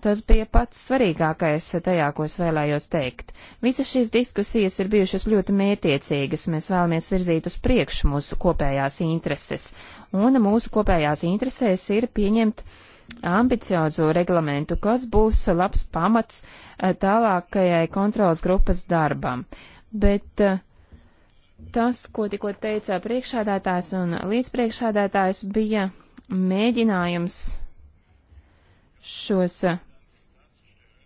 Tas bija pats svarīgākais tajā, ko es vēlējos teikt. Visas šīs diskusijas ir bijušas ļoti mētiecīgas, mēs vēlamies virzīt uz priekšu mūsu kopējās intereses, un mūsu kopējās interesēs ir pieņemt ambiciozo reglamentu, kas būs labs pamats tālākajai kontrolas grupas darbam. Bet tas, ko tikko teica priekšādātājs un līdzpriekšādātājs, bija mēģinājums šos eh,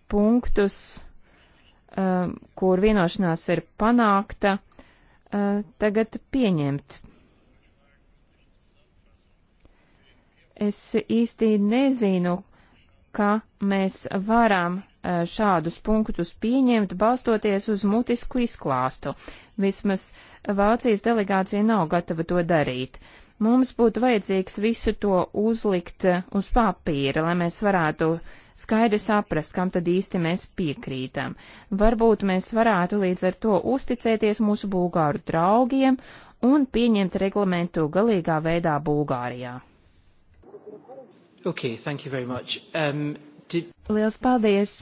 punktus, eh, kur vienošanās ir panākta, eh, tagad pieņemt. Es īsti nezinu, ka mēs varam šādus punktus pieņemt, balstoties uz mutisku izklāstu. Vismaz Vācijas delegācija nav gatava to darīt. Uh, Mums būtu vajadzīgs visu to uzlikt eh, uz papīra, lai mēs varētu skaidri saprast, kam tad īsti mēs piekrītam. Varbūt mēs varētu līdz ar to uzticēties mūsu bulgāru draugiem un pieņemt reglamentu galīgā veidā Bulgārijā. Okay, thank you very much. Um, did... Liels paldies!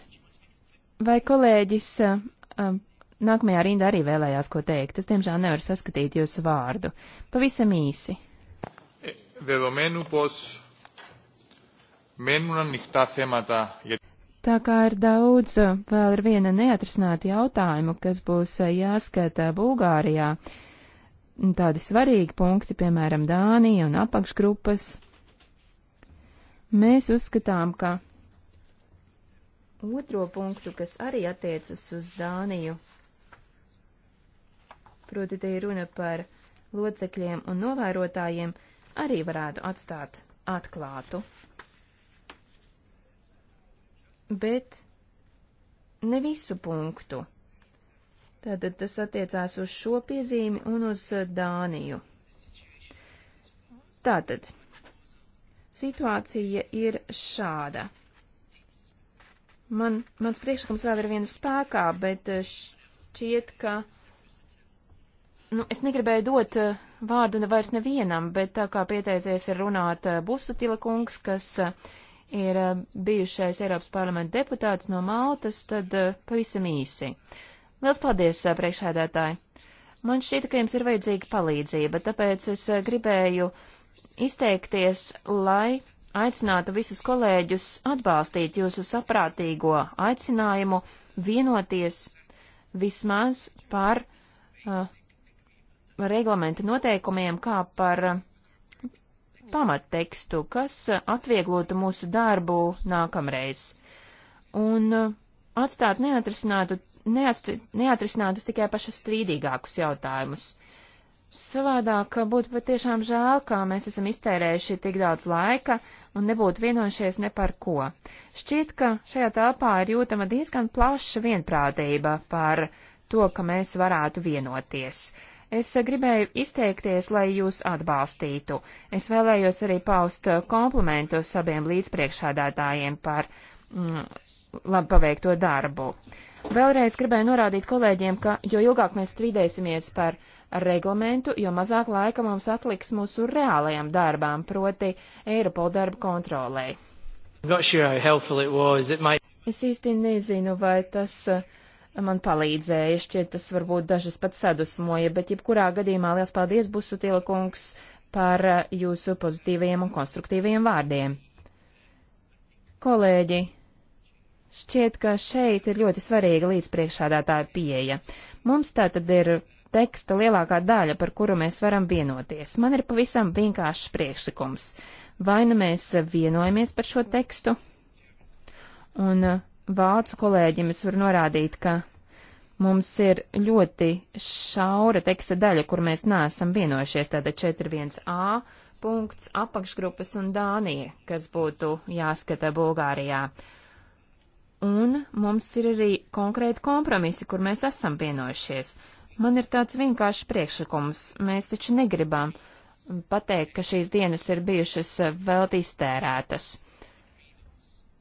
Vai kolēģis uh, um, nākamajā rindā arī vēlējās ko teikt? Es diemžēl nevaru saskatīt jūsu vārdu. Pavisam īsi. Δεδομένου πως μένουν ανοιχτά θέματα για Tā kā ir daudz vēl ir viena neatrisināta jautājuma, kas būs jāskata Bulgārijā, tādi svarīgi punkti, piemēram, Dānija un apakšgrupas, mēs uzskatām, ka otro punktu, kas arī attiecas uz Dāniju, proti te ir runa par locekļiem un novērotājiem, arī varētu atstāt atklātu. Bet ne visu punktu. Tātad tas attiecās uz šo piezīmi un uz eh, Dāniju. Tātad situācija ir šāda. Man, mans priekšlikums vēl ir viens spēkā, bet eh, šķiet, ka uh, Nu, es negribēju dot eh, vārdu vairs nevienam, bet tā kā pieteicies ir runāt eh, Busutila kungs, kas eh, ir bijušais Eiropas parlamenta deputāts no Maltas, tad pavisam īsi. Liels paldies, priekšēdētāji! Man šķita, ka jums ir vajadzīga palīdzība, tāpēc es gribēju izteikties, lai aicinātu visus kolēģus atbalstīt jūsu saprātīgo aicinājumu vienoties vismaz par uh, reglamenta noteikumiem kā par pamattekstu, kas atvieglotu mūsu darbu nākamreiz. Un atstāt neatrisinātu, neatri, neatrisinātus tikai pašas strīdīgākus jautājumus. Savādāk būtu patiešām žēl, kā mēs esam iztērējuši tik daudz laika un nebūtu vienojušies ne par ko. Šķiet, ka šajā telpā ir jūtama diezgan plaša vienprātība par to, ka mēs varētu vienoties. Es eh, gribēju izteikties, lai jūs atbalstītu. Es vēlējos arī paust eh, komplimentus abiem līdzpriekšādātājiem par mm, labi paveikto darbu. Vēlreiz gribēju norādīt kolēģiem, ka jo ilgāk mēs strīdēsimies par reglamentu, jo mazāk laika mums atliks mūsu reālajam darbām, proti Eiropola darba kontrolē. Sure might... Es īsti nezinu, vai tas uh, man palīdzēja. Šķiet, tas varbūt dažas pat sadusmoja, bet jebkurā gadījumā liels paldies, Busutila kungs, par eh, jūsu pozitīvajiem un konstruktīvajiem vārdiem. Kolēģi, šķiet, ka šeit ir ļoti svarīga līdzpriekšādātāja pieeja. Mums tā tad ir teksta lielākā daļa, par kuru mēs varam vienoties. Man ir pavisam vienkāršs priekšlikums. Vai nu mēs vienojamies par šo tekstu, un eh, vācu kolēģim es varu norādīt, ka mums ir ļoti šaura teksta daļa, kur mēs neesam vienojušies, tāda 4.1a punkts apakšgrupas un Dānija, kas būtu jāskata Bulgārijā. Un mums ir arī konkrēti kompromisi, kur mēs esam vienojušies. Man ir tāds vienkāršs priekšlikums. Mēs taču negribam pateikt, ka šīs dienas ir bijušas eh, vēl iztērētas.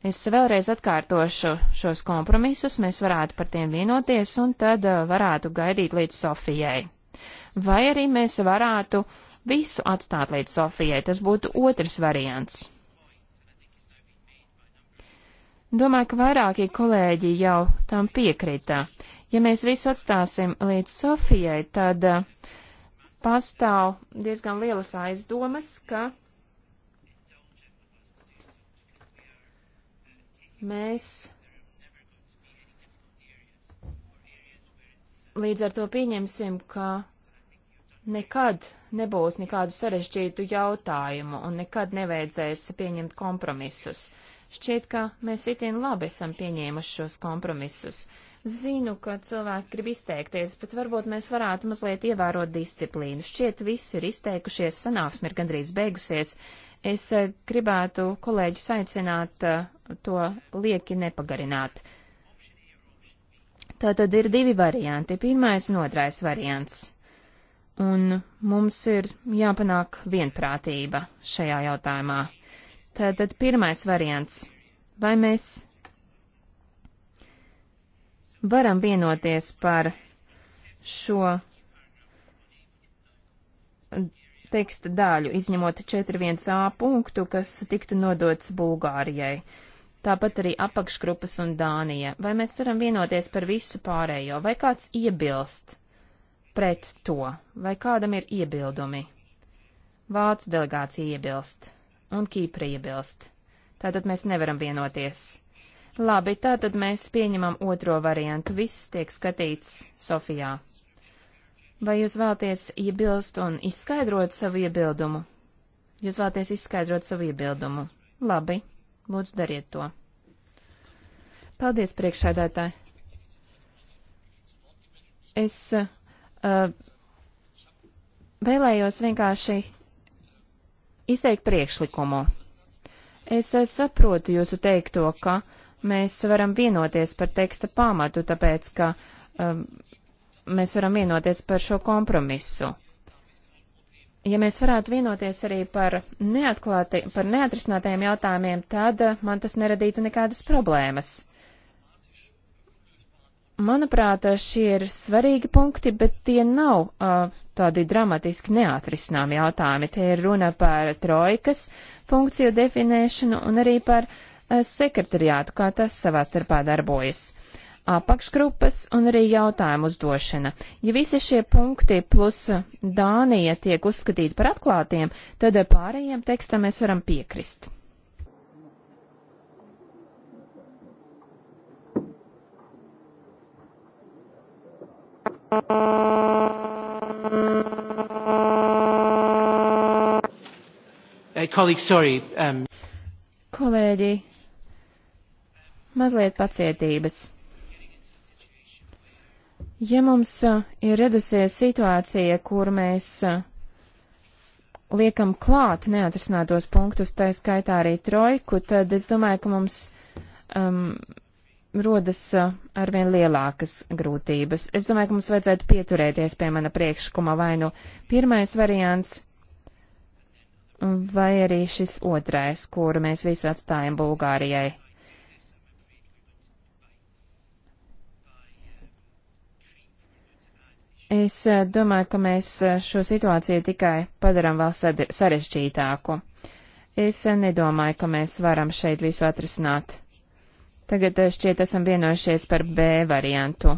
Es vēlreiz atkārtošu šos kompromisus, mēs varētu par tiem vienoties un tad uh, varētu gaidīt līdz Sofijai. Vai arī mēs varētu visu atstāt līdz Sofijai, tas būtu otrs variants. Domāju, ka vairākie kolēģi jau tam piekrita. Ja mēs visu atstāsim līdz Sofijai, tad uh, pastāv diezgan lielas aizdomas, ka Mēs līdz ar to pieņemsim, ka nekad nebūs nekādu sarežģītu jautājumu un nekad nevajadzēs pieņemt kompromisus. Šķiet, ka mēs itin labi esam pieņēmuši šos kompromisus. Zinu, ka cilvēki grib izteikties, bet varbūt mēs varētu mazliet ievērot disciplīnu. Šķiet, visi ir izteikušies, sanāksme ir gandrīz beigusies. Es eh, gribētu kolēģus aicināt eh, to lieki nepagarināt. Tātad ir divi varianti. Pirmais un otrais variants. Un mums ir jāpanāk vienprātība šajā jautājumā. Tātad pirmais variants. Vai mēs varam vienoties par šo teksta daļu, izņemot 4.1a punktu, kas tiktu nodots Bulgārijai. Uh, tāpat arī apakšgrupas un Dānija. Vai mēs varam vienoties par visu pārējo, vai kāds iebilst pret to, vai kādam ir iebildumi? Vācu delegācija iebilst, un Kīpra iebilst. Tātad mēs nevaram vienoties. Labi, tātad mēs pieņemam otro variantu. Viss tiek skatīts Sofijā. Vai jūs vēlaties iebilst un izskaidrot savu iebildumu? Jūs vēlaties izskaidrot savu iebildumu? Labi. Lūdzu, dariet to. Paldies, priekšsēdētāji. Es uh, vēlējos vienkārši izteikt priekšlikumu. Es, es uh, saprotu jūsu teikto, ka mēs varam vienoties par teksta pamatu, tāpēc ka um, mēs varam vienoties par šo kompromisu ja mēs varētu vienoties arī par, par neatrisinātajiem jautājumiem, tad eh, man tas neradītu nekādas problēmas. Manuprāt, eh, šie ir svarīgi punkti, bet tie nav uh, tādi dramatiski neatrisinām jautājumi. Tie ir runa par trojkas funkciju definēšanu un arī par uh, sekretariātu, kā tas savā starpā darbojas apakšgrupas un arī jautājumu uzdošana. Ja visi šie punkti plus Dānija tiek uzskatīti par atklātiem, tad pārējiem tekstam mēs varam piekrist. Hey, uh, colleague, sorry, um... Kolēģi, mazliet pacietības. Ja mums ir redusies situācija, kur mēs liekam klāt neatrisinātos punktus, tā skaitā arī trojku, tad es domāju, ka mums um, rodas arvien lielākas grūtības. Es domāju, ka mums vajadzētu pieturēties pie mana priekšlikuma vai nu pirmais variants, vai arī šis otrais, kuru mēs visi atstājam Bulgārijai. Es eh, domāju, ka mēs eh, šo situāciju tikai padaram vēl sarežģītāku. Es eh, nedomāju, ka mēs varam šeit visu atrisināt. Tagad šķiet esam vienojušies par B variantu.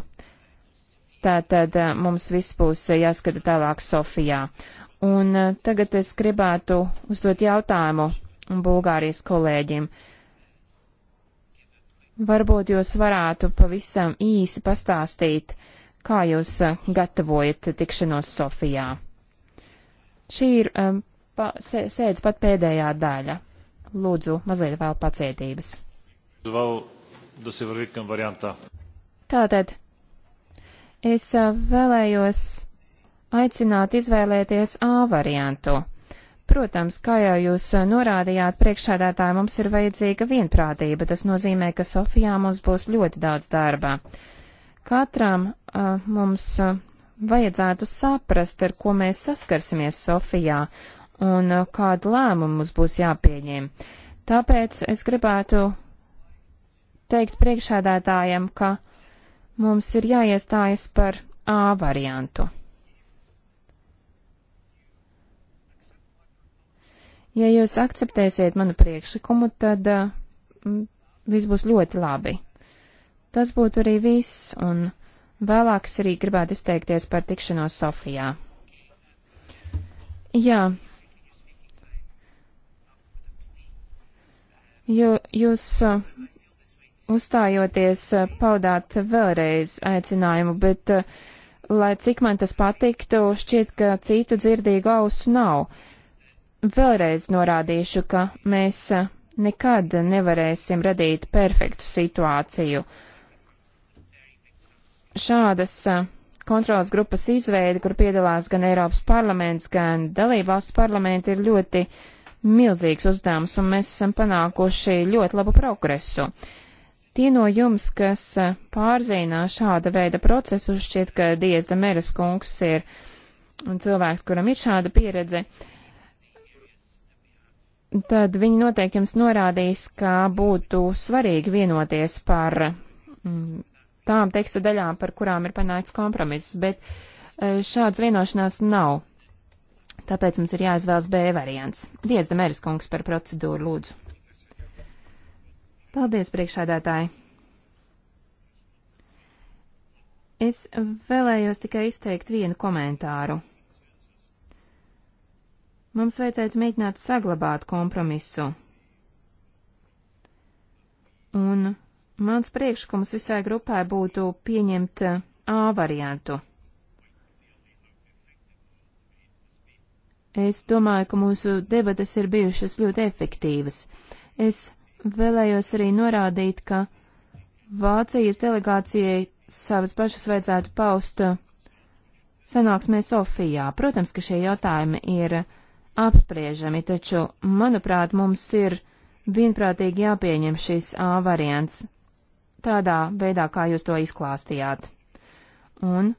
Tātad mums viss būs jāskata tālāk Sofijā. Un tagad es gribētu uzdot jautājumu Bulgārijas kolēģim. Varbūt jūs varētu pavisam īsi pastāstīt, uh, kā jūs eh, gatavojat tikšanos Sofijā? Šī ir um, pa, sēdz pat pēdējā daļa. Lūdzu, mazliet vēl pacietības. Tātad, es eh, vēlējos aicināt izvēlēties A variantu. Protams, kā jau jūs norādījāt, priekšsēdētāji mums ir vajadzīga vienprātība, tas nozīmē, ka Sofijā mums būs ļoti daudz darba. Uh, Katram uh, mums uh, vajadzētu saprast, ar ko mēs saskarsimies Sofijā un uh, kādu lēmumu mums būs jāpieņem. Tāpēc es gribētu teikt priekšēdētājiem, ka mums ir jāiestājas par A variantu. Ja jūs akceptēsiet manu priekšlikumu, tad uh, viss būs ļoti labi. Tas būtu arī viss, un vēlāks arī gribētu izteikties par tikšanos Sofijā. Jā. Jo jūs uh, uzstājoties uh, paudāt vēlreiz aicinājumu, bet, uh, lai cik man tas patiktu, šķiet, ka citu dzirdīgu ausu nav. Vēlreiz norādīšu, ka mēs nekad nevarēsim radīt perfektu situāciju. Uh, šādas kontrolas grupas izveidi, kur piedalās gan Eiropas parlaments, gan dalībvalstu parlamenti, ir ļoti milzīgs uzdevums, un mēs esam panākuši ļoti labu progresu. Tie no jums, kas pārzīnā šāda veida procesu, šķiet, ka Dievs Demeres kungs ir cilvēks, kuram ir šāda pieredze, tad viņi noteikti jums norādīs, ka būtu svarīgi vienoties par mm, tām teksta daļām, par kurām ir panākts kompromiss, bet e, šāds vienošanās nav. Tāpēc mums ir jāizvēlas B variants. Diezda Mēris kungs par procedūru lūdzu. Paldies, priekšādātāji! Es vēlējos tikai izteikt vienu komentāru. Mums vajadzētu mēģināt saglabāt kompromisu. Un Mans priekšlikums visai grupai būtu pieņemt eh, A variantu. Es domāju, ka mūsu debatas ir bijušas ļoti efektīvas. Es vēlējos arī norādīt, ka Vācijas delegācijai savas pašas vajadzētu paust eh, sanāksmē Sofijā. Protams, ka šie jautājumi ir apspriežami, taču, manuprāt, mums ir vienprātīgi jāpieņem šis A variants tādā veidā, kā jūs to izklāstījāt. Un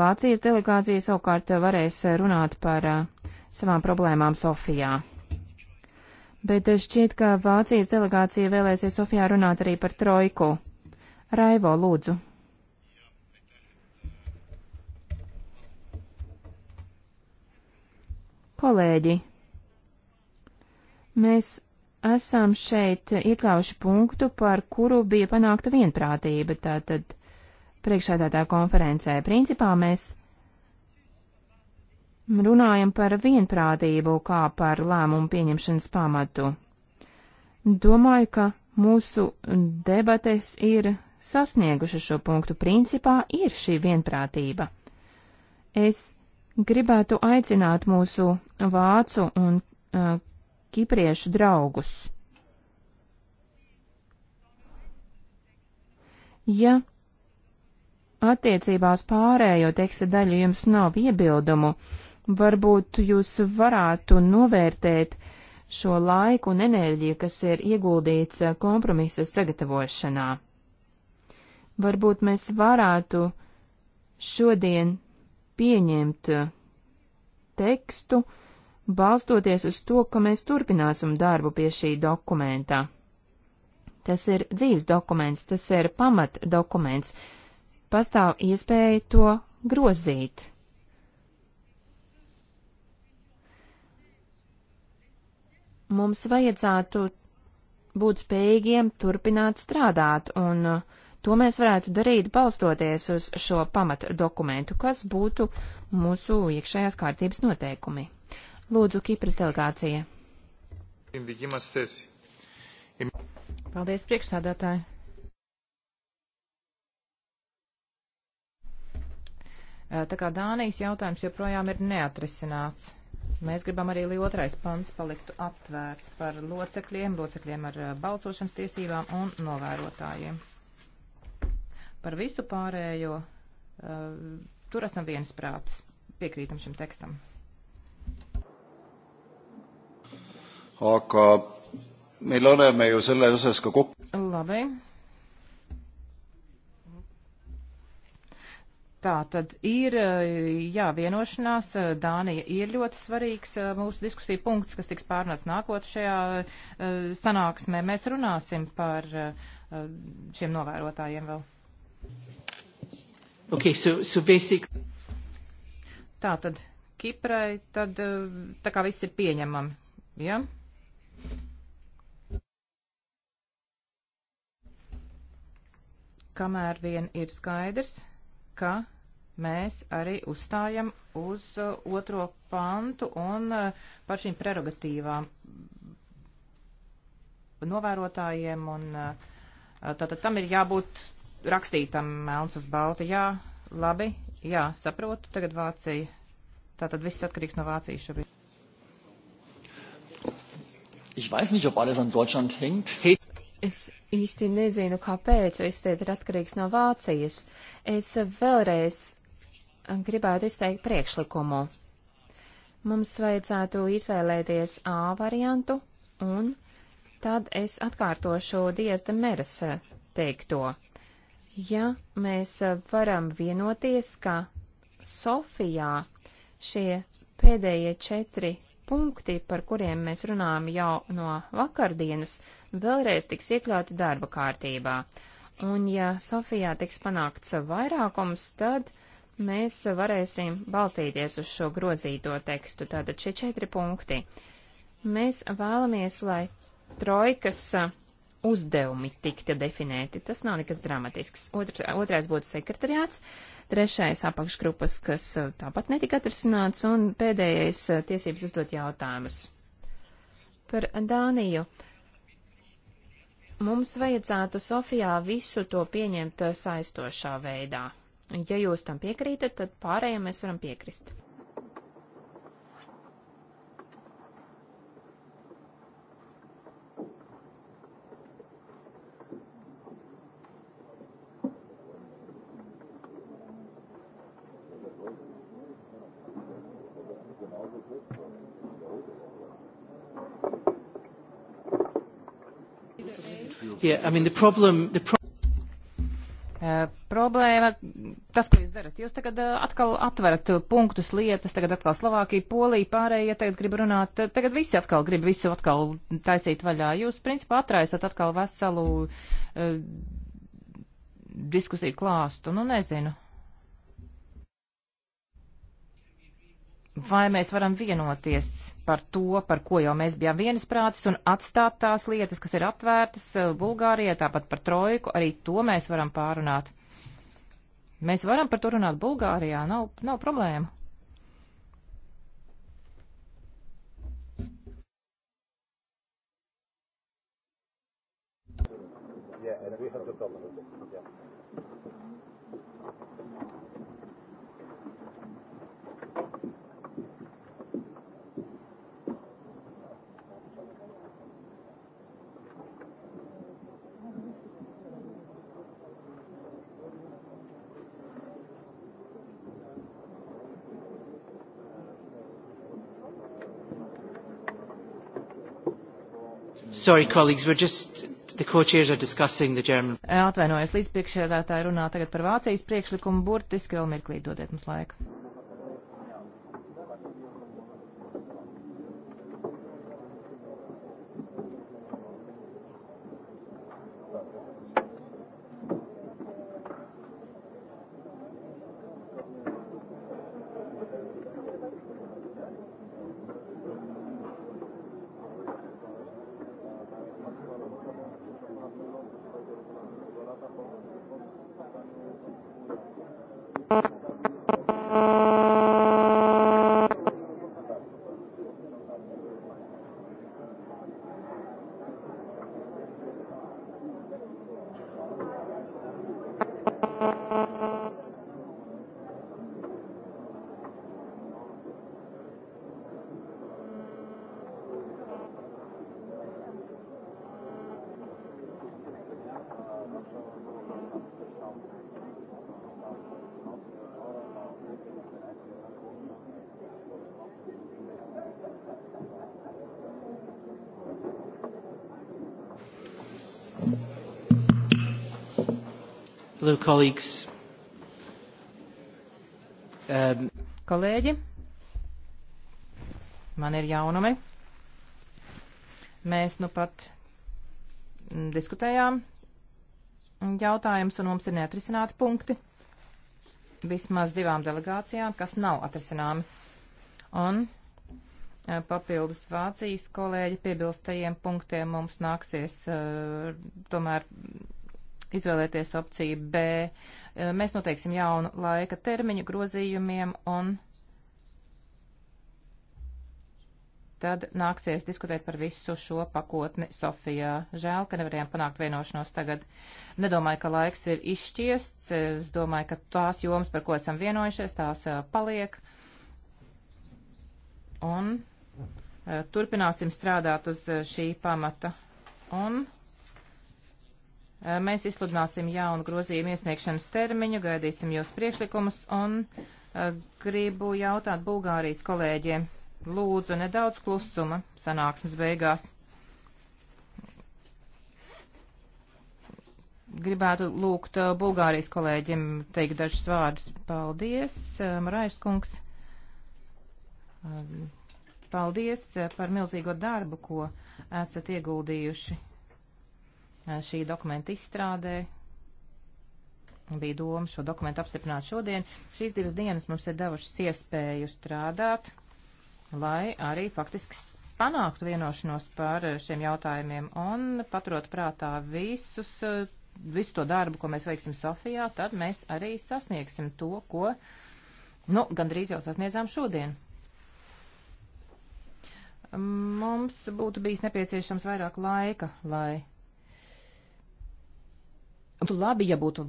Vācijas delegācija savukārt varēs runāt par uh, savām problēmām Sofijā. Bet šķiet, ka Vācijas delegācija vēlēsies Sofijā runāt arī par trojku. Raivo, lūdzu. Kolēģi, mēs esam šeit iekļāvuši punktu, par kuru bija panākta vienprātība, tātad priekšādātā konferencē. Principā mēs runājam par vienprātību kā par lēmumu pieņemšanas pamatu. Domāju, ka mūsu debates ir sasnieguši šo punktu. Principā ir šī vienprātība. Es gribētu aicināt mūsu vācu un uh, kipriešu draugus. Ja attiecībā uz pārējo teksta daļu jums nav iebildumu, varbūt jūs varētu novērtēt šo laiku un enerģiju, kas ir ieguldīts kompromisa sagatavošanā. Varbūt mēs varētu šodien pieņemt tekstu, balstoties uz to, ka mēs turpināsim darbu pie šī dokumenta. Tas ir dzīves dokuments, tas ir pamat dokuments. Pastāv iespēja to grozīt. Mums vajadzētu būt spējīgiem turpināt strādāt, un uh, to mēs varētu darīt balstoties uz šo pamat dokumentu, kas būtu mūsu iekšējās kārtības noteikumi. Lūdzu, Kipras delegācija. Paldies, priekšsādātāji. Tā kā Dānijas jautājums joprojām ir neatrisināts. Mēs gribam arī, lai otrais pants paliktu atvērts par locekļiem, locekļiem ar balsošanas tiesībām un novērotājiem. Par visu pārējo tur esam viensprātis. Piekrītam šim tekstam. aga meil oleme ju selle osas ka kokku. labi. Tā tad ir, jā, vienošanās. Dānija ir ļoti svarīgs mūsu diskusija punkts, kas tiks pārnāts nākot šajā sanāksmē. Mēs runāsim par šiem novērotājiem vēl. Okay, so, so basic... Tā tad Kiprai, tad tā kā viss ir pieņemami, jā? Ja? Kamēr vien ir skaidrs, ka mēs arī uzstājam uz uh, otro pantu un uh, par šīm prerogatīvām novērotājiem. Un, uh, uh, tātad tam ir jābūt rakstītam melns uz balta. Jā, labi, jā, saprotu. Tagad Vācija. Tātad viss atkarīgs no Vācijas šobrīd. Ich weiß nicht, ob alles an Deutschland hängt. Hey. Es īsti nezinu, kāpēc viss te ir atkarīgs no Vācijas. Es vēlreiz gribētu izteikt priekšlikumu. Mums vajadzētu izvēlēties A variantu, un tad es atkārtošu Diezda Meras teikto. Ja mēs varam vienoties, ka Sofijā šie pēdējie četri punkti, par kuriem mēs runājam jau no vakardienas, vēlreiz tiks iekļauti darba kārtībā. Un ja Sofijā tiks panākts vairākums, tad mēs varēsim balstīties uz šo grozīto tekstu. Tātad šie četri punkti. Mēs vēlamies, lai trojkas uzdevumi tikta definēti. Tas nav nekas dramatisks. Otrs, otrais būtu sekretariāts, trešais apakšgrupas, kas uh, tāpat netika atrisināts, un pēdējais uh, tiesības uzdot jautājumus. Par Dāniju. Mums vajadzētu Sofijā visu to pieņemt uh, saistošā veidā. Ja jūs tam piekrītat, tad pārējiem mēs varam piekrist. Yeah, I mean, the problem, the pro uh, Problēma, tas, ko jūs darat, jūs tagad uh, atkal atverat punktus, lietas, tagad atkal Slovākija, Polija, pārējie tagad grib runāt, eh, tagad visi atkal grib visu atkal taisīt vaļā. Jūs, principā, atraisat atkal veselu uh, diskusiju klāstu, nu nezinu. Vai mēs varam vienoties? par to, par ko jau mēs bijām viensprātis, un atstāt tās lietas, kas ir atvērtas eh, Bulgārijai, tāpat par trojku, arī to mēs varam pārunāt. Mēs varam par to runāt Bulgārijā, nav, nav problēma. Yeah, and we have the problem. sorry, colleagues, we're just Atvainojos līdz priekšsēdētāji runā tagad par Vācijas priekšlikumu burtiski vēl mirklīt dodiet mums laiku. Hello, colleagues. Um. Kolēģi, man ir jaunumi. Mēs nu pat diskutējām jautājums un mums ir neatrisināti punkti. Vismaz divām delegācijām, kas nav atrisināmi. Un eh, papildus Vācijas kolēģi piebilstajiem punktiem mums nāksies uh, tomēr izvēlēties opciju B. Eh, mēs noteiksim jaunu laika termiņu grozījumiem un tad nāksies diskutēt par visu šo pakotni Sofijā. Žēl, ka nevarējām panākt vienošanos tagad. Nedomāju, ka laiks ir izšķiests. Es domāju, ka tās jomas, par ko esam vienojušies, tās eh, paliek. Un eh, turpināsim strādāt uz šī pamata. Un Eh, mēs izsludināsim jaunu grozījumu iesniegšanas termiņu, gaidīsim jūs priekšlikumus un eh, gribu jautāt Bulgārijas kolēģiem. Lūdzu, nedaudz klusuma sanāksmes beigās. gribētu lūgt eh, Bulgārijas kolēģiem teikt dažus vārdus. Paldies, Marais kungs. Paldies par milzīgo darbu, ko esat ieguldījuši Eh, šī dokumenta izstrādē. Bija doma šo dokumentu apstiprināt šodien. Šīs divas dienas mums ir devušas iespēju strādāt, lai arī faktiski panāktu vienošanos par eh, šiem jautājumiem un paturot prātā visus, eh, visu to darbu, ko mēs veiksim Sofijā, tad mēs arī sasniegsim to, ko, nu, gandrīz jau sasniedzām šodien. Mums būtu bijis nepieciešams vairāk laika, lai Būtu labi, ja būtu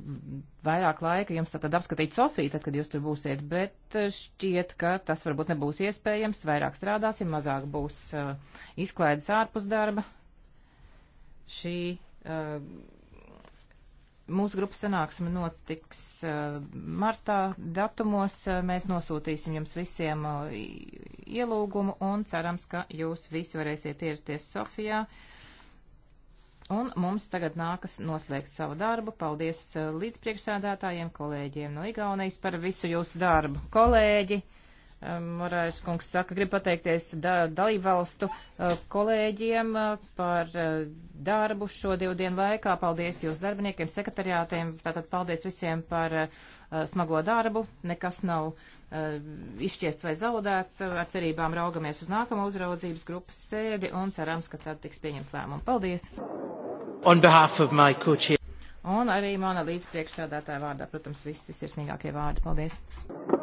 vairāk laika jums tad apskatīt Sofiju, tad, kad jūs tur būsiet, bet eh, šķiet, ka tas varbūt nebūs iespējams, vairāk strādāsim, mazāk būs uh, izklaides ārpus darba. Šī uh, mūsu grupas sanāksme notiks uh, martā datumos. Mēs nosūtīsim jums visiem uh, ielūgumu un cerams, ka jūs visi varēsiet ierasties Sofijā. Uh, Un mums tagad nākas noslēgt savu darbu. Paldies eh, līdzpriekšsēdētājiem, kolēģiem no Igaunijas par visu jūsu darbu. Kolēģi, eh, Morājas kungs saka, grib pateikties da, dalībvalstu eh, kolēģiem par darbu šo divu dienu laikā. Paldies jūsu darbiniekiem, sekretariātiem. Tātad paldies visiem par smago darbu. Nekas nav izšķiests vai zaudēts. Ar cerībām raugamies uz nākamo uzraudzības grupas sēdi un cerams, ka tad tiks pieņems lēmumu. Paldies! On behalf of my co-chair. Un arī mana līdzpriekšsēdētāja vārdā, protams, visi sirsnīgākie vārdi. Paldies!